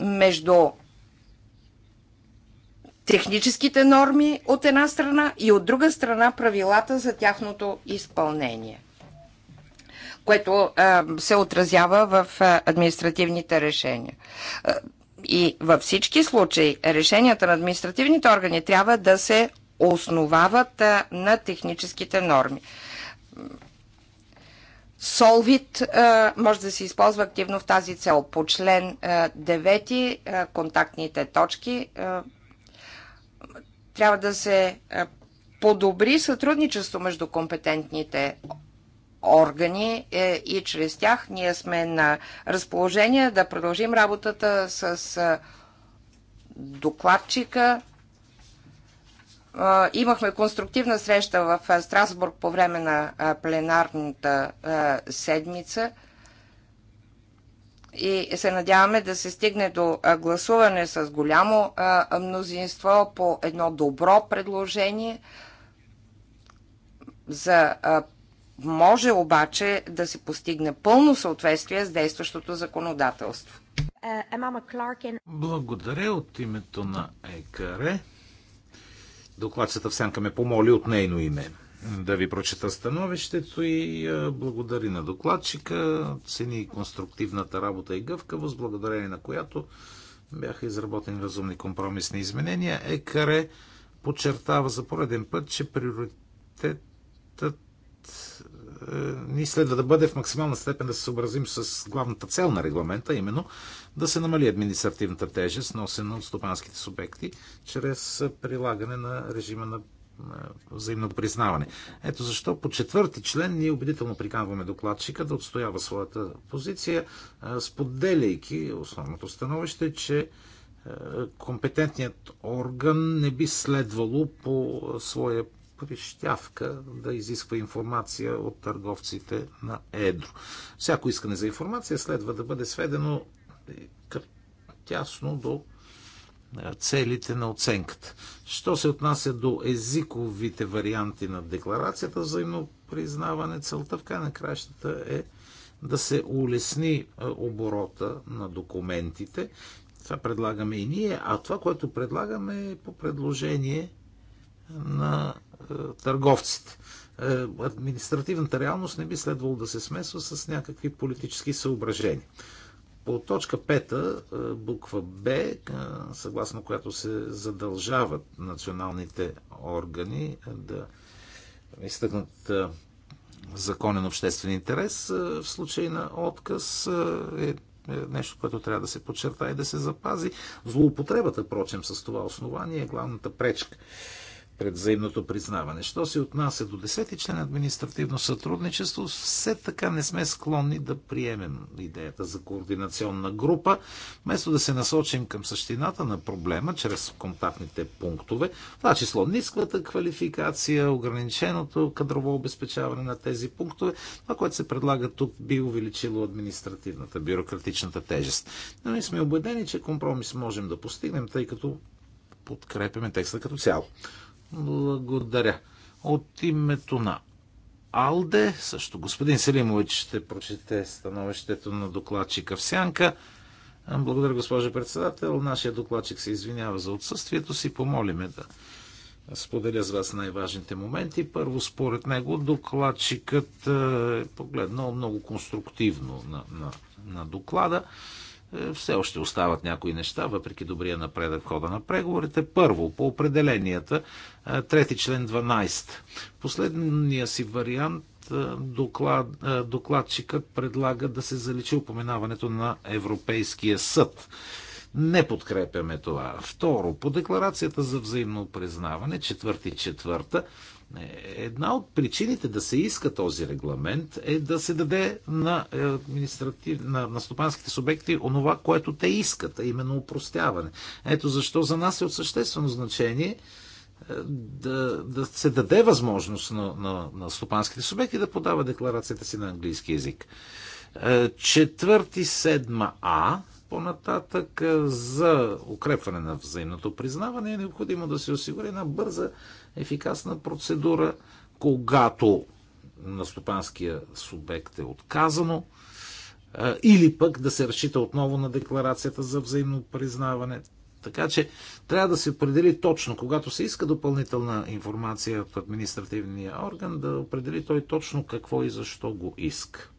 B: между техническите норми от една страна и от друга страна правилата за тяхното изпълнение което се отразява в административните решения. И във всички случаи решенията на административните органи трябва да се основават на техническите норми. Солвит може да се използва активно в тази цел. По член 9 контактните точки трябва да се подобри сътрудничество между компетентните органи е, и чрез тях ние сме на разположение да продължим работата с докладчика. Имахме конструктивна среща в Страсбург по време на пленарната седмица и се надяваме да се стигне до гласуване с голямо мнозинство по едно добро предложение за може обаче да се постигне пълно съответствие с действащото законодателство. Е,
C: Благодаря от името на ЕКАРЕ. Докладчата в сянка ме помоли от нейно име да ви прочета становището и е, благодари на докладчика, цени конструктивната работа и гъвкавост, благодарение на която бяха изработени разумни компромисни изменения. ЕКАРЕ подчертава за пореден път, че приоритетът е, ни следва да бъде в максимална степен да се съобразим с главната цел на регламента, именно да се намали административната тежест, носена от стопанските субекти, чрез е, прилагане на режима на е, взаимно признаване. Ето защо по четвърти член ние убедително приканваме докладчика да отстоява своята позиция, споделяйки основното становище, че компетентният орган не би следвало по своя прищявка да изисква информация от търговците на Едро. Всяко искане за информация следва да бъде сведено тясно до е, целите на оценката. Що се отнася до езиковите варианти на декларацията, взаимно признаване, целта в край на кращата е да се улесни е, оборота на документите. Това предлагаме и ние, а това, което предлагаме е по предложение на е, търговците. Е, административната реалност не би следвало да се смесва с някакви политически съображения. По точка 5, е, буква Б, съгласно която се задължават националните органи да изтъкнат законен обществен интерес, в случай на отказ е нещо, което трябва да се подчерта и да се запази. Злоупотребата, прочем, с това основание е главната пречка пред взаимното признаване. Що се отнася до 10-ти член административно сътрудничество, все така не сме склонни да приемем идеята за координационна група, вместо да се насочим към същината на проблема чрез контактните пунктове, това число ниската квалификация, ограниченото кадрово обезпечаване на тези пунктове, това, което се предлага тук, би увеличило административната, бюрократичната тежест. Но ние сме убедени, че компромис можем да постигнем, тъй като подкрепяме текста като цяло. Благодаря. От името на Алде, също господин Селимович ще прочете становището на докладчика в Сянка. Благодаря, госпожа председател. Нашия докладчик се извинява за отсъствието си. Помолиме да споделя с вас най-важните моменти. Първо, според него, докладчикът е погледнал много конструктивно на, на, на доклада. Е, все още остават някои неща, въпреки добрия напредък в хода на преговорите. Първо, по определенията, е, трети член 12. Последния си вариант е, доклад, докладчикът предлага да се заличи упоменаването на Европейския съд. Не подкрепяме това. Второ, по декларацията за взаимно признаване, четвърти четвърта, е, една от причините да се иска този регламент е да се даде на, е, административ... на, на стопанските субекти онова, което те искат, а именно упростяване. Ето защо за нас е от съществено значение е, да, да се даде възможност на, на, на стопанските субекти да подава декларацията си на английски язик. Четвърти, седма А, по-нататък за укрепване на взаимното признаване е необходимо да се осигури една бърза ефикасна процедура, когато на стопанския субект е отказано, или пък да се разчита отново на декларацията за взаимно признаване. Така че трябва да се определи точно, когато се иска допълнителна информация от административния орган, да определи той точно какво и защо го иска.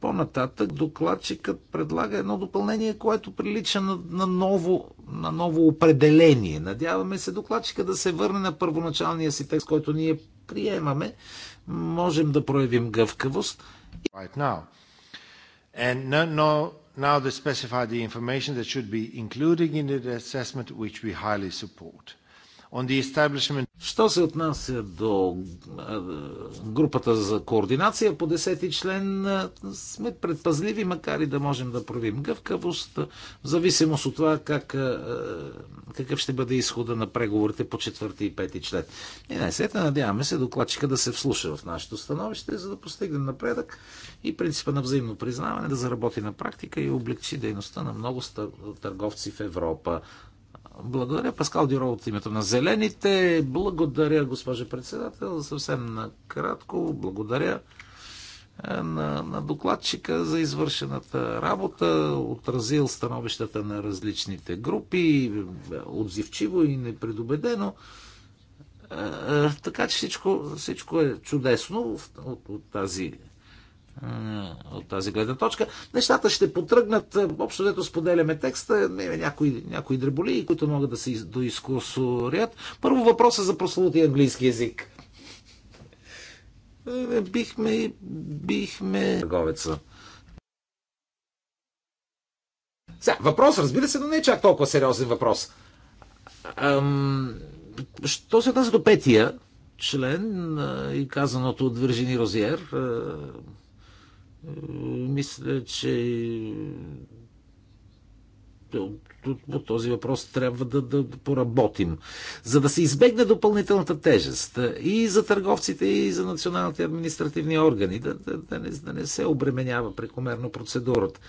C: По-нататък докладчикът предлага едно допълнение, което прилича на, на, ново, на ново определение. Надяваме се докладчика да се върне на първоначалния си текст, който ние приемаме. Можем да проявим гъвкавост. Right now. And no, no, now they specify the information that should be included in the assessment, which we highly support. Що се отнася до групата за координация по 10 член, сме предпазливи, макар и да можем да проявим гъвкавост, в зависимост от това как, какъв ще бъде изхода на преговорите по 4 и 5 член. И най-сетне надяваме се докладчика да се вслуша в нашето становище, за да постигнем напредък и принципа на взаимно признаване да заработи на практика и облегчи дейността на много търговци в Европа. Благодаря, Паскал Дюро от името на Зелените. Благодаря, госпожа председател. Съвсем накратко, благодаря е, на, на докладчика за извършената работа, отразил становищата на различните групи, отзивчиво и непредобедено. Е, е, така че всичко, всичко е чудесно от, от, от тази от тази гледна точка. Нещата ще потръгнат, е, общо дето споделяме текста, има е, е, някои, някои дреболии, които могат да се доискусорят. Първо въпроса за прословутия английски язик. Бихме, бихме търговеца. Сега, въпрос, разбира се, но не е чак толкова сериозен въпрос. Ам, що се отнася до петия член и казаното от Виржини Розиер, мисля, че по този въпрос трябва да, да поработим, за да се избегне допълнителната тежест и за търговците, и за националните административни органи, да, да, да, не, да не се обременява прекомерно процедурата.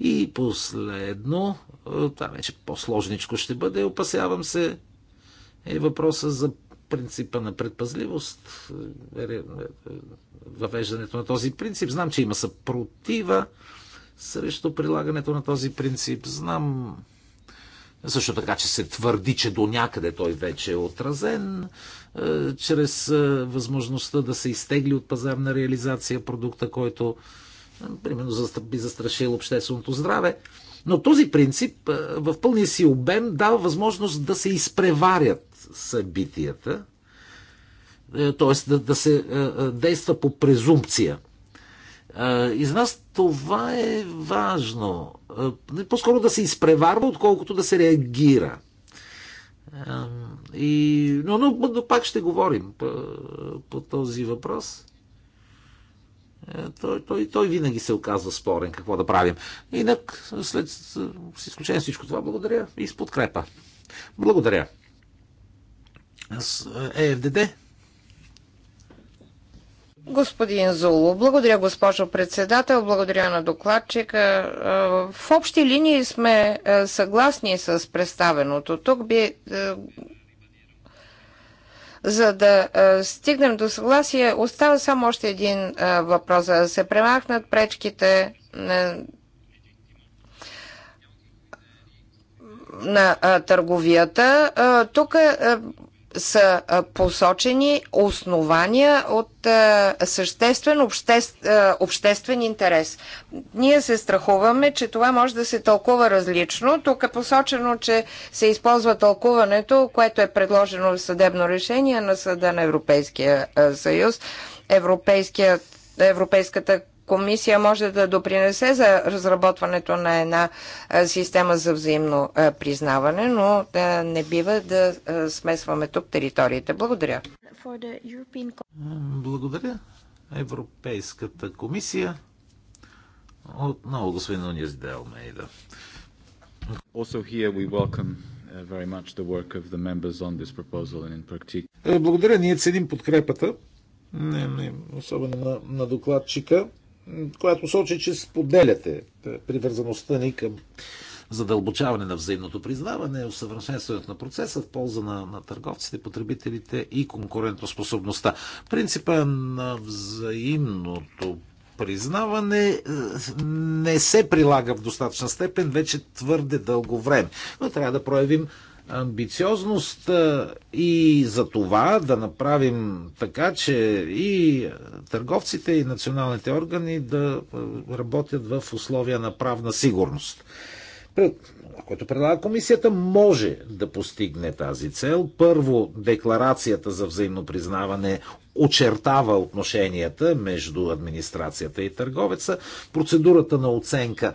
C: И последно, е, това вече по-сложничко ще бъде, опасявам се, е въпроса за принципа на предпазливост, е, е, е, въвеждането на този принцип. Знам, че има съпротива срещу прилагането на този принцип. Знам също така, че се твърди, че до някъде той вече е отразен чрез възможността да се изтегли от пазарна реализация продукта, който примерно би застрашил общественото здраве. Но този принцип в пълния си обем дава възможност да се изпреварят събитията, е, т.е. Да, да се е, е, действа по презумпция. И за нас това е важно. По-скоро да се изпреварва, отколкото да се реагира. И, но, но, но пак ще говорим по, по този въпрос. Той, той, той винаги се оказва спорен какво да правим. Инак, след, с изключение всичко това, благодаря и с подкрепа. Благодаря с ЕФДД. Е,
B: Господин Золо, благодаря госпожо председател, благодаря на докладчика. Е, в общи линии сме е, съгласни с представеното. Тук би за да стигнем до съгласие, остава само още един въпрос, за да се премахнат пречките на, на търговията. Тук са посочени основания от съществен обществен, обществен интерес. Ние се страхуваме, че това може да се тълкува различно. Тук е посочено, че се използва тълкуването, което е предложено в съдебно решение на Съда на Европейския съюз. Европейският Европейската комисия може да допринесе за разработването на една система за взаимно признаване, но да не бива да смесваме тук териториите. Благодаря.
C: Благодаря. Европейската комисия. Отново господин Нунис Делмейда. Also here we welcome uh, very much the work of the members on this proposal and in practice. Е, благодаря, ние ценим подкрепата, особено на, на докладчика която сочи, че споделяте е, привързаността ни към задълбочаване на взаимното признаване, усъвършенстването на процеса в полза на, на търговците, потребителите и конкурентоспособността. Принципа на взаимното признаване е, не се прилага в достатъчна степен вече твърде дълго време. Но трябва да проявим амбициозност и за това да направим така, че и търговците, и националните органи да работят в условия на правна сигурност. Което предлага комисията, може да постигне тази цел. Първо, декларацията за взаимно признаване очертава отношенията между администрацията и търговеца, процедурата на оценка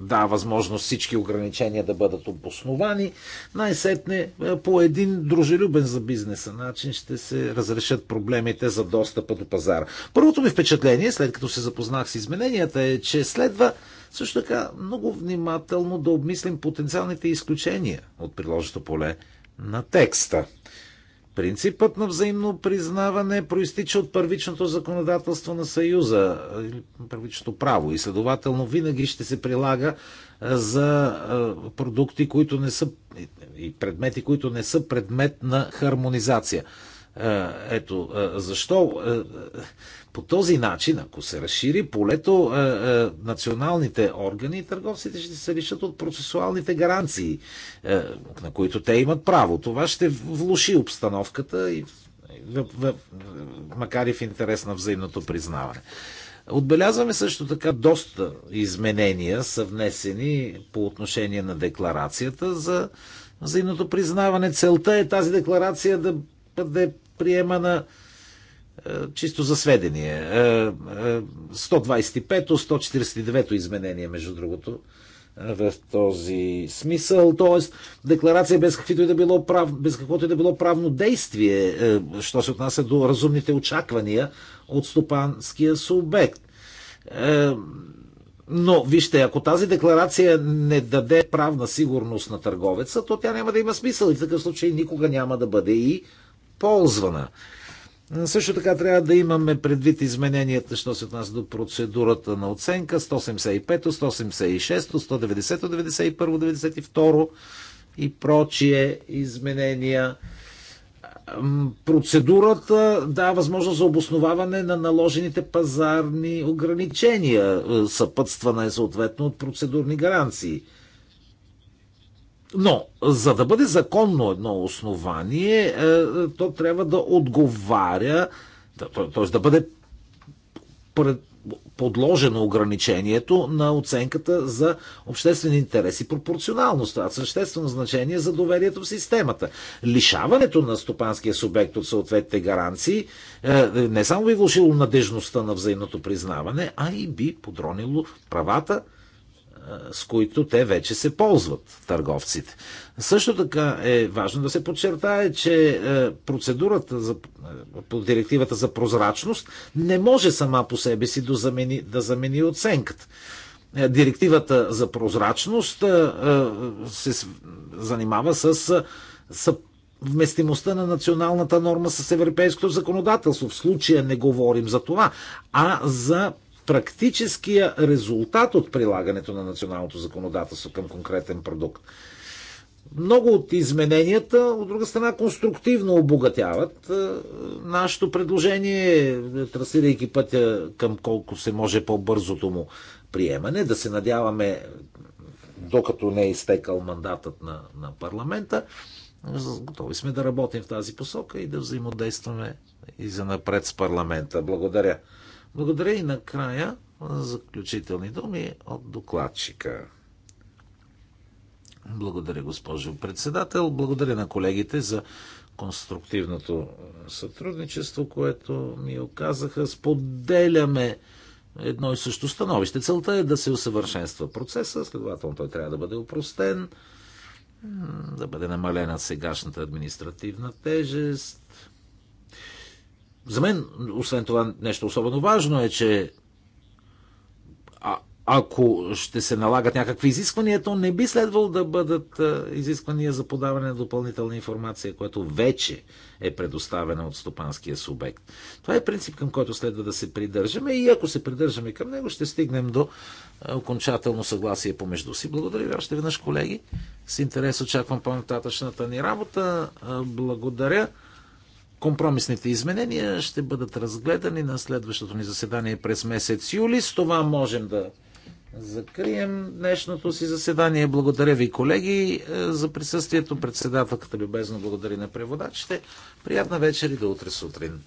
C: дава възможност всички ограничения да бъдат обосновани. Най-сетне е, по един дружелюбен за бизнеса начин ще се разрешат проблемите за достъпа до пазара. Първото ми впечатление, след като се запознах с измененията, е, че следва също така много внимателно да обмислим потенциалните изключения от приложното поле на текста. Принципът на взаимно признаване проистича от първичното законодателство на Съюза, първичното право и следователно винаги ще се прилага за продукти, които не са и предмети, които не са предмет на хармонизация. Ето защо по този начин, ако се разшири полето, е, е, националните органи и търговците ще се лишат от процесуалните гаранции, е, на които те имат право. Това ще влуши обстановката, и, е, в, в, макар и в интерес на взаимното признаване. Отбелязваме също така доста изменения, съвнесени по отношение на декларацията за взаимното признаване. Целта е тази декларация да бъде приемана е, чисто за сведение. 125-то, е, е, 149-то изменение, между другото, в този смисъл. Тоест, декларация без каквото и да било, прав... без каквото и да било правно действие, що се отнася до разумните очаквания от стопанския субект. Но, вижте, ако тази декларация не даде правна сигурност на търговеца, то тя няма да има смисъл и в такъв случай никога няма да бъде и ползвана. Също така трябва да имаме предвид измененията, що се отнася до процедурата на оценка 175, 176, 190, 91, 92 и прочие изменения. Процедурата дава възможност за обосноваване на наложените пазарни ограничения, съпътствана е съответно от процедурни гаранции – но, за да бъде законно едно основание, е, е, то трябва да отговаря, т.е. да бъде подложено ограничението на оценката за обществен интерес и пропорционалност. Това съществено значение за доверието в системата. Лишаването на стопанския субект от съответните гаранции е, не само би влушило надежността на взаимното признаване, а и би подронило правата с които те вече се ползват търговците. Също така е важно да се подчертае, че е, процедурата за, е, по директивата за прозрачност не може сама по себе си да замени, да замени оценката. Е, директивата за прозрачност се занимава с вместимостта на националната норма с европейското законодателство. В случая не говорим за това, а за практическия резултат от прилагането на националното законодателство към конкретен продукт. Много от измененията, от друга страна, конструктивно обогатяват е, нашето предложение, трасирайки пътя към колко се може по-бързото му приемане. Да се надяваме, докато не е изтекал мандатът на, на парламента, готови сме да работим в тази посока и да взаимодействаме и за напред с парламента. Благодаря. Благодаря и накрая заключителни думи от докладчика. Благодаря, госпожо председател. Благодаря на колегите за конструктивното сътрудничество, което ми оказаха. Споделяме едно и също становище. Целта е да се усъвършенства процеса, следователно той трябва да бъде упростен, да бъде намалена сегашната административна тежест, за мен, освен това, нещо особено важно е, че а, ако ще се налагат някакви изисквания, то не би следвало да бъдат изисквания за подаване на допълнителна информация, която вече е предоставена от стопанския субект. Това е принцип, към който следва да се придържаме и ако се придържаме към него, ще стигнем до окончателно съгласие помежду си. Благодаря ви още веднъж, колеги. С интерес очаквам по-нататъчната ни работа. Благодаря. Компромисните изменения ще бъдат разгледани на следващото ни заседание през месец юли. С това можем да закрием днешното си заседание. Благодаря ви, колеги, е, за присъствието. Председателката любезно благодари на преводачите. Приятна вечер и до утре сутрин.